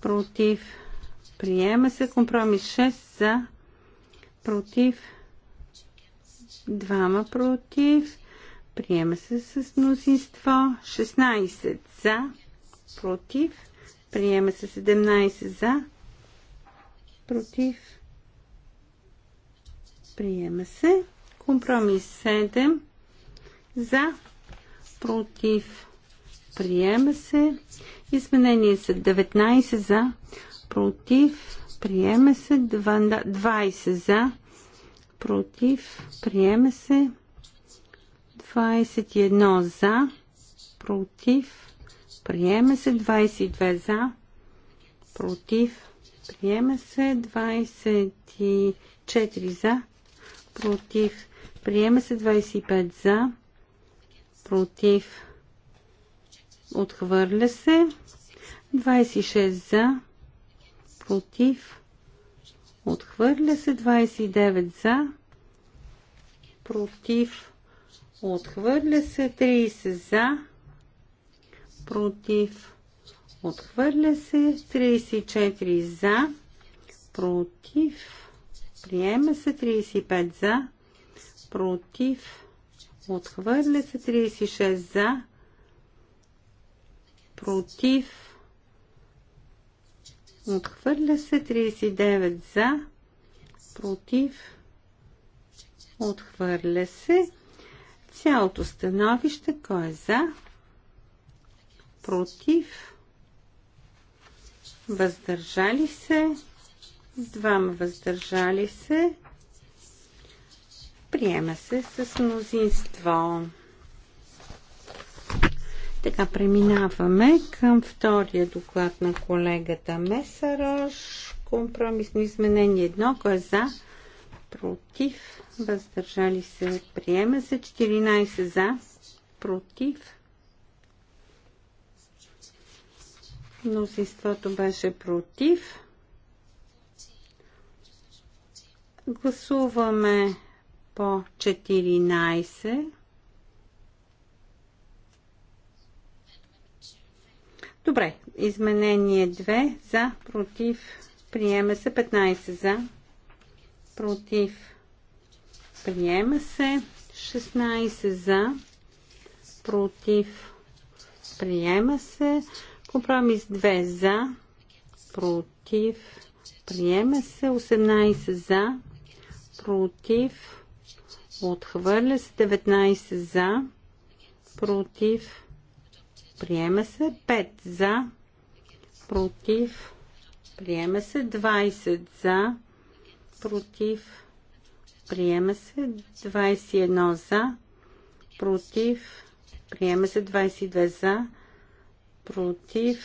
Против. Приема се. Компромис 6 за. Против. Двама против. Приема се с мнозинство. 16 за. Против. Приема се 17 за. Против. Приема се. Компромис 7 за. Против. Приема се. Изменение са 19 за. Против. Приема се 20 за против, приеме се. 21 за, против, приема се. 22 за, против, приема се. 24 за, против, приема се. 25 за, против, отхвърля се. 26 за, против, Отхвърля се 29 за. Против. Отхвърля се 30 за. Против. Отхвърля се 34 за. Против. Приема се 35 за. Против. Отхвърля се 36 за. Против. Отхвърля се 39 за, против, отхвърля се. Цялото становище, кой е за, против, въздържали се, двама въздържали се, приема се с мнозинство. Така преминаваме към втория доклад на колегата Месарош. Компромисно изменение едно. кое е за? Против. Въздържали се. Приема се. 14 за. Против. Мнозинството беше против. Гласуваме по 14. Добре, изменение 2 за, против, приема се 15 за, против, приема се 16 за, против, приема се. Компромис 2 за, против, приема се. 18 за, против, отхвърля се. 19 за, против, Приема се 5 за. Против. Приема се 20 за. Против. Приема се 21 за. Против. Приема се 22 за. Против.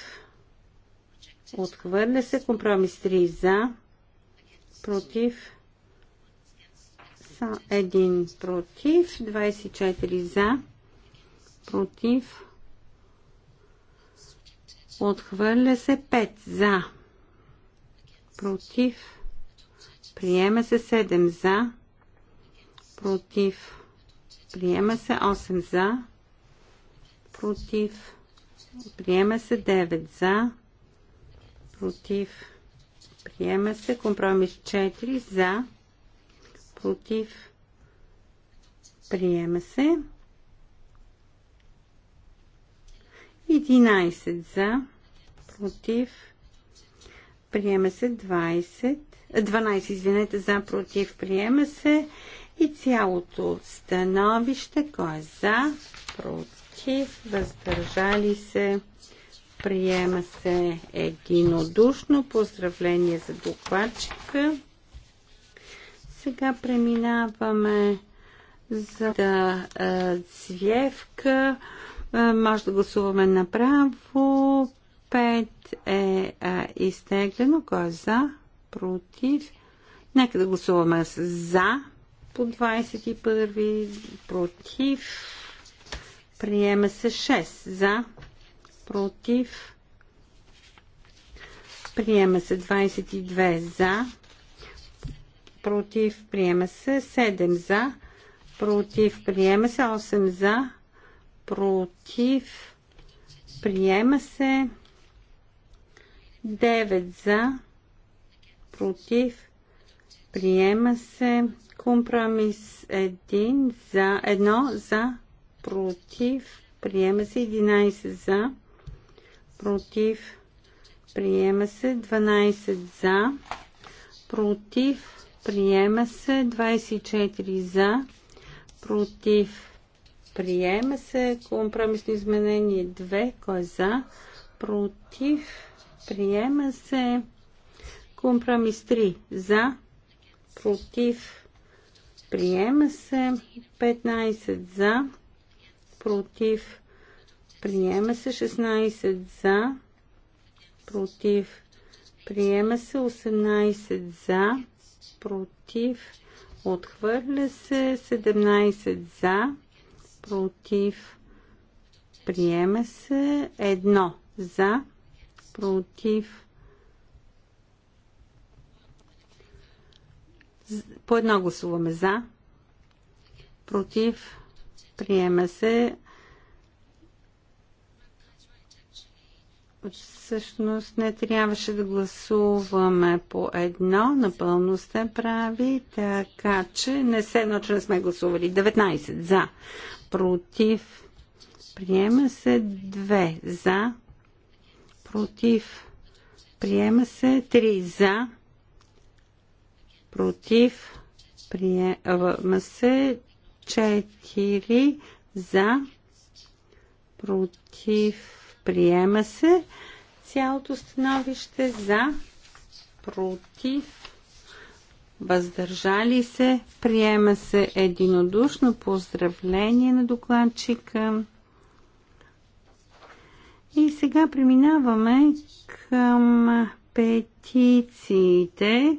Отхвърля се компромис 3 за. Против. Са 1 против. 24 за. Против. Отхвърля се 5 за. Против. Приема се 7 за. Против. Приема се 8 за. Против. Приема се 9 за. Против. Приема се компромис 4 за. Против. Приема се. 11 за, против, приема се 20, 12, извинете, за, против, приема се и цялото становище, кой е за, против, въздържали се, приема се единодушно. Поздравление за докладчика. Сега преминаваме за да, е, цвевка. Е, може да гласуваме направо. 5 е а, е, изтеглено. Кой е за? Против. Нека да гласуваме за по 21. Против. Приема се 6 за. Против. Приема се 22 за. Против. Приема се 7 за. Против. Приема се 8 за против, приема се. 9 за, против, приема се. Компромис 1 за, 1 за, против, приема се. 11 за, против, приема се. 12 за, против, приема се. 24 за, против, Приема се компромисно изменение 2. Кой е за? Против. Приема се компромис 3. За. Против. Приема се 15 за. Против. Приема се 16 за. Против. Приема се 18 за. Против. Отхвърля се 17 за против, приема се. Едно за, против, по едно гласуваме за, против, приема се. всъщност не трябваше да гласуваме по едно, напълно сте прави, така че не се едно, че не сме гласували. 19 за, против, приема се 2 за, против, приема се 3 за, против, приема се 4 за, против, Приема се цялото становище за, против, въздържали се. Приема се единодушно поздравление на докладчика. И сега преминаваме към петициите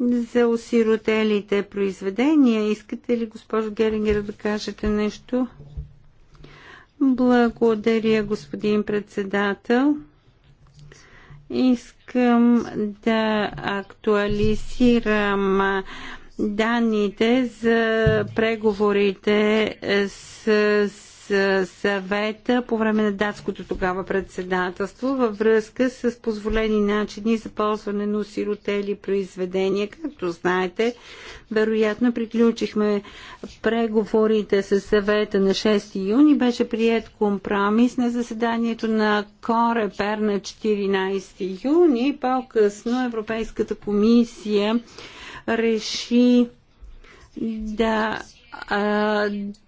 за осиротелите произведения. Искате ли, госпожо Герингер, да кажете нещо? Благодаря, господин председател. Искам да актуализирам данните за преговорите с съвета по време на датското тогава председателство във връзка с позволени начини за ползване на сиротели произведения. Както знаете, вероятно приключихме преговорите с съвета на 6 юни. Беше прият компромис на заседанието на Корепер на 14 юни. По-късно Европейската комисия реши да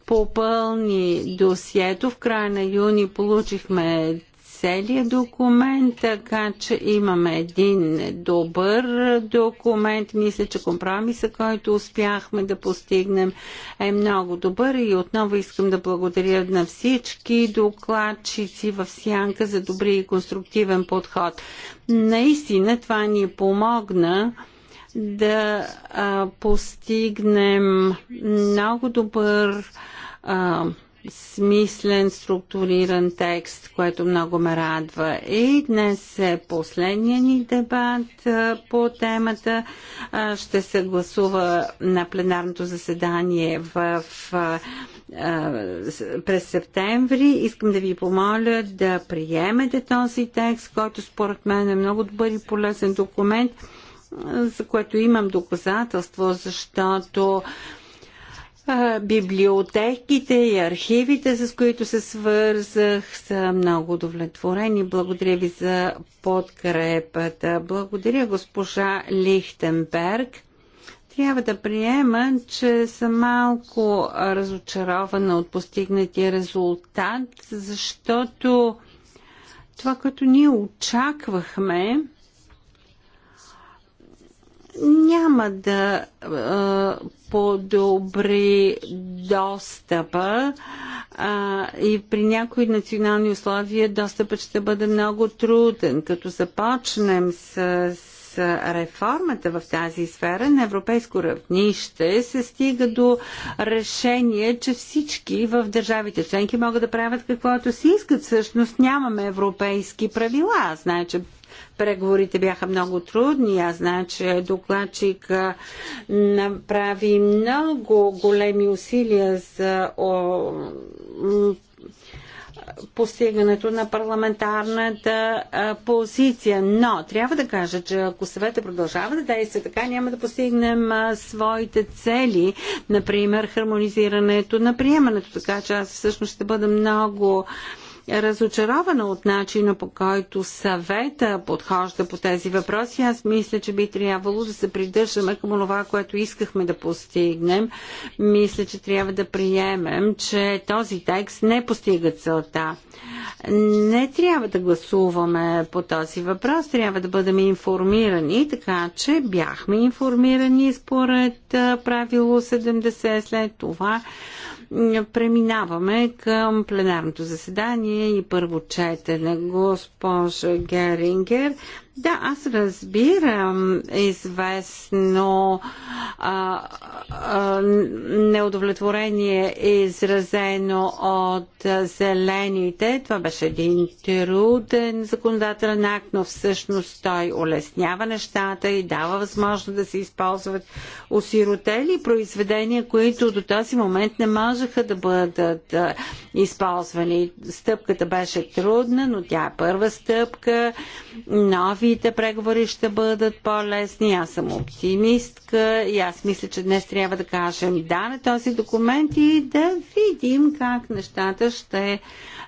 попълни досието. В края на юни получихме целият документ, така че имаме един добър документ. Мисля, че компромиса, който успяхме да постигнем е много добър и отново искам да благодаря на всички докладчици в Сянка за добри и конструктивен подход. Наистина това ни помогна да а, постигнем много добър а, смислен, структуриран текст, което много ме радва. И днес е последния ни дебат по темата. Ще се гласува на пленарното заседание в, през септември. Искам да ви помоля да приемете този текст, който според мен е много добър и полезен документ за което имам доказателство, защото библиотеките и архивите, с които се свързах, са много удовлетворени. Благодаря ви за подкрепата. Благодаря госпожа Лихтенберг. Трябва да приема, че съм малко разочарована от постигнатия резултат, защото това, което ние очаквахме, няма да а, подобри достъпа а, и при някои национални условия достъпът ще бъде много труден. Като започнем с, с реформата в тази сфера на европейско равнище, се стига до решение, че всички в държавите членки могат да правят каквото си искат. Всъщност нямаме европейски правила. Значи преговорите бяха много трудни. Аз знам, че докладчик направи много големи усилия за постигането на парламентарната позиция. Но трябва да кажа, че ако съвета продължава да действа така, няма да постигнем своите цели, например хармонизирането на приемането. Така че аз всъщност ще бъда много разочарована от начина по който съвета подхожда по тези въпроси. Аз мисля, че би трябвало да се придържаме към това, което искахме да постигнем. Мисля, че трябва да приемем, че този текст не постига целта. Не трябва да гласуваме по този въпрос, трябва да бъдем информирани, така че бяхме информирани според правило 70 след това Преминаваме към пленарното заседание и първо четене. Госпожа Герингер, да, аз разбирам известно а, а, неудовлетворение, изразено от зелените. Това беше един труден законодателен акт, но всъщност той улеснява нещата и дава възможност да се използват осиротели произведения, които до този момент не можеха да бъдат а, използвани. Стъпката беше трудна, но тя е първа стъпка. Нови новите преговори ще бъдат по-лесни. Аз съм оптимистка и аз мисля, че днес трябва да кажем да на този документ и да видим как нещата ще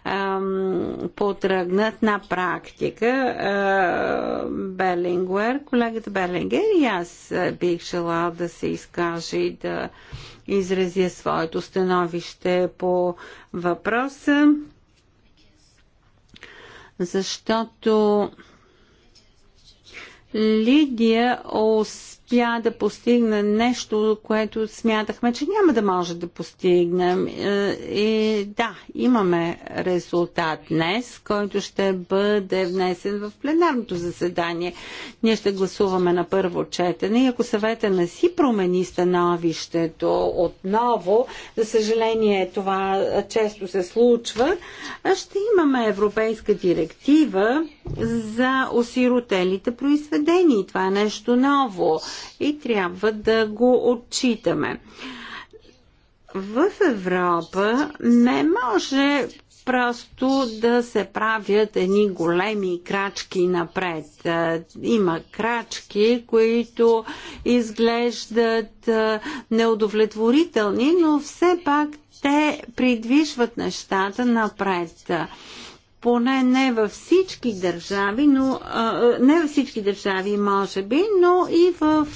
ам, потръгнат на практика. А, Белингуер, колегата Белингер и аз бих желал да се изкаже и да изразя своето становище по въпроса защото Лидия успя да постигне нещо, което смятахме, че няма да може да постигнем. Е, и да, имаме резултат днес, който ще бъде внесен в пленарното заседание. Ние ще гласуваме на първо четене и ако съвета не си промени становището отново, за съжаление това често се случва, ще имаме европейска директива, за осиротелите произведения. Това е нещо ново и трябва да го отчитаме. В Европа не може просто да се правят едни големи крачки напред. Е, има крачки, които изглеждат е, неудовлетворителни, но все пак те придвижват нещата напред поне не във всички държави, но не във всички държави, може би, но и в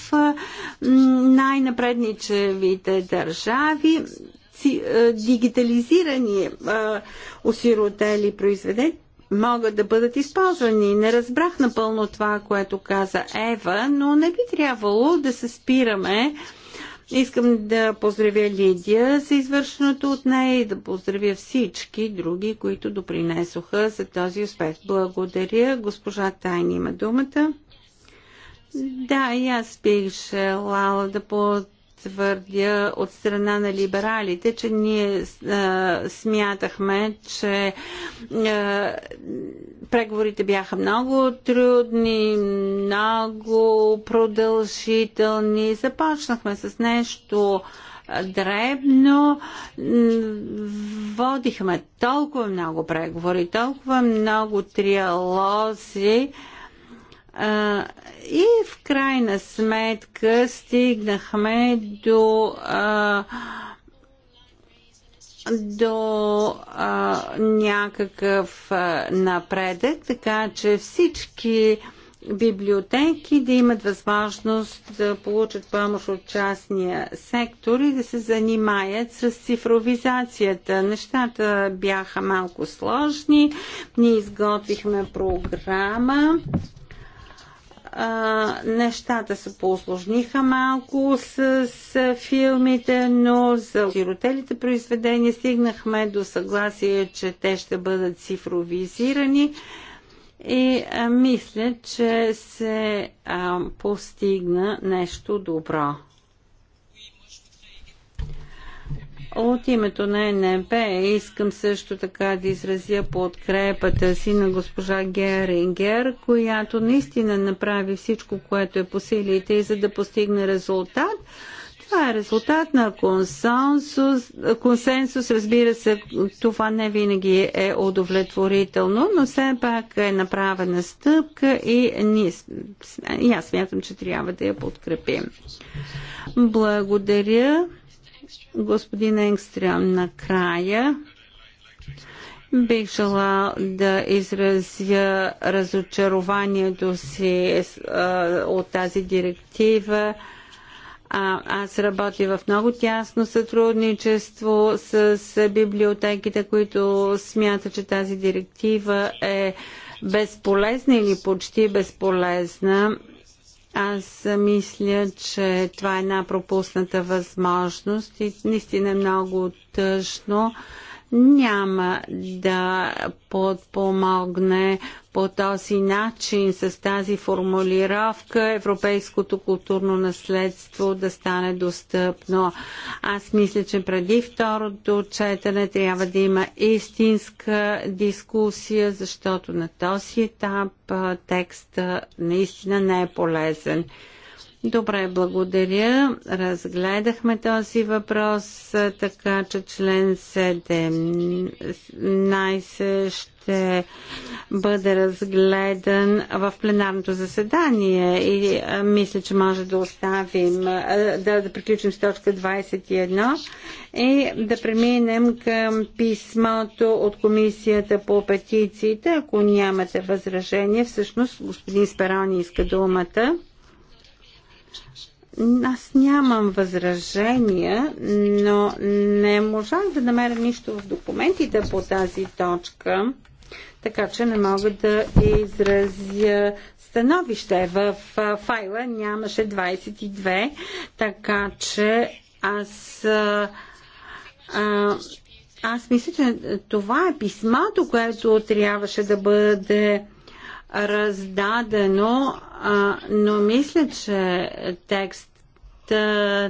най-напредничевите държави дигитализирани осиротели произведения могат да бъдат използвани. Не разбрах напълно това, което каза Ева, но не би трябвало да се спираме Искам да поздравя Лидия за извършеното от нея и да поздравя всички други, които допринесоха за този успех. Благодаря. Госпожа Тайни има думата. Да, и аз бих желала да поздравя твърдя от страна на либералите, че ние а, смятахме, че а, преговорите бяха много трудни, много продължителни. Започнахме с нещо дребно. Водихме толкова много преговори, толкова много триалози а, и в крайна сметка стигнахме до а, до а, някакъв а, напредък, така че всички библиотеки да имат възможност да получат помощ от частния сектор и да се занимаят с цифровизацията. Нещата бяха малко сложни. Ние изготвихме програма нещата се поосложниха малко с, с филмите, но за сиротелите произведения стигнахме до съгласие, че те ще бъдат цифровизирани и а, мисля, че се а, постигна нещо добро. От името на НМП искам също така да изразя подкрепата си на госпожа Герингер, която наистина направи всичко, което е по силите и за да постигне резултат. Това е резултат на консенсус. консенсус. Разбира се, това не винаги е удовлетворително, но все пак е направена стъпка и, ние, и аз смятам, че трябва да я подкрепим. Благодаря. Господин Енгстрем, накрая бих желал да изразя разочарованието си от тази директива. А, аз работя в много тясно сътрудничество с, с библиотеките, които смятат, че тази директива е безполезна или почти безполезна. Аз мисля, че това е една пропусната възможност и наистина е много тъжно, няма да подпомогне по този начин, с тази формулировка, европейското културно наследство да стане достъпно. Аз мисля, че преди второто четене трябва да има истинска дискусия, защото на този етап текста наистина не е полезен. Добре, благодаря. Разгледахме този въпрос, така че член 17 ще бъде разгледан в пленарното заседание и мисля, че може да оставим, да, да приключим с точка 21 и да преминем към писмото от комисията по петициите. Ако нямате възражение, всъщност господин Сперони иска думата. Аз нямам възражения, но не можах да намеря нищо в документите по тази точка, така че не мога да изразя становище. В файла нямаше 22, така че аз. А, аз мисля, че това е писмото, което трябваше да бъде раздадено, а, но мисля, че текстът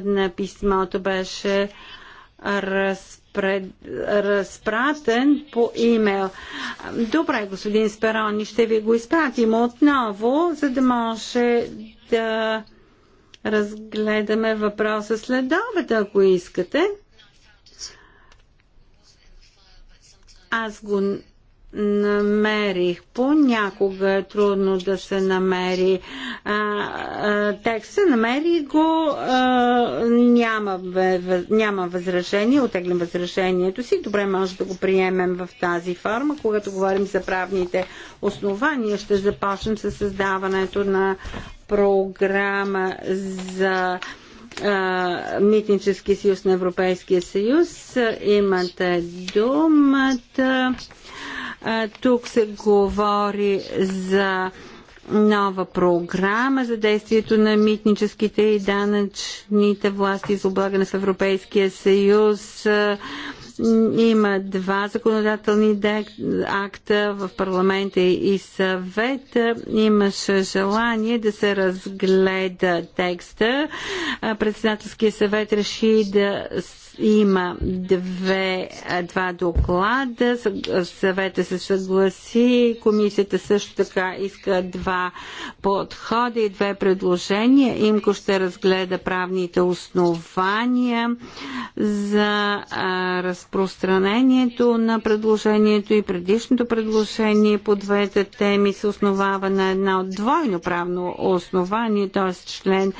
на писмото беше разпред, разпратен по имейл. Добре, господин Сперони, ще ви го изпратим отново, за да може да разгледаме въпроса след обед, ако искате. Аз го намерих. Понякога е трудно да се намери а, а, текста. Намери го, а, няма, няма възражение, отеглям възражението си. Добре, може да го приемем в тази форма. Когато говорим за правните основания, ще започнем с създаването на програма за Митнически съюз на Европейския съюз. Имате думата. Тук се говори за нова програма за действието на митническите и данъчните власти за облагане в Европейския съюз. Има два законодателни акта в парламента и съвет. Имаше желание да се разгледа текста. Председателския съвет реши да има две, два доклада. Съвета се съгласи. Комисията също така иска два подхода и две предложения. Имко ще разгледа правните основания за разпространението на предложението и предишното предложение по двете теми се основава на едно от двойно правно основание, т.е. член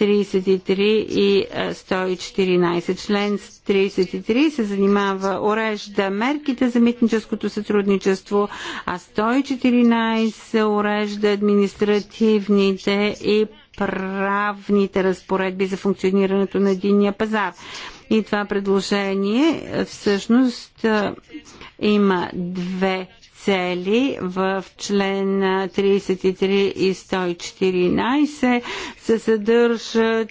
33 и 114. Е, Член 33 се занимава, урежда мерките за митническото сътрудничество, а 114 урежда административните и правните разпоредби за функционирането на единния пазар. И това предложение е, всъщност е, има две цели в член 33 и 114 се съдържат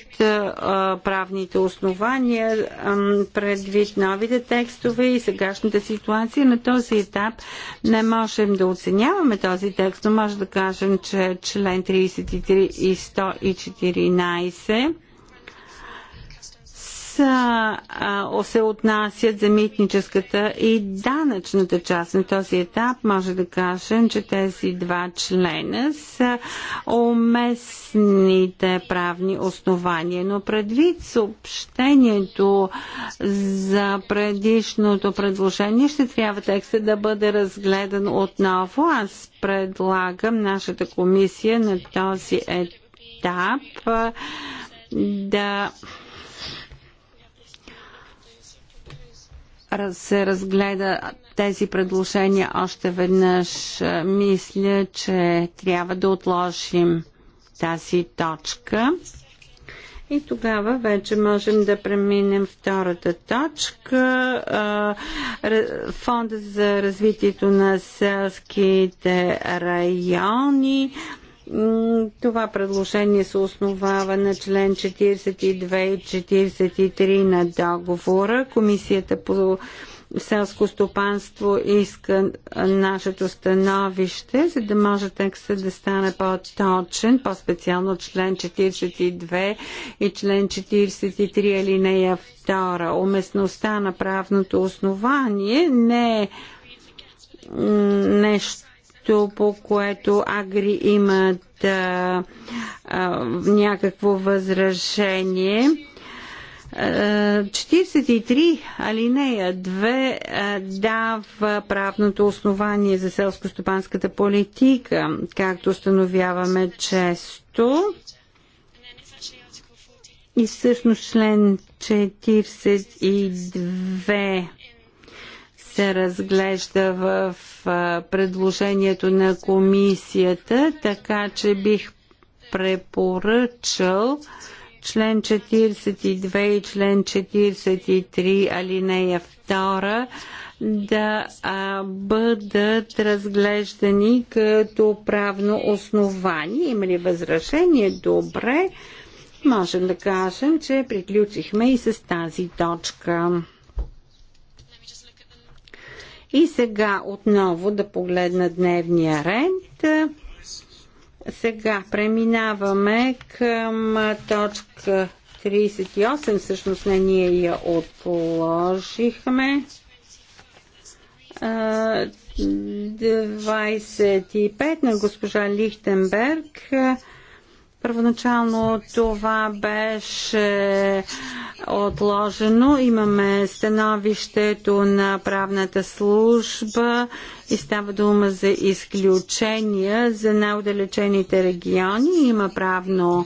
правните основания предвид новите текстове и сегашната ситуация. На този етап не можем да оценяваме този текст, но може да кажем, че член 33 и 114 са, а, се отнасят за митническата и данъчната част на този етап, може да кажем, че тези два члена са уместните правни основания. Но предвид съобщението за предишното предложение, ще трябва текста да бъде разгледан отново. Аз предлагам нашата комисия на този етап да се разгледа тези предложения още веднъж. Е, мисля, че трябва да отложим тази точка. И тогава вече можем да преминем втората точка. Е, Фонда за развитието на селските райони. Това предложение се основава на член 42 и 43 на договора. Комисията по селско стопанство иска нашето становище, за да може текстът да стане по-точен, по-специално член 42 и член 43 алинея 2. Уместността на правното основание не е нещо нещо, по което Агри имат а, а, някакво възражение. 43 алинея 2 дава правното основание за селско-стопанската политика, както установяваме често. И всъщност член 42 се разглежда в предложението на комисията, така че бих препоръчал член 42 и член 43 алинея 2 да а, бъдат разглеждани като правно основание. Има ли възражение? Добре. Можем да кажем, че приключихме и с тази точка. И сега отново да погледна дневния ред. Сега преминаваме към точка 38. Всъщност не ние я отложихме. 25 на госпожа Лихтенберг Първоначално това беше отложено. Имаме становището на правната служба и става дума за изключения за най-удалечените региони. Има правно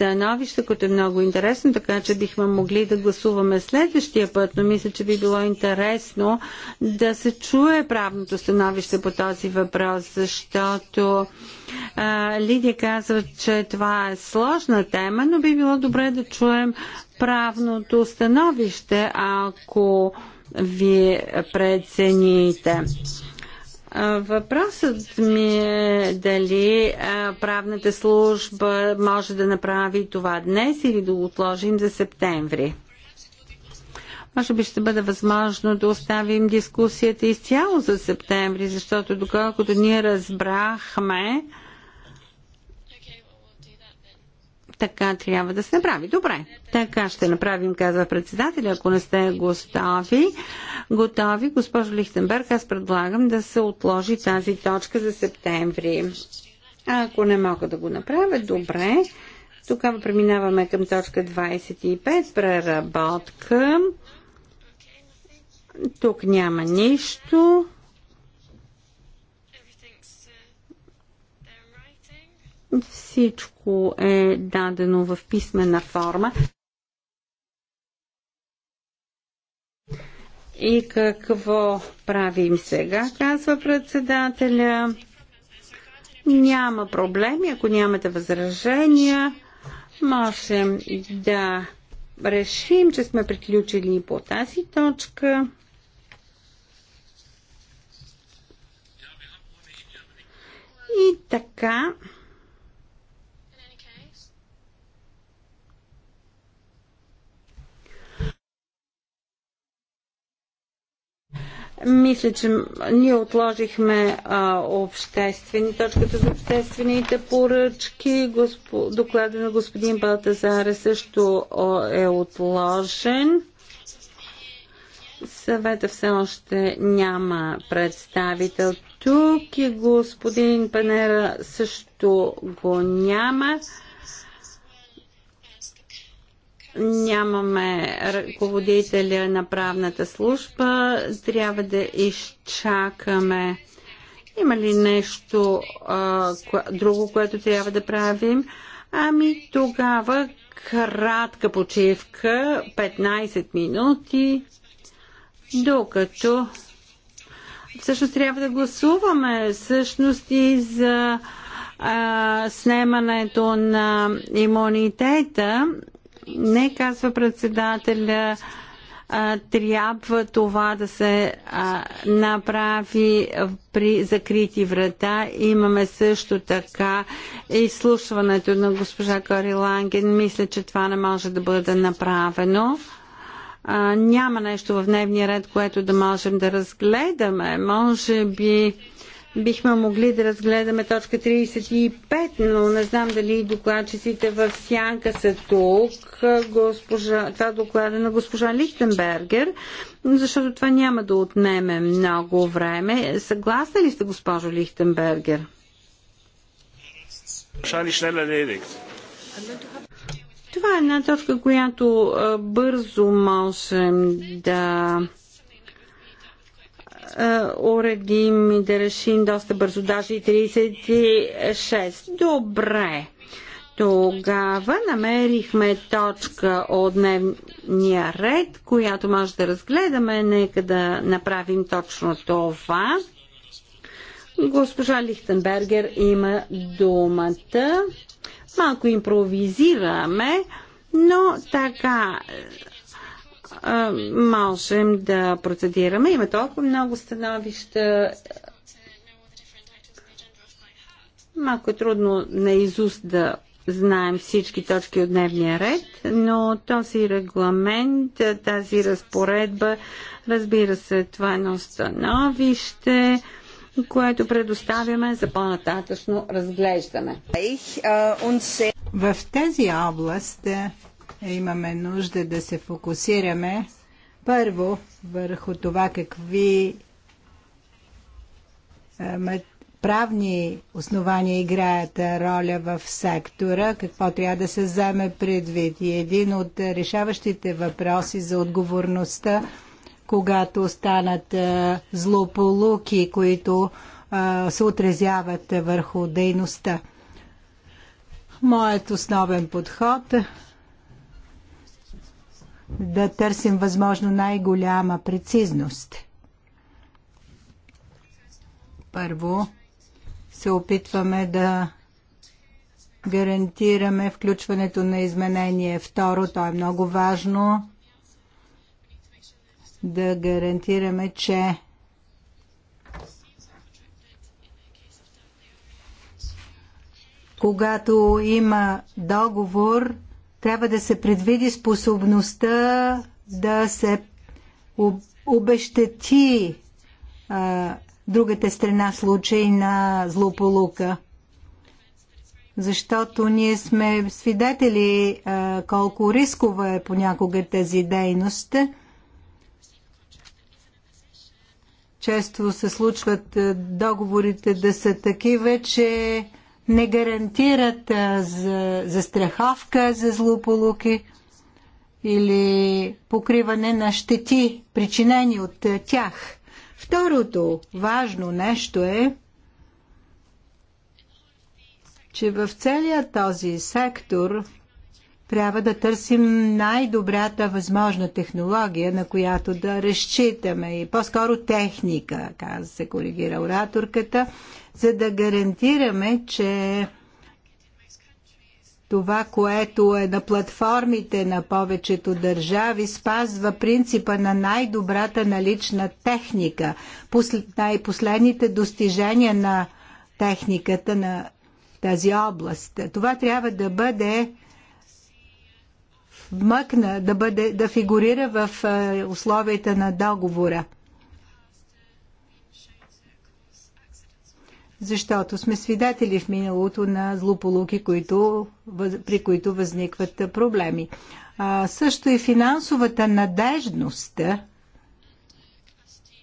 становище, което е много интересно, така че бихме могли да гласуваме следващия път, но мисля, че би било интересно да се чуе правното становище по този въпрос, защото а, Лидия казва, че това е сложна тема, но би било добре да чуем правното становище, ако вие прецените. Въпросът ми е дали правната служба може да направи това днес или да го отложим за септември. Може би ще бъде възможно да оставим дискусията изцяло за септември, защото доколкото ние разбрахме, така трябва да се направи. Добре, така ще направим, казва председателя. Ако не сте готови, готови, госпожо Лихтенберг, аз предлагам да се отложи тази точка за септември. А ако не мога да го направя, добре. Тогава преминаваме към точка 25, преработка. Тук няма нищо. Всичко ако е дадено в писмена форма. И какво правим сега, казва председателя. Няма проблеми, ако нямате възражения, можем да решим, че сме приключили по тази точка. И така, Мисля, че ние отложихме а, обществени, точката за обществените поръчки. Госпо, доклада на господин Балтазар също е отложен. Съвета все още няма представител тук и господин Панера също го няма. Нямаме ръководителя на правната служба. Трябва да изчакаме. Има ли нещо а, друго, което трябва да правим? Ами тогава кратка почивка, 15 минути, докато всъщност трябва да гласуваме всъщност и за а, снемането на имунитета не, казва председателя, а, трябва това да се а, направи при закрити врата. Имаме също така изслушването на госпожа Кори Ланген. Мисля, че това не може да бъде направено а, няма нещо в дневния ред, което да можем да разгледаме. Може би бихме могли да разгледаме точка 35, но не знам дали докладчиците в Сянка са тук. Госпожа, това е доклада на госпожа Лихтенбергер, защото това няма да отнеме много време. Съгласна ли сте, госпожо Лихтенбергер? Е това е една точка, която бързо можем да е, уредим и да решим доста бързо, даже и 36. Добре. Тогава намерихме точка от дневния ред, която може да разгледаме. Нека да направим точно това. Госпожа Лихтенбергер има думата. Малко импровизираме, но така можем да процедираме. Има толкова много становища. Малко е трудно на изуст да знаем всички точки от дневния ред, но този регламент, тази разпоредба, разбира се, това е едно становище, което предоставяме за по-нататъчно разглеждане. В тази област имаме нужда да се фокусираме първо върху това какви е, правни основания играят роля в сектора, какво трябва да се вземе предвид. И един от решаващите въпроси за отговорността, когато станат е, злополуки, които е, се отразяват върху дейността. Моят основен подход да търсим възможно най-голяма прецизност. Първо се опитваме да гарантираме включването на изменение. Второ, то е много важно да гарантираме, че когато има договор, трябва да се предвиди способността да се обещати а, другата страна в случай на злополука. Защото ние сме свидетели а, колко рискова е понякога тази дейност. Често се случват договорите да са такива, че не гарантират за, за страховка за злополуки или покриване на щети, причинени от тях. Второто важно нещо е, че в целия този сектор трябва да търсим най-добрата възможна технология, на която да разчитаме и по-скоро техника, каза се коригира ораторката, за да гарантираме, че това, което е на платформите на повечето държави, спазва принципа на най-добрата налична техника, най-последните достижения на техниката на тази област. Това трябва да бъде вмъкна, да, бъде, да фигурира в е, условията на договора. защото сме свидетели в миналото на злополуки, които, при които възникват проблеми. А, също и финансовата надежност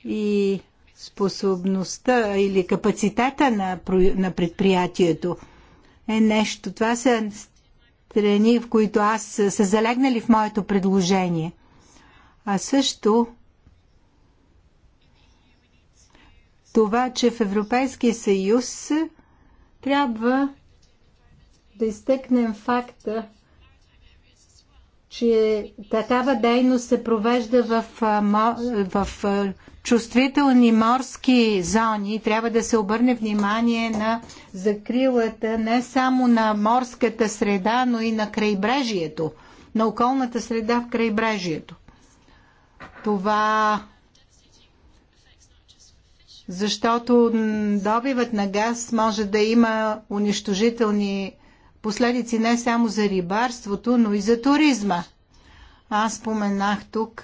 и способността или капацитета на, на предприятието е нещо. Това са страни, в които аз са залегнали в моето предложение. А също това, че в Европейския съюз трябва да изтъкнем факта, че такава дейност се провежда в, в чувствителни морски зони. Трябва да се обърне внимание на закрилата не само на морската среда, но и на крайбрежието, на околната среда в крайбрежието. Това защото добивът на газ може да има унищожителни последици не само за рибарството, но и за туризма. Аз споменах тук,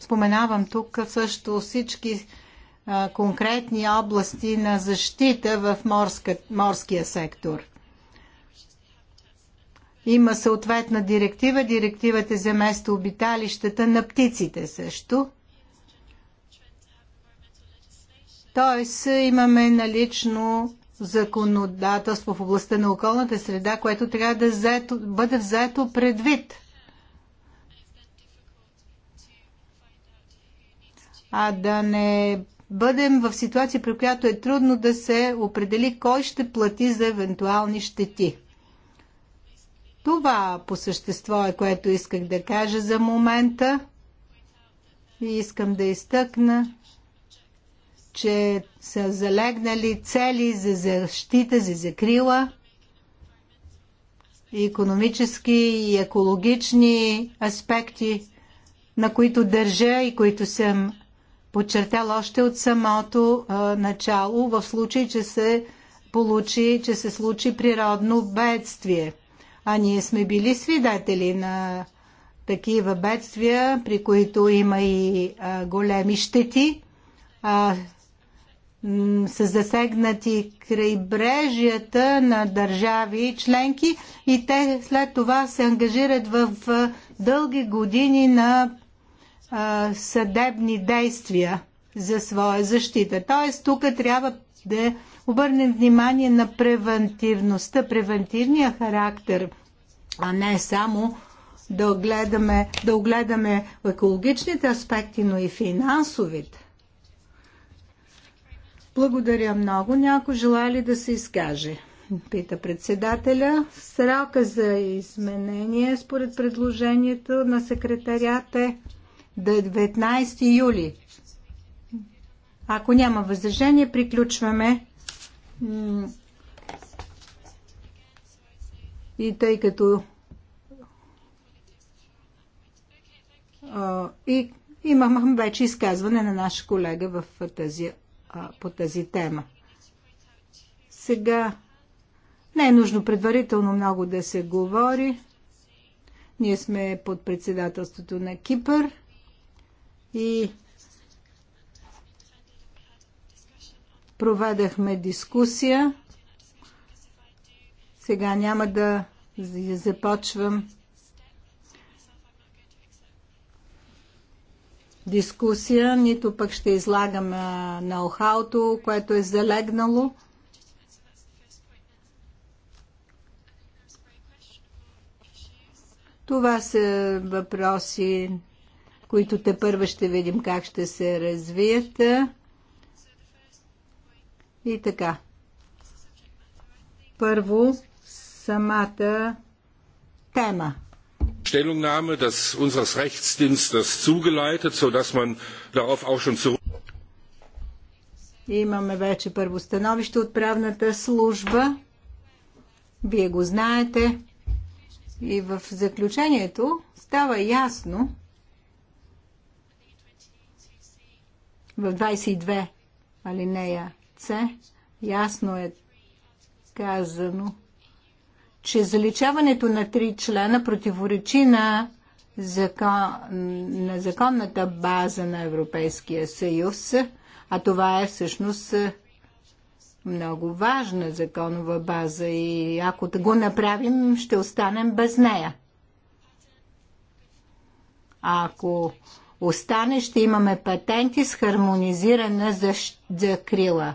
споменавам тук също всички а, конкретни области на защита в морска, морския сектор. Има съответна директива, директивата за местообиталищата на птиците също – Тоест имаме налично законодателство в областта на околната среда, което трябва да взето, бъде взето предвид. А да не бъдем в ситуация, при която е трудно да се определи кой ще плати за евентуални щети. Това по същество е, което исках да кажа за момента. И искам да изтъкна, че са залегнали цели за защита, за закрила, економически и екологични аспекти, на които държа и които съм подчертал още от самото а, начало, в случай, че се получи, че се случи природно бедствие. А ние сме били свидетели на такива бедствия, при които има и а, големи щети. А, са засегнати крайбрежията на държави и членки и те след това се ангажират в дълги години на съдебни действия за своя защита. Тоест тук трябва да обърнем внимание на превентивността, превентивния характер, а не само да огледаме, да огледаме екологичните аспекти, но и финансовите. Благодаря много. Някой желая ли да се изкаже? Пита председателя. Срока за изменение според предложението на секретарят е 19 е юли. Ако няма възражение, приключваме. И тъй като и имам вече изказване на наш колега в тази по тази тема. Сега не е нужно предварително много да се говори. Ние сме под председателството на Кипър и проведахме дискусия. Сега няма да започвам дискусия, нито пък ще излагаме ноу-хауто, което е залегнало. Това са въпроси, които те първа ще видим как ще се развият. И така. Първо, самата тема. Stellungnahme des, unseres Rechtsdienstes zugeleitet, sodass man darauf auch schon zurück... Имаме вече първо становище от правната служба. Вие го знаете. И в заключението става ясно в 22 алинея С ясно е казано, че заличаването на три члена противоречи на, закон, на законната база на Европейския съюз, а това е всъщност много важна законова база и ако го направим, ще останем без нея. А ако остане, ще имаме патенти с хармонизирана закрила.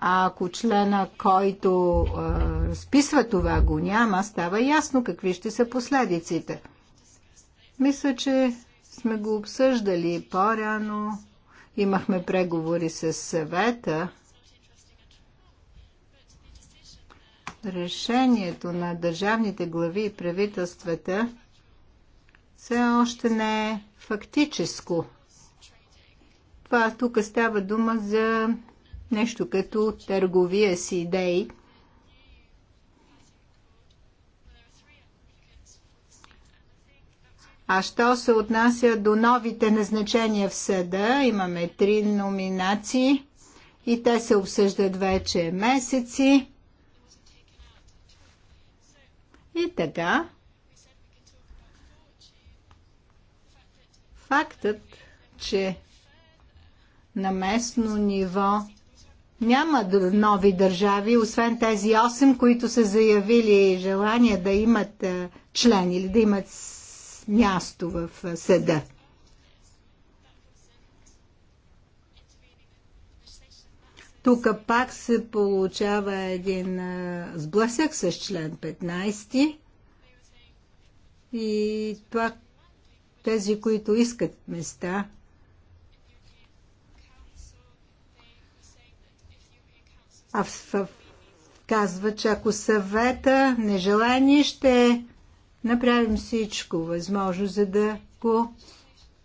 А ако члена, който а, разписва това, го няма, става ясно какви ще са последиците. Мисля, че сме го обсъждали по-рано. Имахме преговори с съвета. Решението на държавните глави и правителствата все още не е фактическо. Това тук става дума за нещо като търговия с идеи. А що се отнася до новите назначения в съда, имаме три номинации и те се обсъждат вече месеци. И така, фактът, че на местно ниво няма нови държави, освен тези 8, които са заявили желание да имат е, член или да имат място в е, съда. Тук пак се получава един е, сблъсък с член 15 и това, тези, които искат места, а казва, че ако съвета нежелание ще направим всичко възможно, за да го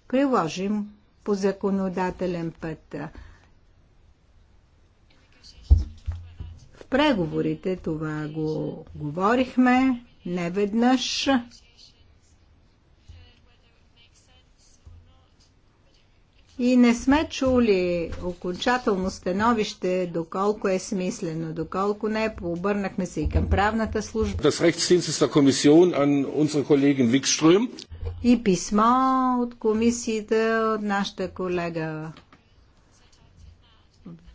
приложим по законодателен път. В преговорите това го говорихме неведнъж. веднъж и не сме чули окончателно становище доколко е смислено, доколко не. Е. се и към правната служба. И писмо от комисията от нашата колега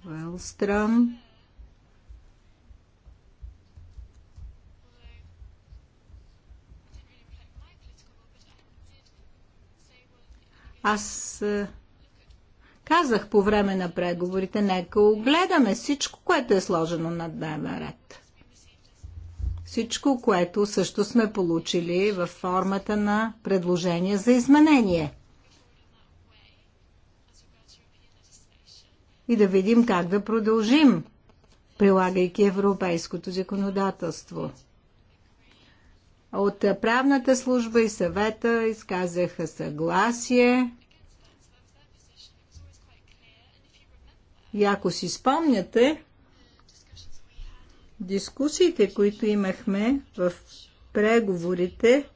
Велстръм. Аз казах по време на преговорите, нека огледаме всичко, което е сложено на дневен ред. Всичко, което също сме получили в формата на предложение за изменение. И да видим как да продължим, прилагайки европейското законодателство. От правната служба и съвета изказаха съгласие И ако си спомняте, дискусиите, които имахме в преговорите,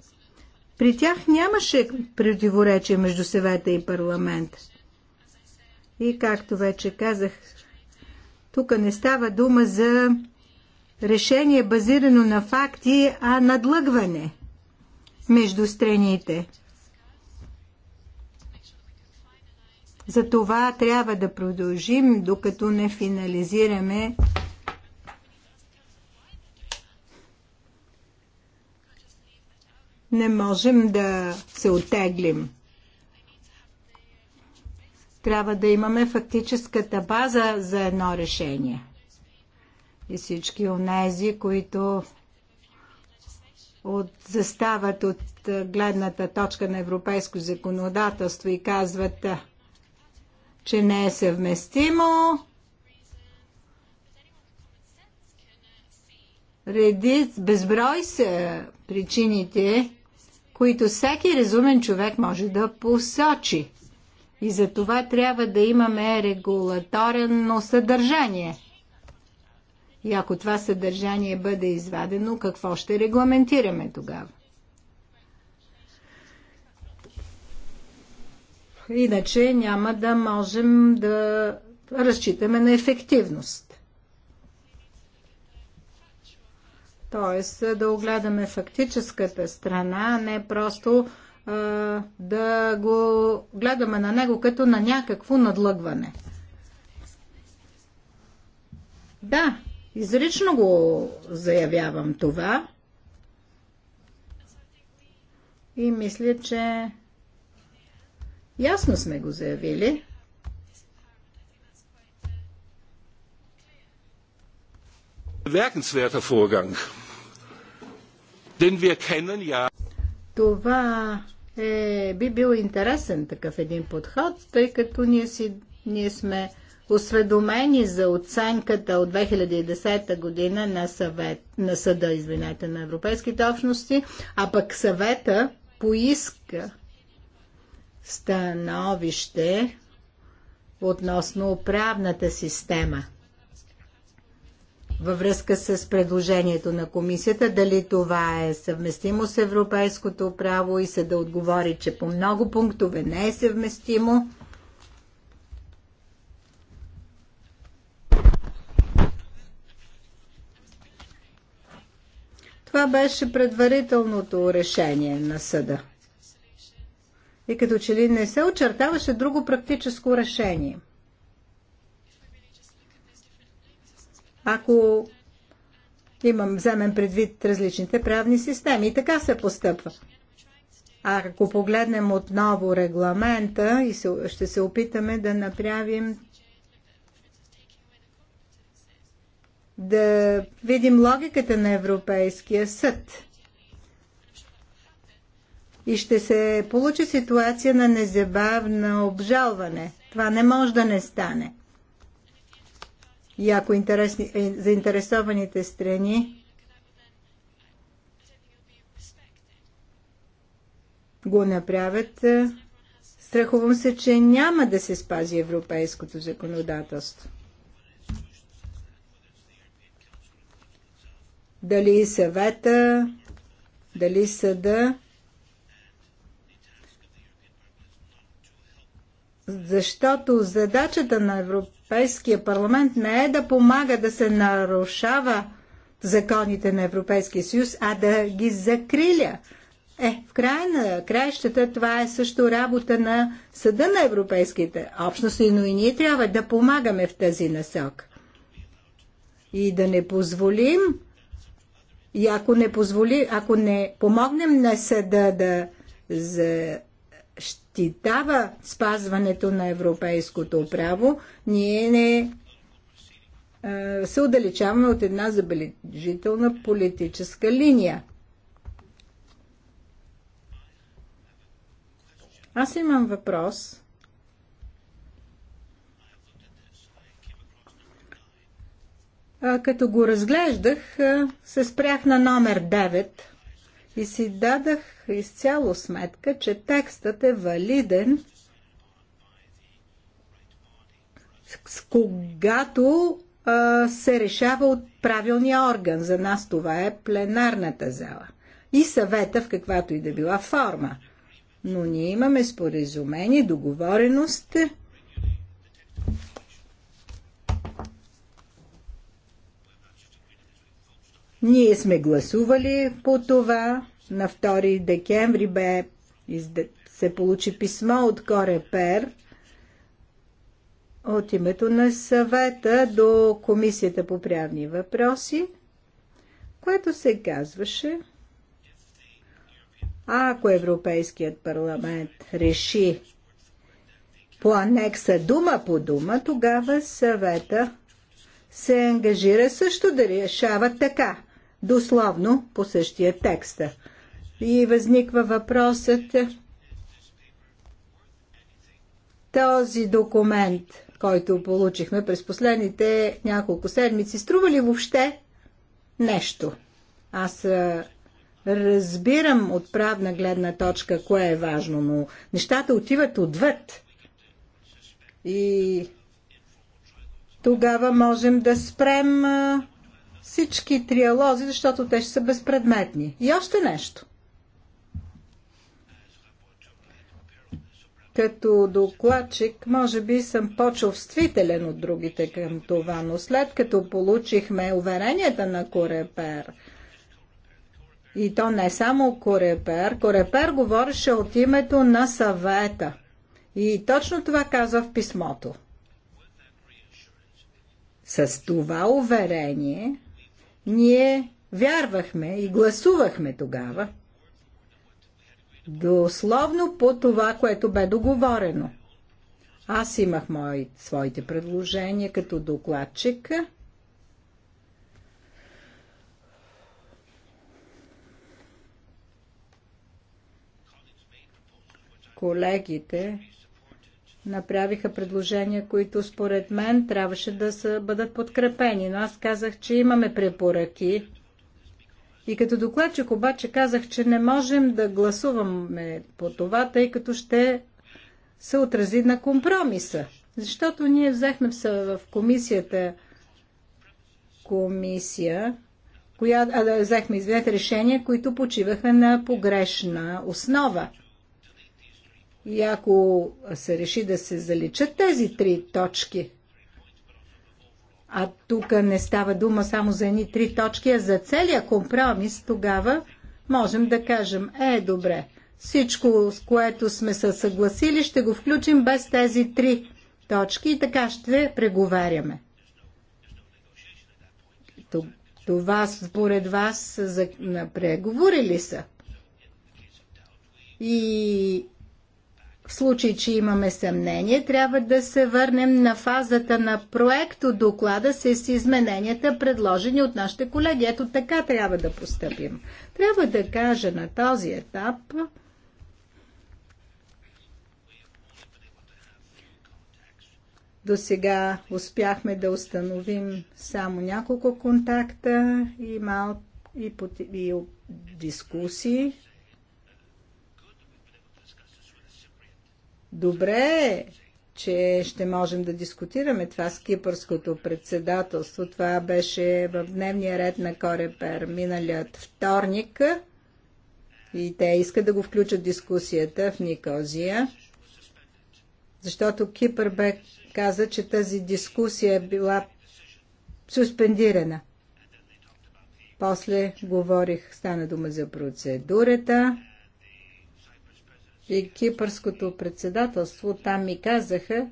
при тях нямаше противоречие между съвета и парламент. И както вече казах, тук не става дума за решение базирано на факти, а надлъгване между страните. За това трябва да продължим, докато не финализираме не можем да се отеглим. Трябва да имаме фактическата база за едно решение. И всички онези, които от, застават от гледната точка на европейско законодателство и казват че не е съвместимо. Реди безброй са причините, които всеки разумен човек може да посочи. И за това трябва да имаме регулаторно съдържание. И ако това съдържание бъде извадено, какво ще регламентираме тогава? Иначе няма да можем да разчитаме на ефективност. Тоест да огледаме фактическата страна, а не просто а, да го гледаме на него като на някакво надлъгване. Да, изрично го заявявам това. И мисля, че Ясно сме го заявили. Това е, би бил интересен такъв един подход, тъй като ние, си, ние сме осведомени за оценката от 2010 година на, съвет, на съда извинете, на европейските общности, а пък съвета поиска становище относно правната система във връзка с предложението на комисията, дали това е съвместимо с европейското право и се да отговори, че по много пунктове не е съвместимо. Това беше предварителното решение на съда и като че ли не се очертаваше друго практическо решение. Ако имам, вземем предвид различните правни системи и така се постъпва. А ако погледнем отново регламента и се, ще се опитаме да направим да видим логиката на Европейския съд и ще се получи ситуация на незабавно обжалване. Това не може да не стане. И ако е, заинтересованите страни го направят, е, страхувам се, че няма да се спази европейското законодателство. Дали съвета, дали съда Защото задачата на Европейския парламент не е да помага да се нарушава законите на Европейския съюз, а да ги закриля. Е, в край на краищата това е също работа на Съда на Европейските общности, но и ние трябва да помагаме в тази насок. И да не позволим, и ако не, позволи, ако не помогнем на Съда да за, щитава спазването на европейското право, ние не се отдалечаваме от една забележителна политическа линия. Аз имам въпрос. Като го разглеждах, се спрях на номер 9 и си дадах изцяло сметка, че текстът е валиден, когато а, се решава от правилния орган. За нас това е пленарната зала. И съвета в каквато и да била форма. Но ние имаме споразумение, договореност, Ние сме гласували по това на 2 декември бе се получи писмо от Корепер от името на съвета до Комисията по правни въпроси, което се казваше ако Европейският парламент реши по анекса дума по дума, тогава съвета се ангажира също да решава така, дословно по същия текста и възниква въпросът този документ, който получихме през последните няколко седмици, струва ли въобще нещо? Аз разбирам от правна гледна точка кое е важно, но нещата отиват отвъд. И тогава можем да спрем всички триалози, защото те ще са безпредметни. И още нещо. Като докладчик, може би съм по-чувствителен от другите към това, но след като получихме уверенията на Корепер, и то не само Корепер, Корепер говореше от името на съвета. И точно това казва в писмото. С това уверение ние вярвахме и гласувахме тогава – дословно по това, което бе договорено. Аз имах мои, своите предложения като докладчик. Колегите направиха предложения, които според мен трябваше да са, бъдат подкрепени. Но аз казах, че имаме препоръки и като докладчик обаче казах, че не можем да гласуваме по това, тъй като ще се отрази на компромиса. Защото ние взехме в комисията комисия, коя, а, да, взехме извинете, решения, които почиваха на погрешна основа. И ако се реши да се заличат тези три точки – а тук не става дума само за едни три точки, а за целия компромис, тогава можем да кажем, е, добре, всичко, с което сме се съгласили, ще го включим без тези три точки и така ще преговаряме. Това според вас за, на преговори ли са? И в случай, че имаме съмнение, трябва да се върнем на фазата на проекто доклада с измененията, предложени от нашите колеги. Ето така трябва да поступим. Трябва да кажа на този етап, До сега успяхме да установим само няколко контакта и, мал... и, пот... и дискусии Добре, е, че ще можем да дискутираме това с кипърското председателство. Това беше в дневния ред на Корепер миналият вторник и те искат да го включат дискусията в Никозия, защото Кипър бе каза, че тази дискусия е била суспендирана. После говорих, стана дума за процедурата и кипърското председателство, там ми казаха,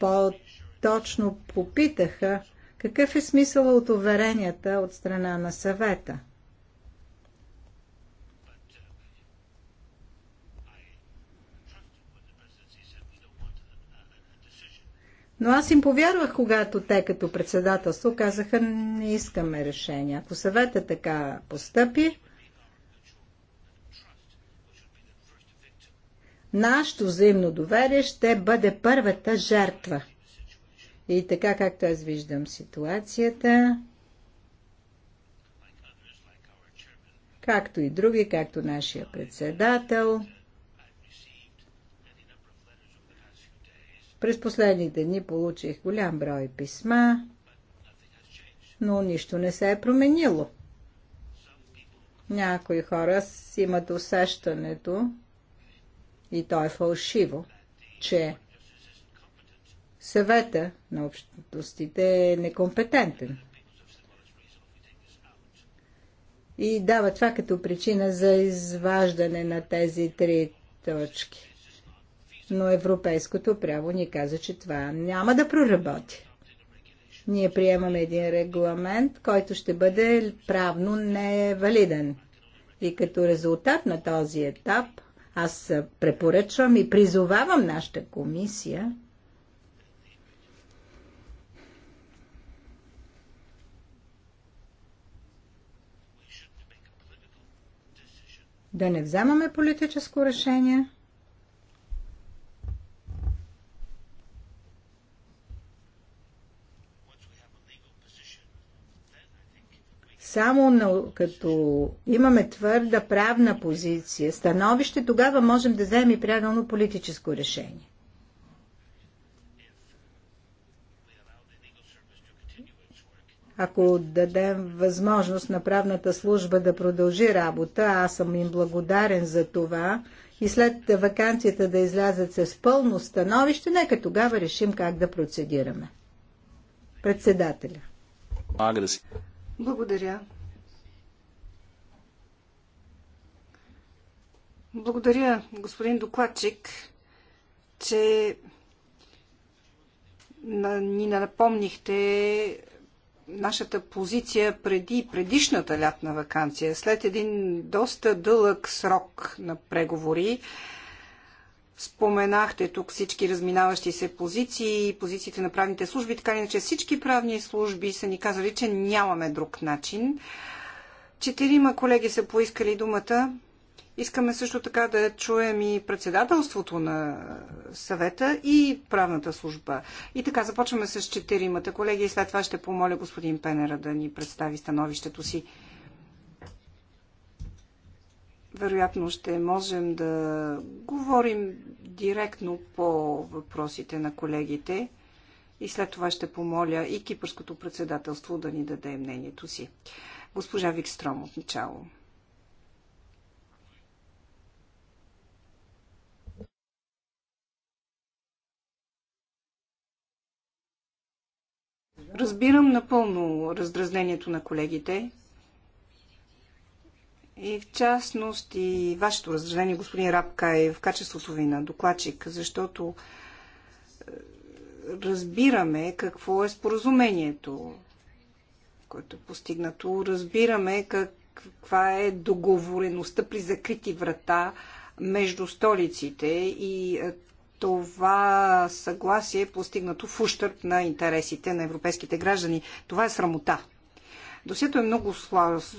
по-точно попитаха, какъв е смисъл от уверенията от страна на съвета. Но аз им повярвах, когато те като председателство казаха, не искаме решение. Ако съвета така постъпи, Нашето взаимно доверие ще бъде първата жертва. И така, както аз виждам ситуацията, както и други, както нашия председател, през последните дни получих голям брой писма, но нищо не се е променило. Някои хора имат усещането, и то е фалшиво, че съвета на общностите е некомпетентен. И дава това като причина за изваждане на тези три точки. Но европейското право ни каза, че това няма да проработи. Ние приемаме един регламент, който ще бъде правно невалиден. И като резултат на този етап – аз препоръчвам и призовавам нашата комисия да не вземаме политическо решение – Само на, като имаме твърда правна позиция, становище, тогава можем да вземем и правилно политическо решение. ако дадем възможност на правната служба да продължи работа, аз съм им благодарен за това, и след вакансията да излязат с пълно становище, нека тогава решим как да процедираме. Председателя. Благодаря. Благодаря, господин докладчик, че ни напомнихте нашата позиция преди предишната лятна вакансия, след един доста дълъг срок на преговори. Споменахте тук всички разминаващи се позиции и позициите на правните служби, така иначе всички правни служби са ни казали, че нямаме друг начин. Четирима колеги са поискали думата. Искаме също така да чуем и председателството на съвета и правната служба. И така, започваме с четиримата колеги и след това ще помоля господин Пенера да ни представи становището си. Вероятно ще можем да говорим директно по въпросите на колегите и след това ще помоля и Кипърското председателство да ни даде мнението си. Госпожа Викстром от начало. Разбирам напълно раздразнението на колегите. И в частност и вашето разражение, господин Рапка, е в качеството ви на докладчик, защото е, разбираме какво е споразумението, което е постигнато. Разбираме каква е договореността при закрити врата между столиците и е, това съгласие е постигнато в ущърп на интересите на европейските граждани. Това е срамота. Досието е много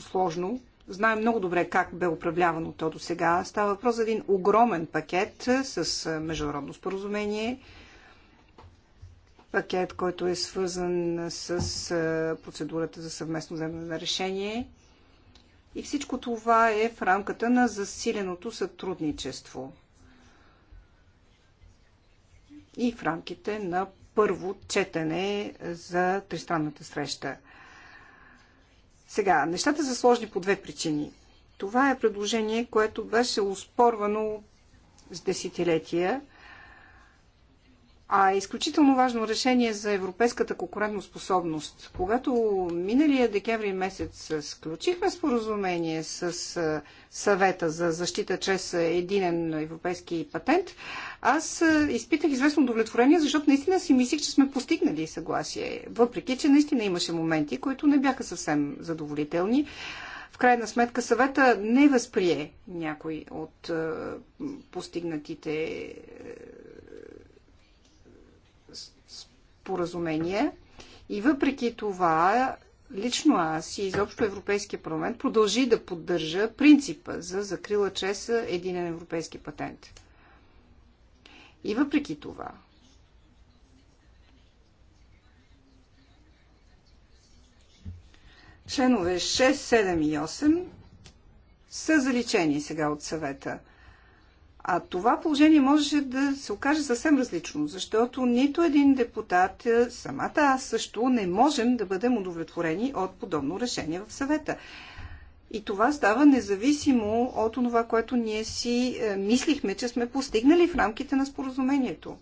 сложно, Знаем много добре как бе управлявано то до сега. Става въпрос за един огромен пакет с международно споразумение. Пакет, който е свързан с процедурата за съвместно вземане на решение. И всичко това е в рамката на засиленото сътрудничество. И в рамките на първо четене за тристранната среща – сега, нещата са сложни по две причини. Това е предложение, което беше успорвано с десетилетия а е изключително важно решение за европейската конкурентоспособност. Когато миналия декември месец сключихме споразумение с съвета за защита чрез единен европейски патент, аз изпитах известно удовлетворение, защото наистина си мислих, че сме постигнали съгласие. Въпреки, че наистина имаше моменти, които не бяха съвсем задоволителни. В крайна сметка съвета не възприе някой от постигнатите споразумение и въпреки това лично аз и изобщо Европейския парламент продължи да поддържа принципа за закрила чрез единен европейски патент. И въпреки това, членове 6, 7 и 8 са заличени сега от съвета – а това положение можеше да се окаже съвсем различно, защото нито един депутат, е, самата аз също, не можем да бъдем удовлетворени от подобно решение в съвета. И това става независимо от това, което ние си е, мислихме, че сме постигнали в рамките на споразумението.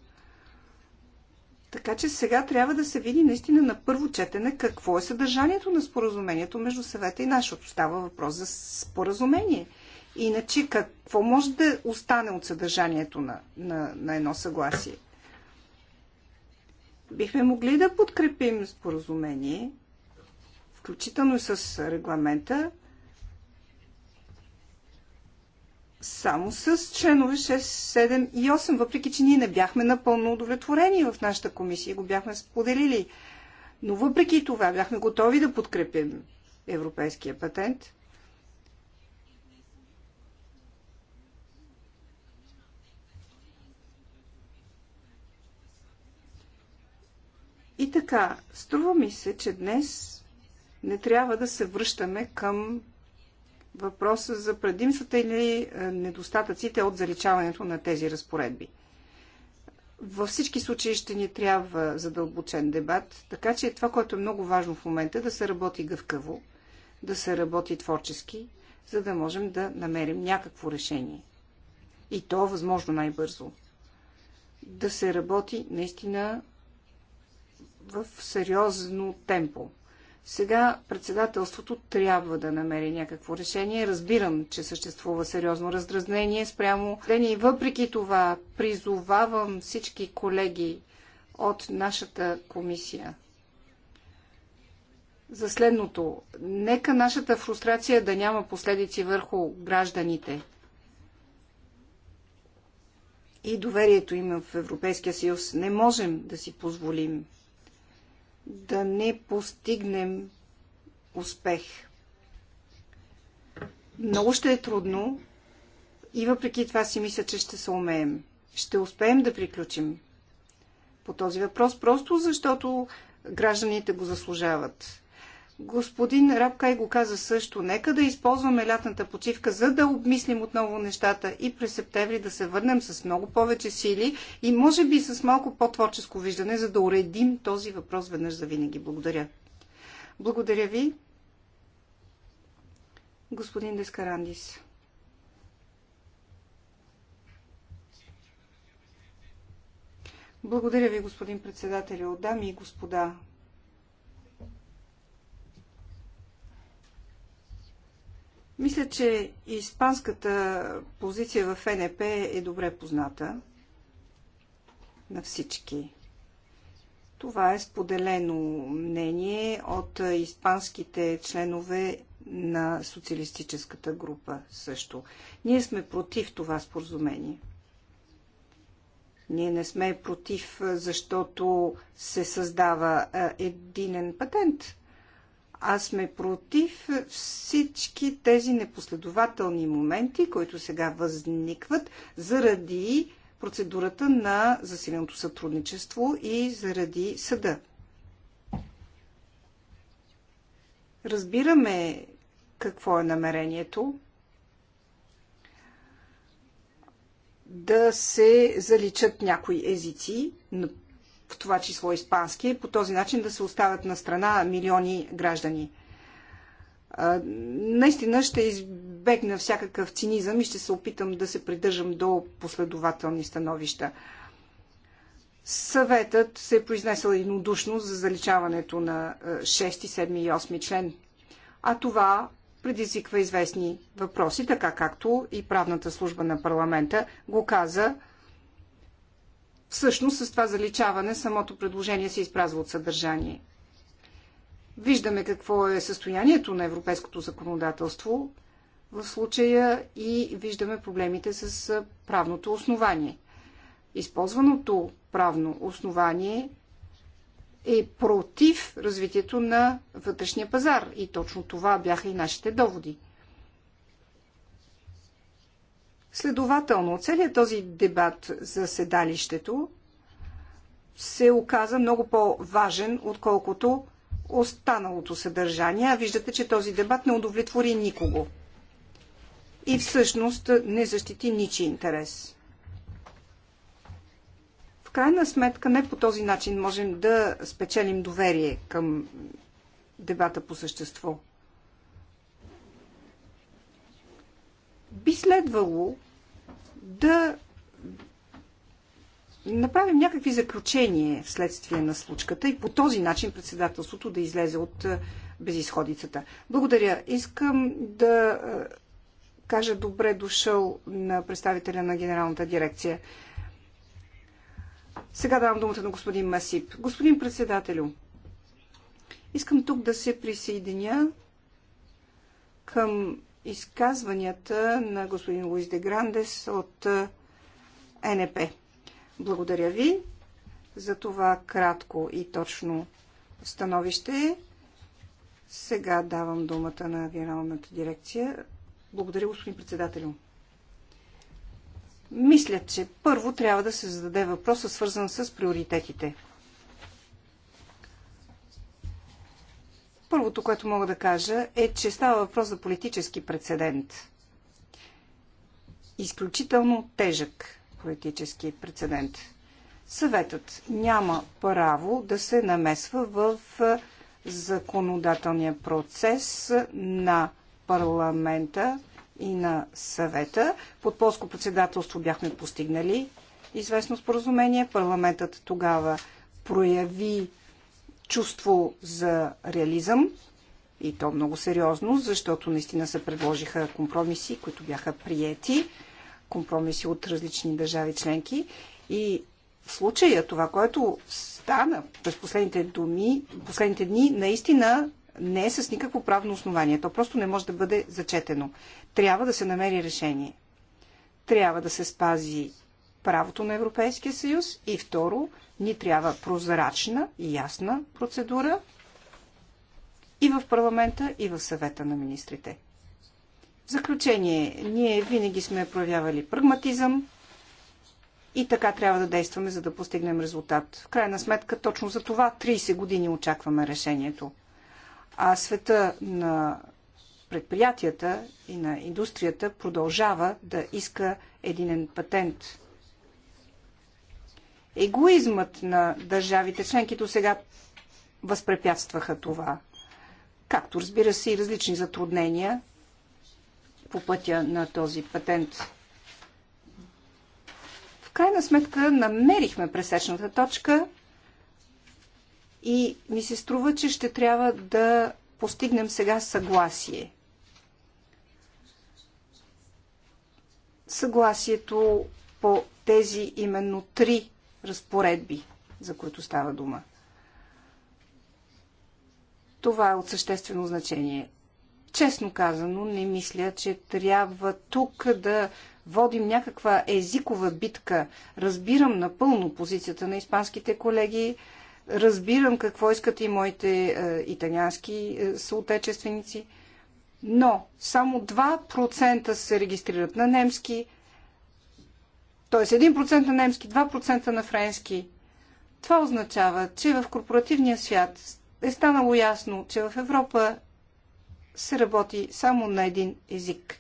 Така че сега трябва да се види наистина на първо четене какво е съдържанието на споразумението между съвета и нашето. Става въпрос за споразумение – Иначе какво може да остане от съдържанието на, на, на едно съгласие? Бихме могли да подкрепим споразумение, включително и с регламента, само с членове 6, 7 и 8, въпреки че ние не бяхме напълно удовлетворени в нашата комисия, го бяхме споделили. Но въпреки това бяхме готови да подкрепим европейския патент. И така, струва ми се, че днес не трябва да се връщаме към въпроса за предимствата или е, недостатъците от заличаването на тези разпоредби. Във всички случаи ще ни трябва задълбочен дебат, така че това, което е много важно в момента, е да се работи гъвкаво, да се работи творчески, за да можем да намерим някакво решение. И то възможно най-бързо. Да се работи наистина в сериозно темпо. Сега председателството трябва да намери някакво решение. Разбирам, че съществува сериозно раздразнение спрямо и въпреки това призовавам всички колеги от нашата комисия за следното. Нека нашата фрустрация да няма последици върху гражданите и доверието им в Европейския съюз. Не можем да си позволим да не постигнем успех. Много ще е трудно и въпреки това си мисля, че ще се умеем. Ще успеем да приключим по този въпрос, просто защото гражданите го заслужават. Господин Рабкай го каза също. Нека да използваме лятната почивка, за да обмислим отново нещата и през септември да се върнем с много повече сили и може би с малко по-творческо виждане, за да уредим този въпрос веднъж за винаги. Благодаря. Благодаря ви. Господин Дескарандис. Благодаря ви, господин председател, Дами и господа Мисля, че испанската позиция в ФНП е добре позната на всички. Това е споделено мнение от испанските членове на социалистическата група също. Ние сме против това споразумение. Ние не сме против, защото се създава единен патент а сме против всички тези непоследователни моменти, които сега възникват заради процедурата на засиленото сътрудничество и заради съда. Разбираме какво е намерението да се заличат някои езици, в това число испански, по този начин да се оставят на страна милиони граждани. Наистина ще избегна всякакъв цинизъм и ще се опитам да се придържам до последователни становища. Съветът се е произнесъл единодушно за заличаването на 6, 7 и 8 член. А това предизвиква известни въпроси, така както и правната служба на парламента го каза Всъщност с това заличаване самото предложение се изпразва от съдържание. Виждаме какво е състоянието на европейското законодателство в случая и виждаме проблемите с правното основание. Използваното правно основание е против развитието на вътрешния пазар и точно това бяха и нашите доводи – Следователно, целият този дебат за седалището се оказа много по-важен, отколкото останалото съдържание. А виждате, че този дебат не удовлетвори никого. И всъщност не защити ничи интерес. В крайна сметка, не по този начин можем да спечелим доверие към дебата по същество. би следвало да направим някакви заключения вследствие на случката и по този начин председателството да излезе от безисходицата. Благодаря. Искам да кажа добре дошъл на представителя на Генералната дирекция. Сега давам думата на господин Масип. Господин председателю, искам тук да се присъединя към изказванията на господин Луис де Грандес от е, НП. Благодаря ви за това кратко и точно становище. Сега давам думата на Генералната дирекция. Благодаря, господин председател. Мисля, че първо трябва да се зададе въпроса, свързан с приоритетите – Първото, което мога да кажа е, че става въпрос за политически прецедент. Изключително тежък политически прецедент. Съветът няма право да се намесва в законодателния процес на парламента и на съвета. Под полско председателство бяхме постигнали известно споразумение. Парламентът тогава прояви чувство за реализъм и то много сериозно, защото наистина се предложиха компромиси, които бяха приети, компромиси от различни държави членки и в случая това, което стана през последните, думи, последните дни, наистина не е с никакво правно основание. То просто не може да бъде зачетено. Трябва да се намери решение. Трябва да се спази правото на Европейския съюз и второ, ни трябва прозрачна и ясна процедура и в парламента, и в съвета на министрите. В заключение, ние винаги сме проявявали прагматизъм и така трябва да действаме, за да постигнем резултат. В крайна сметка, точно за това 30 години очакваме решението. А света на предприятията и на индустрията продължава да иска единен патент – егоизмът на държавите членки до сега възпрепятстваха това. Както разбира се и различни затруднения по пътя на този патент. В крайна сметка намерихме пресечната точка и ми се струва, че ще трябва да постигнем сега съгласие. Съгласието по тези именно три разпоредби, за които става дума. Това е от съществено значение. Честно казано, не мисля, че трябва тук да водим някаква езикова битка. Разбирам напълно позицията на испанските колеги, разбирам какво искат и моите е, италиански е, съотечественици, но само 2% се регистрират на немски, т.е. 1% на немски, 2% на френски. Това означава, че в корпоративния свят е станало ясно, че в Европа се работи само на един език.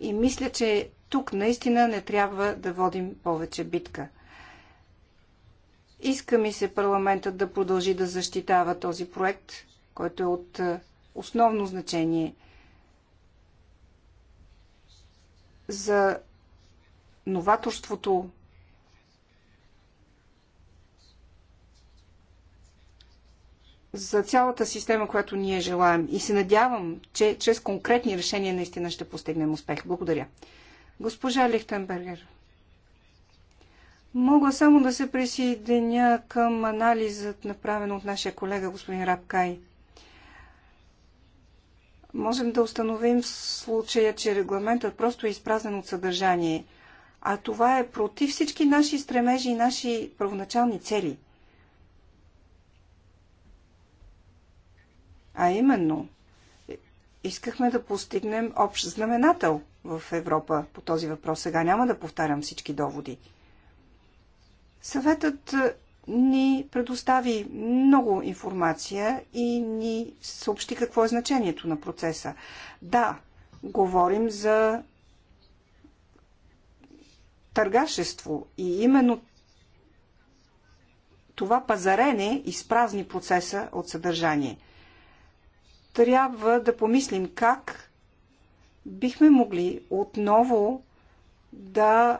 И мисля, че тук наистина не трябва да водим повече битка. Иска ми се парламентът да продължи да защитава този проект, който е от основно значение за новаторството за цялата система, която ние желаем. И се надявам, че чрез конкретни решения наистина ще постигнем успех. Благодаря. Госпожа Лихтенбергер. Мога само да се присъединя към анализът, направен от нашия колега господин Рабкай – можем да установим в случая, че регламентът просто е изпразнен от съдържание. А това е против всички наши стремежи и наши първоначални цели. А именно, искахме да постигнем общ знаменател в Европа по този въпрос. Сега няма да повтарям всички доводи. Съветът ни предостави много информация и ни съобщи какво е значението на процеса. Да, говорим за търгашество и именно това пазарене изпразни процеса от съдържание. Трябва да помислим как бихме могли отново да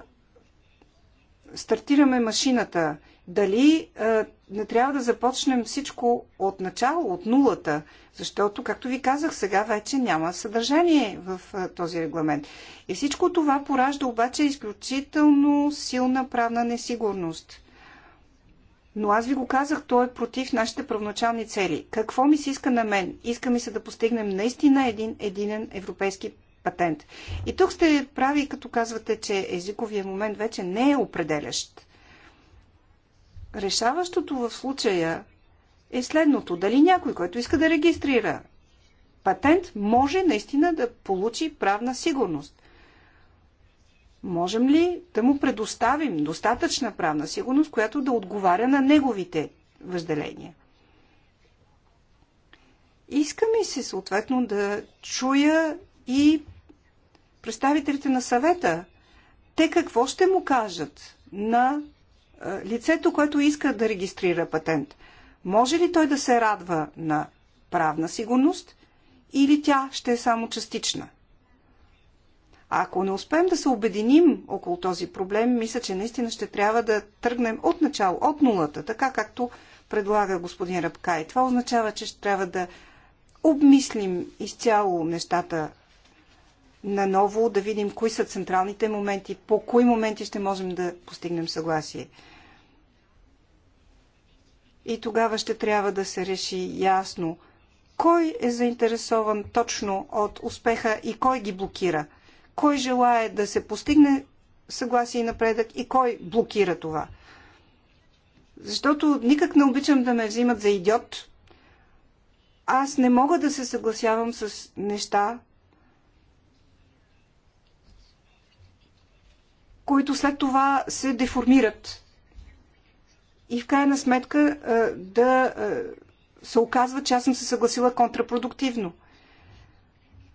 стартираме машината дали а, не трябва да започнем всичко от начало, от нулата, защото, както ви казах, сега вече няма съдържание в а, този регламент. И всичко това поражда обаче изключително силна правна несигурност. Но аз ви го казах, той е против нашите правоначални цели. Какво ми се иска на мен? Иска ми се да постигнем наистина един единен европейски патент. И тук сте прави, като казвате, че езиковия момент вече не е определящ решаващото в случая е следното. Дали някой, който иска да регистрира патент, може наистина да получи правна сигурност. Можем ли да му предоставим достатъчна правна сигурност, която да отговаря на неговите въжделения? Иска ми се съответно да чуя и представителите на съвета. Те какво ще му кажат на лицето, което иска да регистрира патент, може ли той да се радва на правна сигурност или тя ще е само частична? А ако не успеем да се обединим около този проблем, мисля, че наистина ще трябва да тръгнем от начало, от нулата, така както предлага господин Ръбкай. Това означава, че ще трябва да обмислим изцяло нещата наново да видим кои са централните моменти, по кои моменти ще можем да постигнем съгласие. И тогава ще трябва да се реши ясно кой е заинтересован точно от успеха и кой ги блокира. Кой желае да се постигне съгласие и напредък и кой блокира това. Защото никак не обичам да ме взимат за идиот. Аз не мога да се съгласявам с неща, които след това се деформират и в крайна сметка е, да е, се оказва, че аз съм се съгласила контрапродуктивно.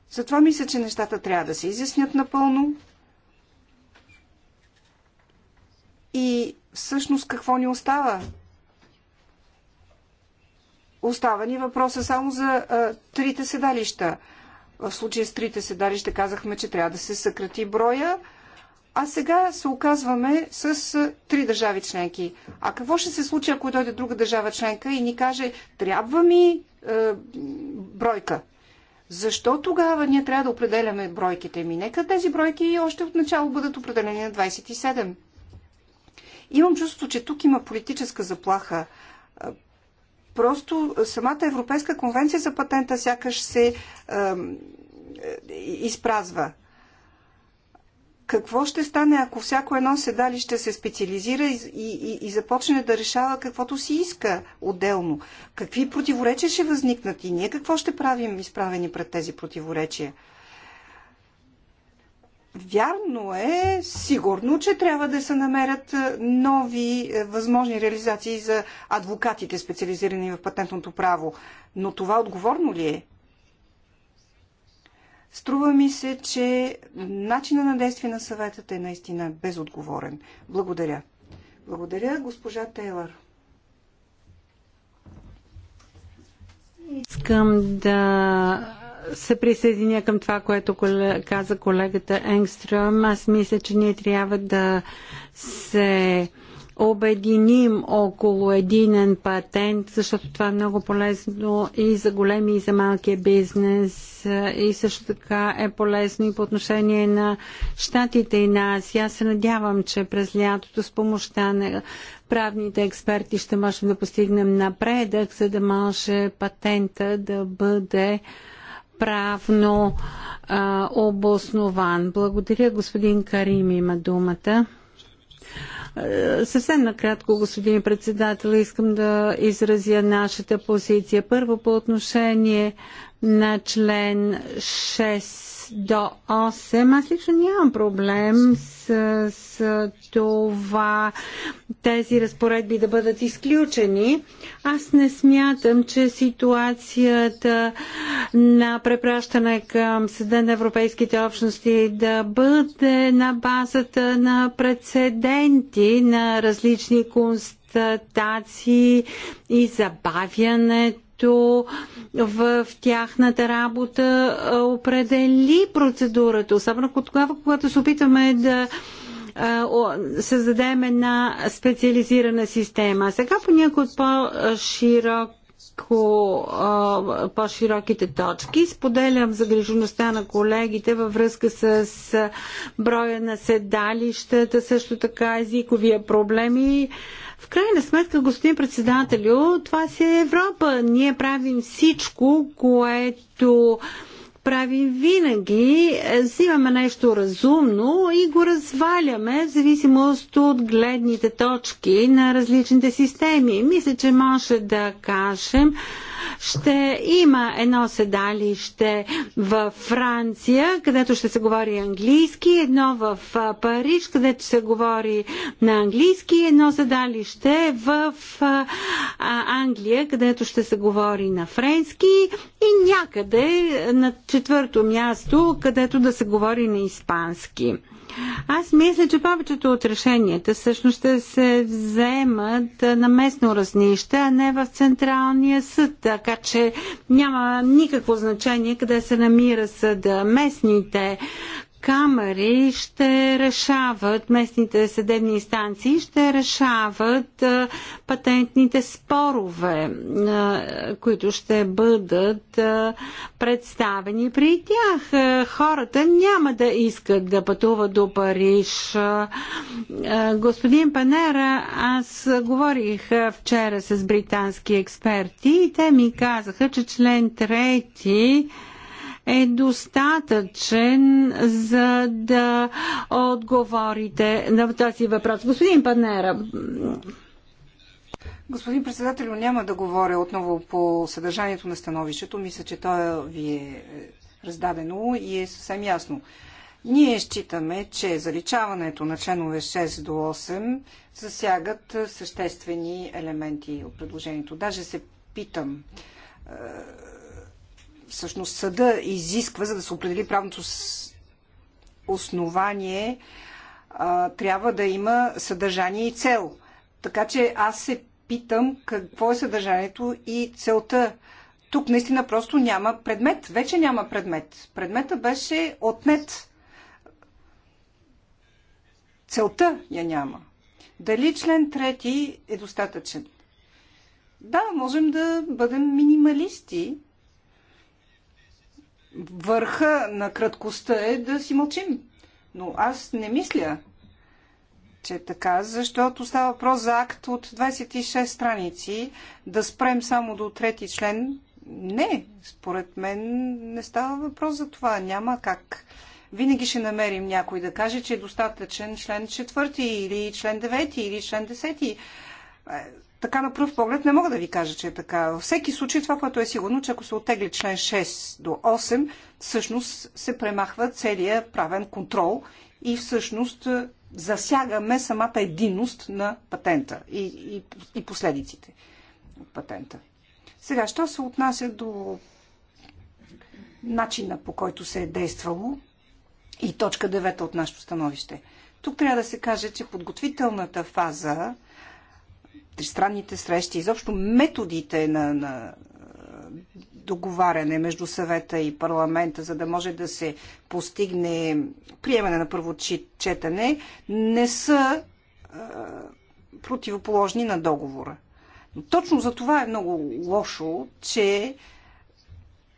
Затова мисля, че нещата трябва да се изяснят напълно. И всъщност какво ни остава? Остава ни въпроса само за а, е, трите седалища. В случая с трите седалища казахме, че трябва да се съкрати броя а сега се оказваме с три държави членки. А какво ще се случи, ако дойде друга държава членка и ни каже, трябва ми е, бройка? Защо тогава ние трябва да определяме бройките ми? Нека тези бройки още от начало бъдат определени на 27. Имам чувство, че тук има политическа заплаха. Просто самата Европейска конвенция за патента сякаш се е, е, изпразва какво ще стане, ако всяко едно седалище се специализира и, и, и започне да решава каквото си иска отделно? Какви противоречия ще възникнат и ние какво ще правим изправени пред тези противоречия? Вярно е, сигурно, че трябва да се намерят е, нови е, възможни реализации за адвокатите, специализирани в патентното право. Но това отговорно ли е? Струва ми се, че начина на действие на съветът е наистина безотговорен. Благодаря. Благодаря, госпожа Тейлър. Искам да се присъединя към това, което каза колегата Енгстрюм. Аз мисля, че ние трябва да се обединим около единен патент, защото това е много полезно и за големи и за малкия бизнес и също така е полезно и по отношение на щатите и нас. Аз се надявам, че през лятото с помощта на правните експерти ще можем да постигнем напредък, за да може патента да бъде правно а, обоснован. Благодаря, господин Карим има думата. Е, съвсем накратко, господин председател, искам да изразя нашата позиция. Първо по отношение на член 6 до 8. Аз лично нямам проблем с, с това тези разпоредби да бъдат изключени. Аз не смятам, че ситуацията на препращане към Съда на Европейските общности да бъде на базата на прецеденти на различни конституции констатации и забавянето който в тяхната работа определи процедурата, особено тогава, когато се опитваме да създадем една специализирана система. сега по някои от по-широк по-широките точки. Споделям загрижеността на колегите във връзка с броя на седалищата, също така езиковия проблеми. В крайна сметка, господин председателю, това си е Европа. Ние правим всичко, което правим винаги. Взимаме нещо разумно и го разваляме в зависимост от гледните точки на различните системи. Мисля, че може да кажем, ще има едно седалище в Франция, където ще се говори английски, едно в Париж, където се говори на английски, едно седалище в Англия, където ще се говори на френски и някъде на четвърто място, където да се говори на испански. Аз мисля, че повечето от решенията всъщност ще се вземат на местно разнище, а не в Централния съд, така че няма никакво значение къде се намира съда. Местните камери ще решават, местните съдебни инстанции ще решават а, патентните спорове, а, които ще бъдат а, представени при тях. хората няма да искат да пътуват до Париж. А, господин Панера, аз говорих вчера с британски експерти и те ми казаха, че член трети 3 е достатъчен за да отговорите на този въпрос. Господин Панера, Господин председател, няма да говоря отново по съдържанието на становището. Мисля, че то ви е раздадено и е съвсем ясно. Ние считаме, че заличаването на членове 6 до 8 засягат съществени елементи от предложението. Даже се питам всъщност съда изисква, за да се определи правното основание, трябва да има съдържание и цел. Така че аз се питам какво е съдържанието и целта. Тук наистина просто няма предмет. Вече няма предмет. Предмета беше отнет. Целта я няма. Дали член трети е достатъчен? Да, можем да бъдем минималисти, върха на краткостта е да си мълчим. Но аз не мисля, че е така, защото става въпрос за акт от 26 страници. Да спрем само до трети член. Не, според мен не става въпрос за това. Няма как. Винаги ще намерим някой да каже, че е достатъчен член 4 или член девети или член десети. Е, така на пръв поглед не мога да ви кажа, че е така. Във всеки случай това, което е сигурно, че ако се отегли член 6 до 8, всъщност се премахва целият правен контрол и всъщност е, засягаме самата единност на патента и, и, и последиците от патента. Сега, що се отнася до начина по който се е действало и точка 9 от нашето становище. Тук трябва да се каже, че подготвителната фаза тристранните срещи, изобщо методите на, на договаряне между съвета и парламента, за да може да се постигне приемане на първо четене, не са а, противоположни на договора. Но точно за това е много лошо, че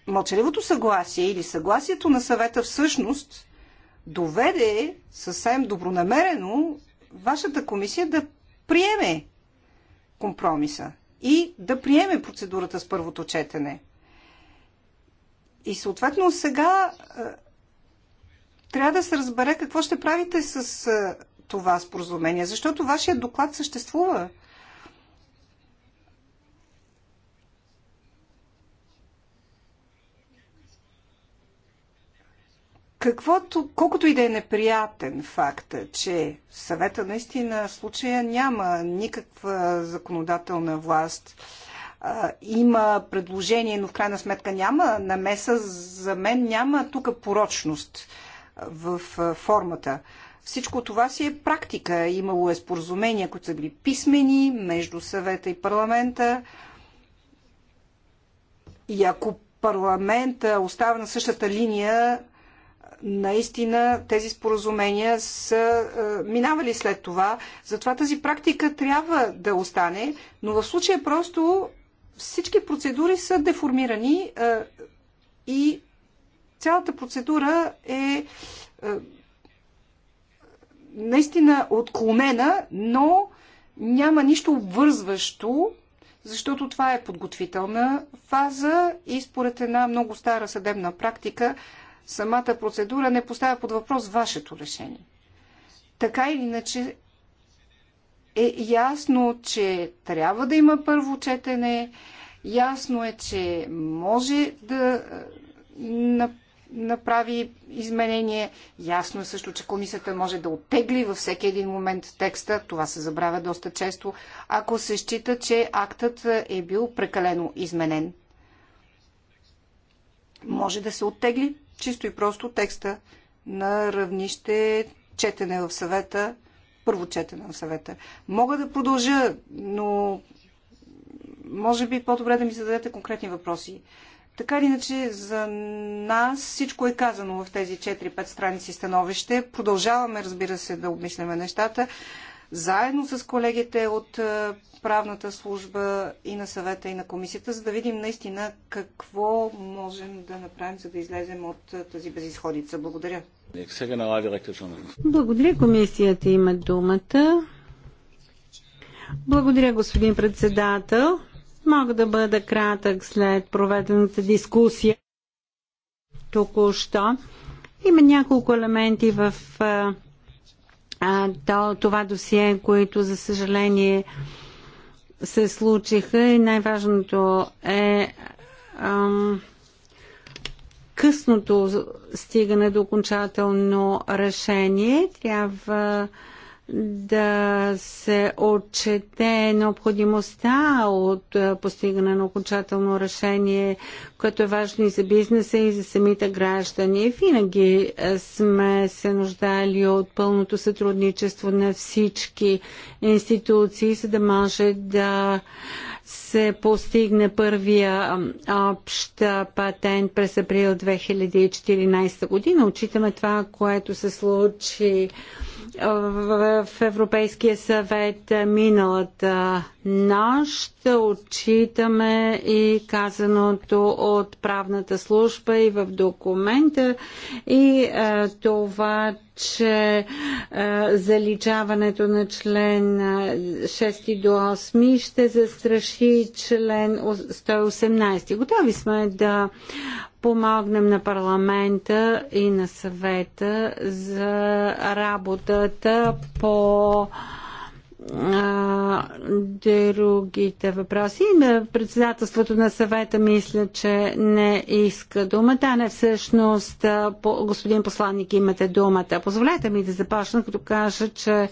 мълчаливото съгласие или съгласието на съвета всъщност доведе съвсем добронамерено вашата комисия да приеме компромиса и да приеме процедурата с първото четене. И съответно сега е, трябва да се разбере какво ще правите с е, това споразумение, защото вашия доклад съществува. Каквото, колкото и да е неприятен факта, е, че съвета наистина в случая няма никаква законодателна власт, има предложение, но в крайна сметка няма намеса, за мен няма тук порочност в формата. Всичко това си е практика. Имало е споразумения, които са били писмени между съвета и парламента. И ако парламента остава на същата линия, наистина тези споразумения са е, минавали след това. Затова тази практика трябва да остане, но в случая просто всички процедури са деформирани е, и цялата процедура е, е наистина отклонена, но няма нищо обвързващо защото това е подготвителна фаза и според една много стара съдебна практика самата процедура не поставя под въпрос вашето решение. Така или иначе е ясно, че трябва да има първо четене, ясно е, че може да е, направи изменение. Ясно е също, че комисията може да оттегли във всеки един момент текста. Това се забравя доста често, ако се счита, че актът е бил прекалено изменен. Може да се оттегли чисто и просто текста на равнище четене в съвета, първо четене в съвета. Мога да продължа, но може би по-добре да ми зададете конкретни въпроси. Така или иначе, за нас всичко е казано в тези 4-5 страници становище. Продължаваме, разбира се, да обмисляме нещата заедно с колегите от е, правната служба и на съвета и на комисията, за да видим наистина какво можем да направим, за да излезем от е, тази безисходица. Благодаря. Благодаря. Комисията има думата. Благодаря, господин председател. Мога да бъда кратък след проведената дискусия току-що. Има няколко елементи в е, а, то, това досие, което за съжаление се случиха и най-важното е ам, късното стигане до окончателно решение. Трябва а, да се отчете необходимостта от постигане на окончателно решение, което е важно и за бизнеса, и за самите граждани. Винаги сме се нуждали от пълното сътрудничество на всички институции, за да може да се постигне първия общ патент през април 2014 година. Отчитаме това, което се случи в Европейския съвет миналата нощ. Отчитаме и казаното от правната служба и в документа и е, това, че заличаването на член 6 до 8 ще застраши член 118. Готови сме да помогнем на парламента и на съвета за работата по а, другите въпроси. На председателството на съвета мисля, че не иска думата. Не всъщност, по, господин посланник, имате думата. Позволете ми да започна, като кажа, че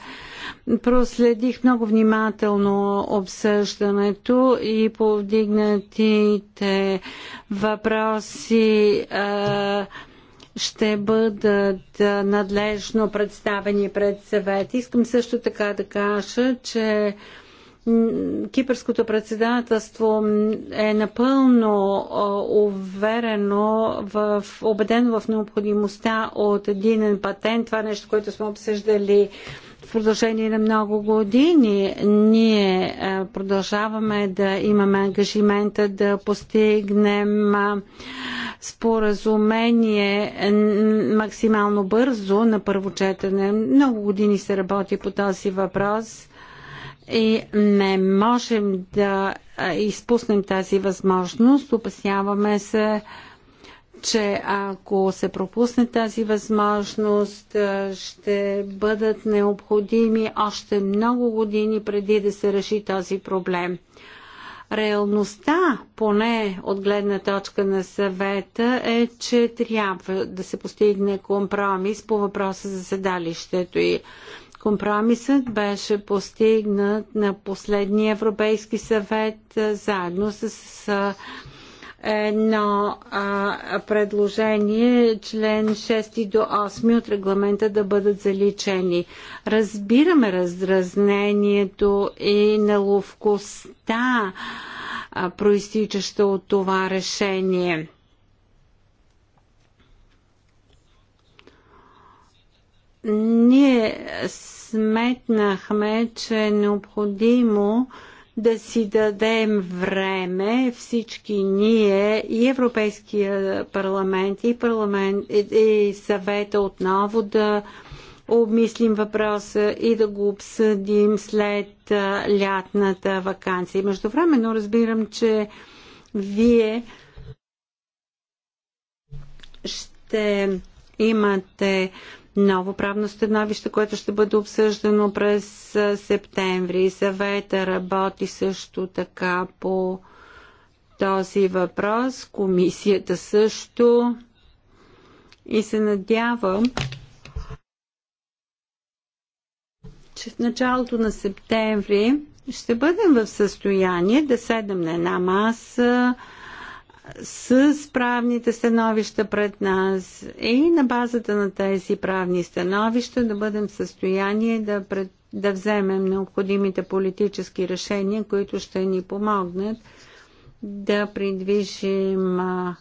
проследих много внимателно обсъждането и повдигнатите въпроси. А, ще бъдат надлежно представени пред съвет. Искам също така да кажа, че Кипърското председателство е напълно уверено в, убедено в необходимостта от един патент. Това е нещо, което сме обсъждали в продължение на много години ние е, продължаваме да имаме ангажимента да постигнем е, споразумение е, максимално бързо на първо четене. Много години се работи по този въпрос и не можем да изпуснем тази възможност. Опасяваме се, че ако се пропусне тази възможност, ще бъдат необходими още много години преди да се реши този проблем. Реалността, поне от гледна точка на съвета, е, че трябва да се постигне компромис по въпроса за седалището и Компромисът беше постигнат на последния Европейски съвет заедно с едно а, предложение, член 6 до 8 от регламента да бъдат заличени. Разбираме раздразнението и неловкостта, а, проистичаща от това решение. Ние сметнахме, че е необходимо а, да си дадем време всички ние и Европейския парламент и, парламент, и съвета отново да обмислим въпроса и да го обсъдим след лятната вакансия. Между но разбирам, че вие ще имате ново правно становище, което ще бъде обсъждано през септември. Съвета работи също така по този въпрос. Комисията също. И се надявам, че в началото на септември ще бъдем в състояние да седнем на една маса, с правните становища пред нас и на базата на тези правни становища да бъдем в състояние да, пред, да вземем необходимите политически решения, които ще ни помогнат да придвижим а,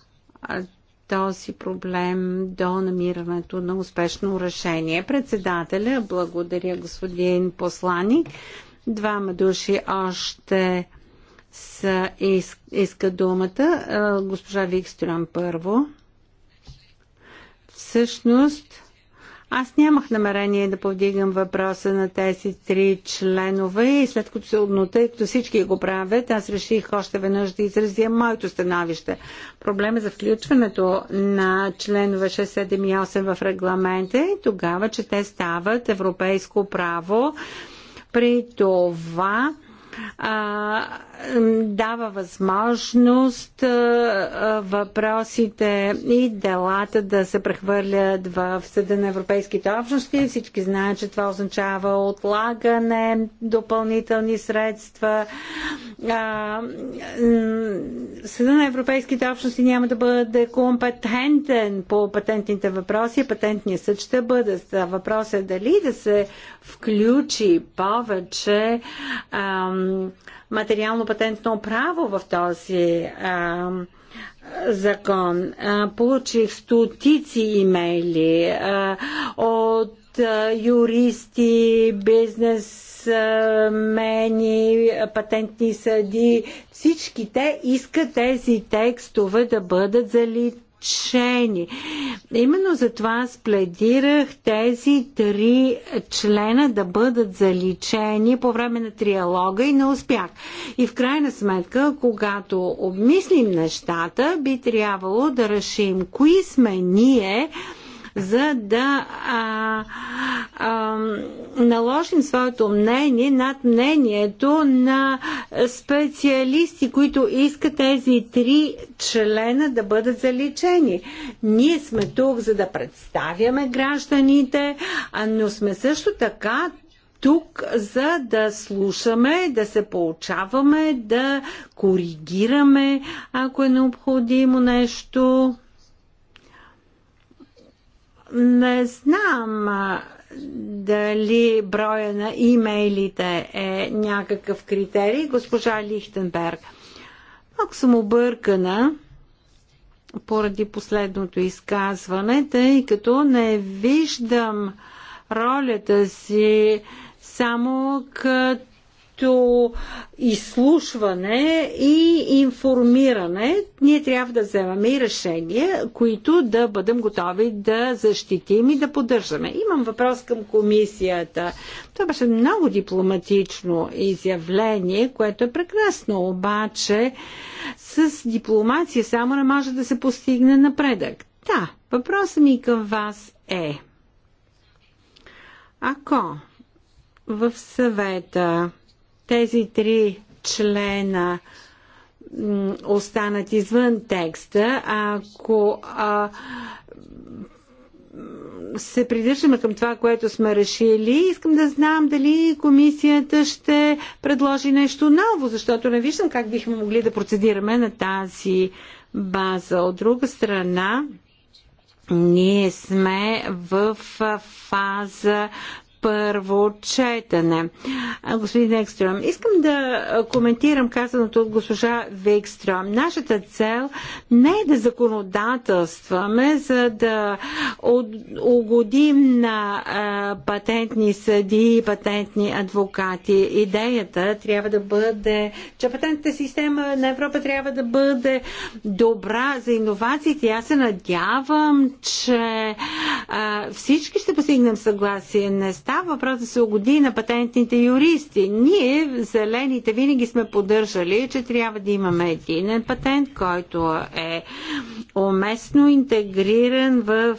този проблем до намирането на успешно решение. Председателя, благодаря господин посланик. Двама души още са иска думата. Госпожа Викстрюм първо. Всъщност, аз нямах намерение да повдигам въпроса на тези три членове и след като се тъй като всички го правят, аз реших още веднъж да изразя моето становище. Проблема е за включването на членове 6, 7 и 8 в регламента е тогава, че те стават европейско право. При това а, дава възможност а, въпросите и делата да се прехвърлят в Съда на Европейските общности. Всички знаят, че това означава отлагане, допълнителни средства. А, Съда на Европейските общности няма да бъде компетентен по патентните въпроси. Патентният съд ще бъде. Въпросът е дали да се включи повече ам, материално-патентно право в този а, закон. А, получих стотици имейли а, от а, юристи, бизнес патентни съди, всички те искат тези текстове да бъдат залити лечени. Именно за това аз пледирах тези три члена да бъдат заличени по време на триалога и не успях. И в крайна сметка, когато обмислим нещата, би трябвало да решим кои сме ние, за да а, а, наложим своето мнение над мнението на специалисти, които искат тези три члена да бъдат заличени. Ние сме тук, за да представяме гражданите, но сме също така тук, за да слушаме, да се получаваме, да коригираме, ако е необходимо нещо. Не знам дали броя на имейлите е някакъв критерий. Госпожа Лихтенберг, малко съм объркана поради последното изказване, тъй като не виждам ролята си само като като изслушване и информиране, ние трябва да вземем и решения, които да бъдем готови да защитим и да поддържаме. Имам въпрос към комисията. Това беше много дипломатично изявление, което е прекрасно, обаче с дипломация само не може да се постигне напредък. Да, въпросът ми към вас е. Ако в съвета тези три члена останат извън текста, ако а, се придържаме към това, което сме решили, искам да знам дали комисията ще предложи нещо ново, защото не виждам как бихме могли да процедираме на тази база. От друга страна, ние сме в фаза първо четене. Господин Екстрем, искам да коментирам казаното от госпожа Викстрем. Нашата цел не е да законодателстваме, за да угодим на патентни съди и патентни адвокати. Идеята трябва да бъде, че патентната система на Европа трябва да бъде добра за иновациите. Аз се надявам, че всички ще постигнем съгласие. на става въпрос да се угоди на патентните юристи. Ние, зелените, винаги сме поддържали, че трябва да имаме един патент, който е уместно интегриран в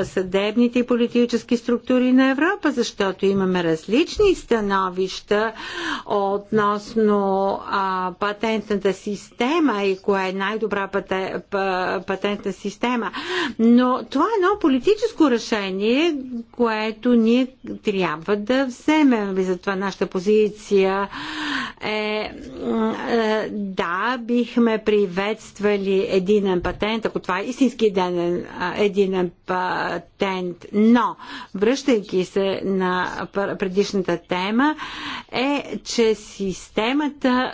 е, съдебните и политически структури на Европа, защото имаме различни становища относно а, патентната система и кое е най-добра патентна система. Но това е едно политическо решение, което ние трябва да вземем. затова нашата позиция е, е, да, бихме приветствали единен патент, ако това е истински единен, единен патент, но връщайки се на предишната тема, е, че системата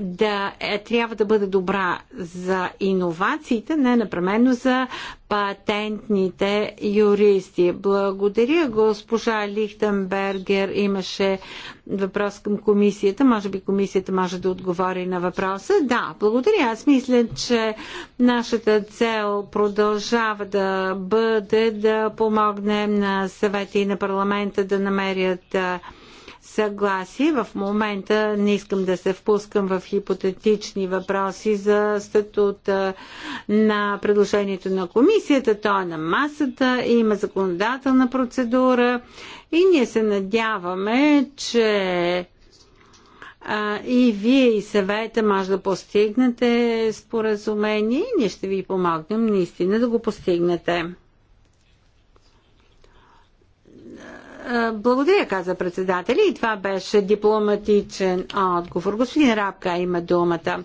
да, е, трябва да бъде добра за иновациите, не непременно за патентните юристи. Благодаря, госпожа Лихтенбергер имаше въпрос към комисията. Може би комисията може да отговори на въпроса. Да, благодаря. Аз мисля, че нашата цел продължава да бъде да помогнем на съвета и на парламента да намерят съгласие. В момента не искам да се впускам в хипотетични въпроси за статута на предложението на комисията. То е на масата, има законодателна процедура и ние се надяваме, че и вие и съвета може да постигнете споразумение и ние ще ви помогнем наистина да го постигнете. Благодаря, каза председателя и това беше дипломатичен отговор. Господин Рабка има думата.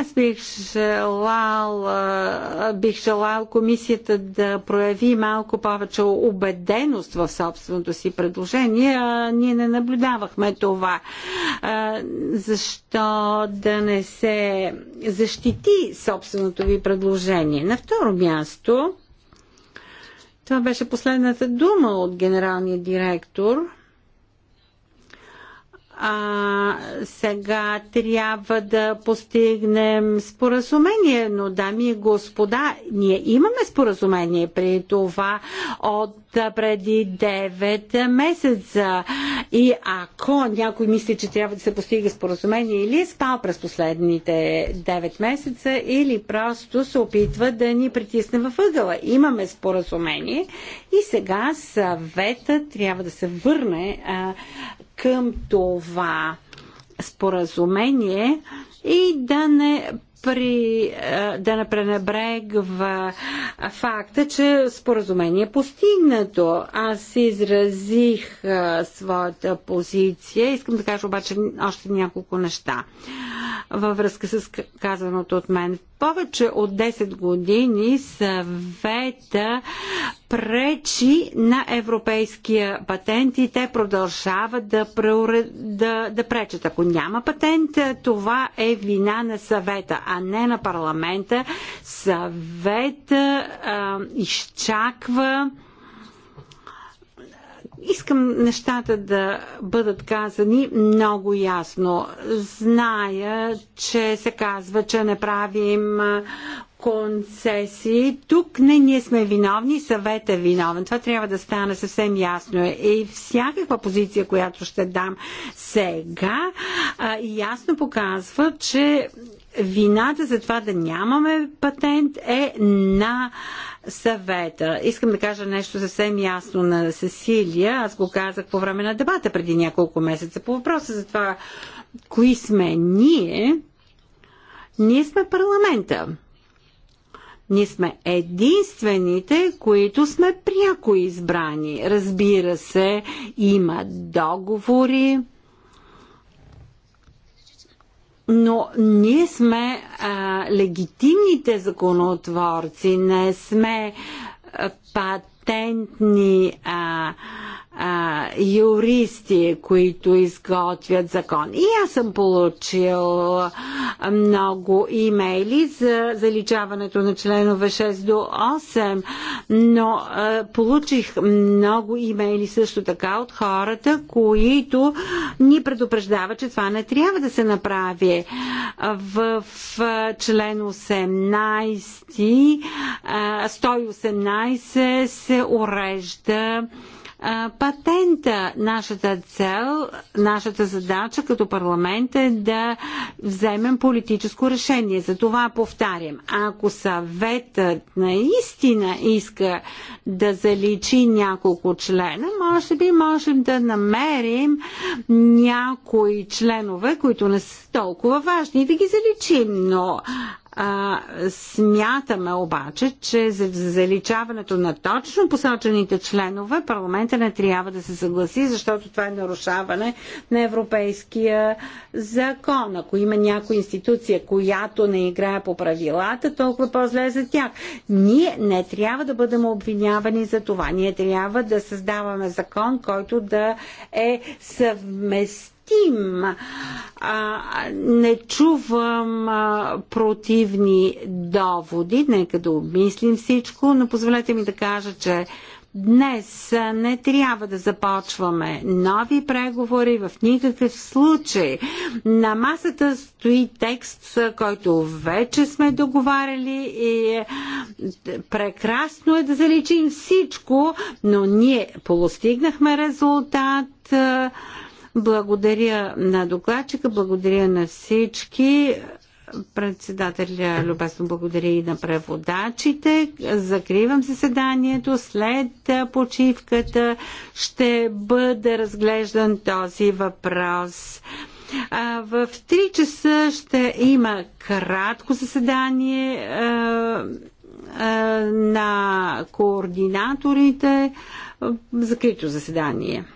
Аз бих желал, бих желал комисията да прояви малко повече убеденост в собственото си предложение. Ние не наблюдавахме това. Защо да не се защити собственото ви предложение? На второ място, това беше последната дума от генералния директор а, сега трябва да постигнем споразумение, но дами и господа, ние имаме споразумение при това от преди 9 месеца. И ако някой мисли, че трябва да се постига споразумение или е спал през последните 9 месеца, или просто се опитва да ни притисне във ъгъла. Имаме споразумение и сега съвета трябва да се върне а, към това споразумение и да не при, е, да не пренебрегва факта, че споразумение е постигнато. Аз изразих е, своята позиция. Искам да кажа обаче още няколко неща във връзка с казаното от мен повече от 10 години съвета пречи на европейския патент и те продължават да, преуре... да, да пречат. Ако няма патент, това е вина на съвета, а не на парламента. Съвета а, изчаква Искам нещата да бъдат казани много ясно. Зная, че се казва, че не правим концесии. Тук не ние сме виновни, съвет е виновен. Това трябва да стане съвсем ясно. И всякаква позиция, която ще дам сега, ясно показва, че вината за това да нямаме патент е на съвета. Искам да кажа нещо съвсем ясно на Сесилия. Аз го казах по време на дебата преди няколко месеца по въпроса за това, кои сме ние. Ние сме парламента. Ние сме единствените, които сме пряко избрани. Разбира се, има договори, но ние сме а, легитимните законотворци, не сме а, патентни а, а, юристи, които изготвят закон. И аз съм получил много имейли за заличаването на членове 6 до 8, но а, получих много имейли също така от хората, които ни предупреждават, че това не трябва да се направи. В, в член 18, а, 118 се урежда патента. Нашата цел, нашата задача като парламент е да вземем политическо решение. За това повтарям. Ако съветът наистина иска да заличи няколко члена, може би можем да намерим някои членове, които не са толкова важни и да ги заличим. Но а, смятаме обаче, че за заличаването на точно посочените членове парламента не трябва да се съгласи, защото това е нарушаване на европейския закон. Ако има някоя институция, която не играе по правилата, толкова по-зле за тях. Ние не трябва да бъдем обвинявани за това. Ние трябва да създаваме закон, който да е съвместим защитим. А, не чувам а, противни доводи, нека да обмислим всичко, но позволете ми да кажа, че Днес не трябва да започваме нови преговори в никакъв случай. На масата стои текст, който вече сме договаряли и прекрасно е да заличим всичко, но ние постигнахме резултат благодаря на докладчика, благодаря на всички. Председателя любезно благодаря и на преводачите. Закривам заседанието. След почивката ще бъде разглеждан този въпрос. В 3 часа ще има кратко заседание на координаторите. Закрито заседание.